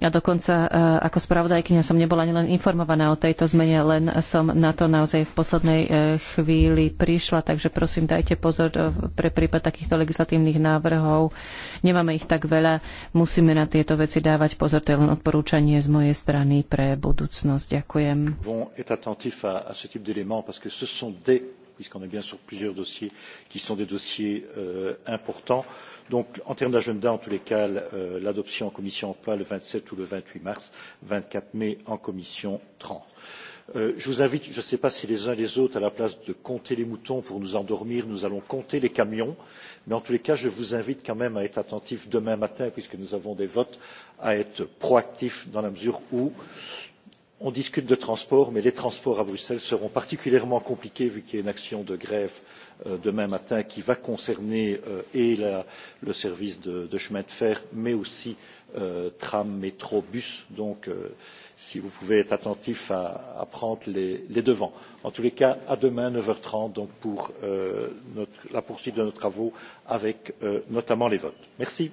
ja dokonca e, ako spravodajkyňa som nebola nielen informovaná o tejto zmene, len som na to naozaj v poslednej e, chvíli prišla, takže prosím dajte pozor e, pre prípad takýchto legislatívnych návrhov. Nemáme ich tak veľa, musíme na tieto veci dávať pozor, to je len odporúčanie z mojej strany pre budúcnosť. Ďakujem. puisqu'on est bien sur plusieurs dossiers qui sont des dossiers euh, importants donc en termes d'agenda en tous les cas euh, l'adoption en commission emploi le vingt sept ou le vingt huit mars vingt quatre mai en commission trente. Euh, je vous invite je ne sais pas si les uns et les autres à la place de compter les moutons pour nous endormir nous allons compter les camions mais en tous les cas je vous invite quand même à être attentifs demain matin puisque nous avons des votes à être proactifs dans la mesure où on discute de transport mais les transports à bruxelles seront particulièrement compliqués vu qu'il y a une action de grève Euh, demain matin qui va concerner euh, et la, le service de, de chemin de fer mais aussi euh, tram métro bus donc si vous pouvez être attentif à, à prendre les, les devants. en tous les cas à demain neuf h trente pour euh, notre, la poursuite de nos travaux avec euh, notamment les votes. merci.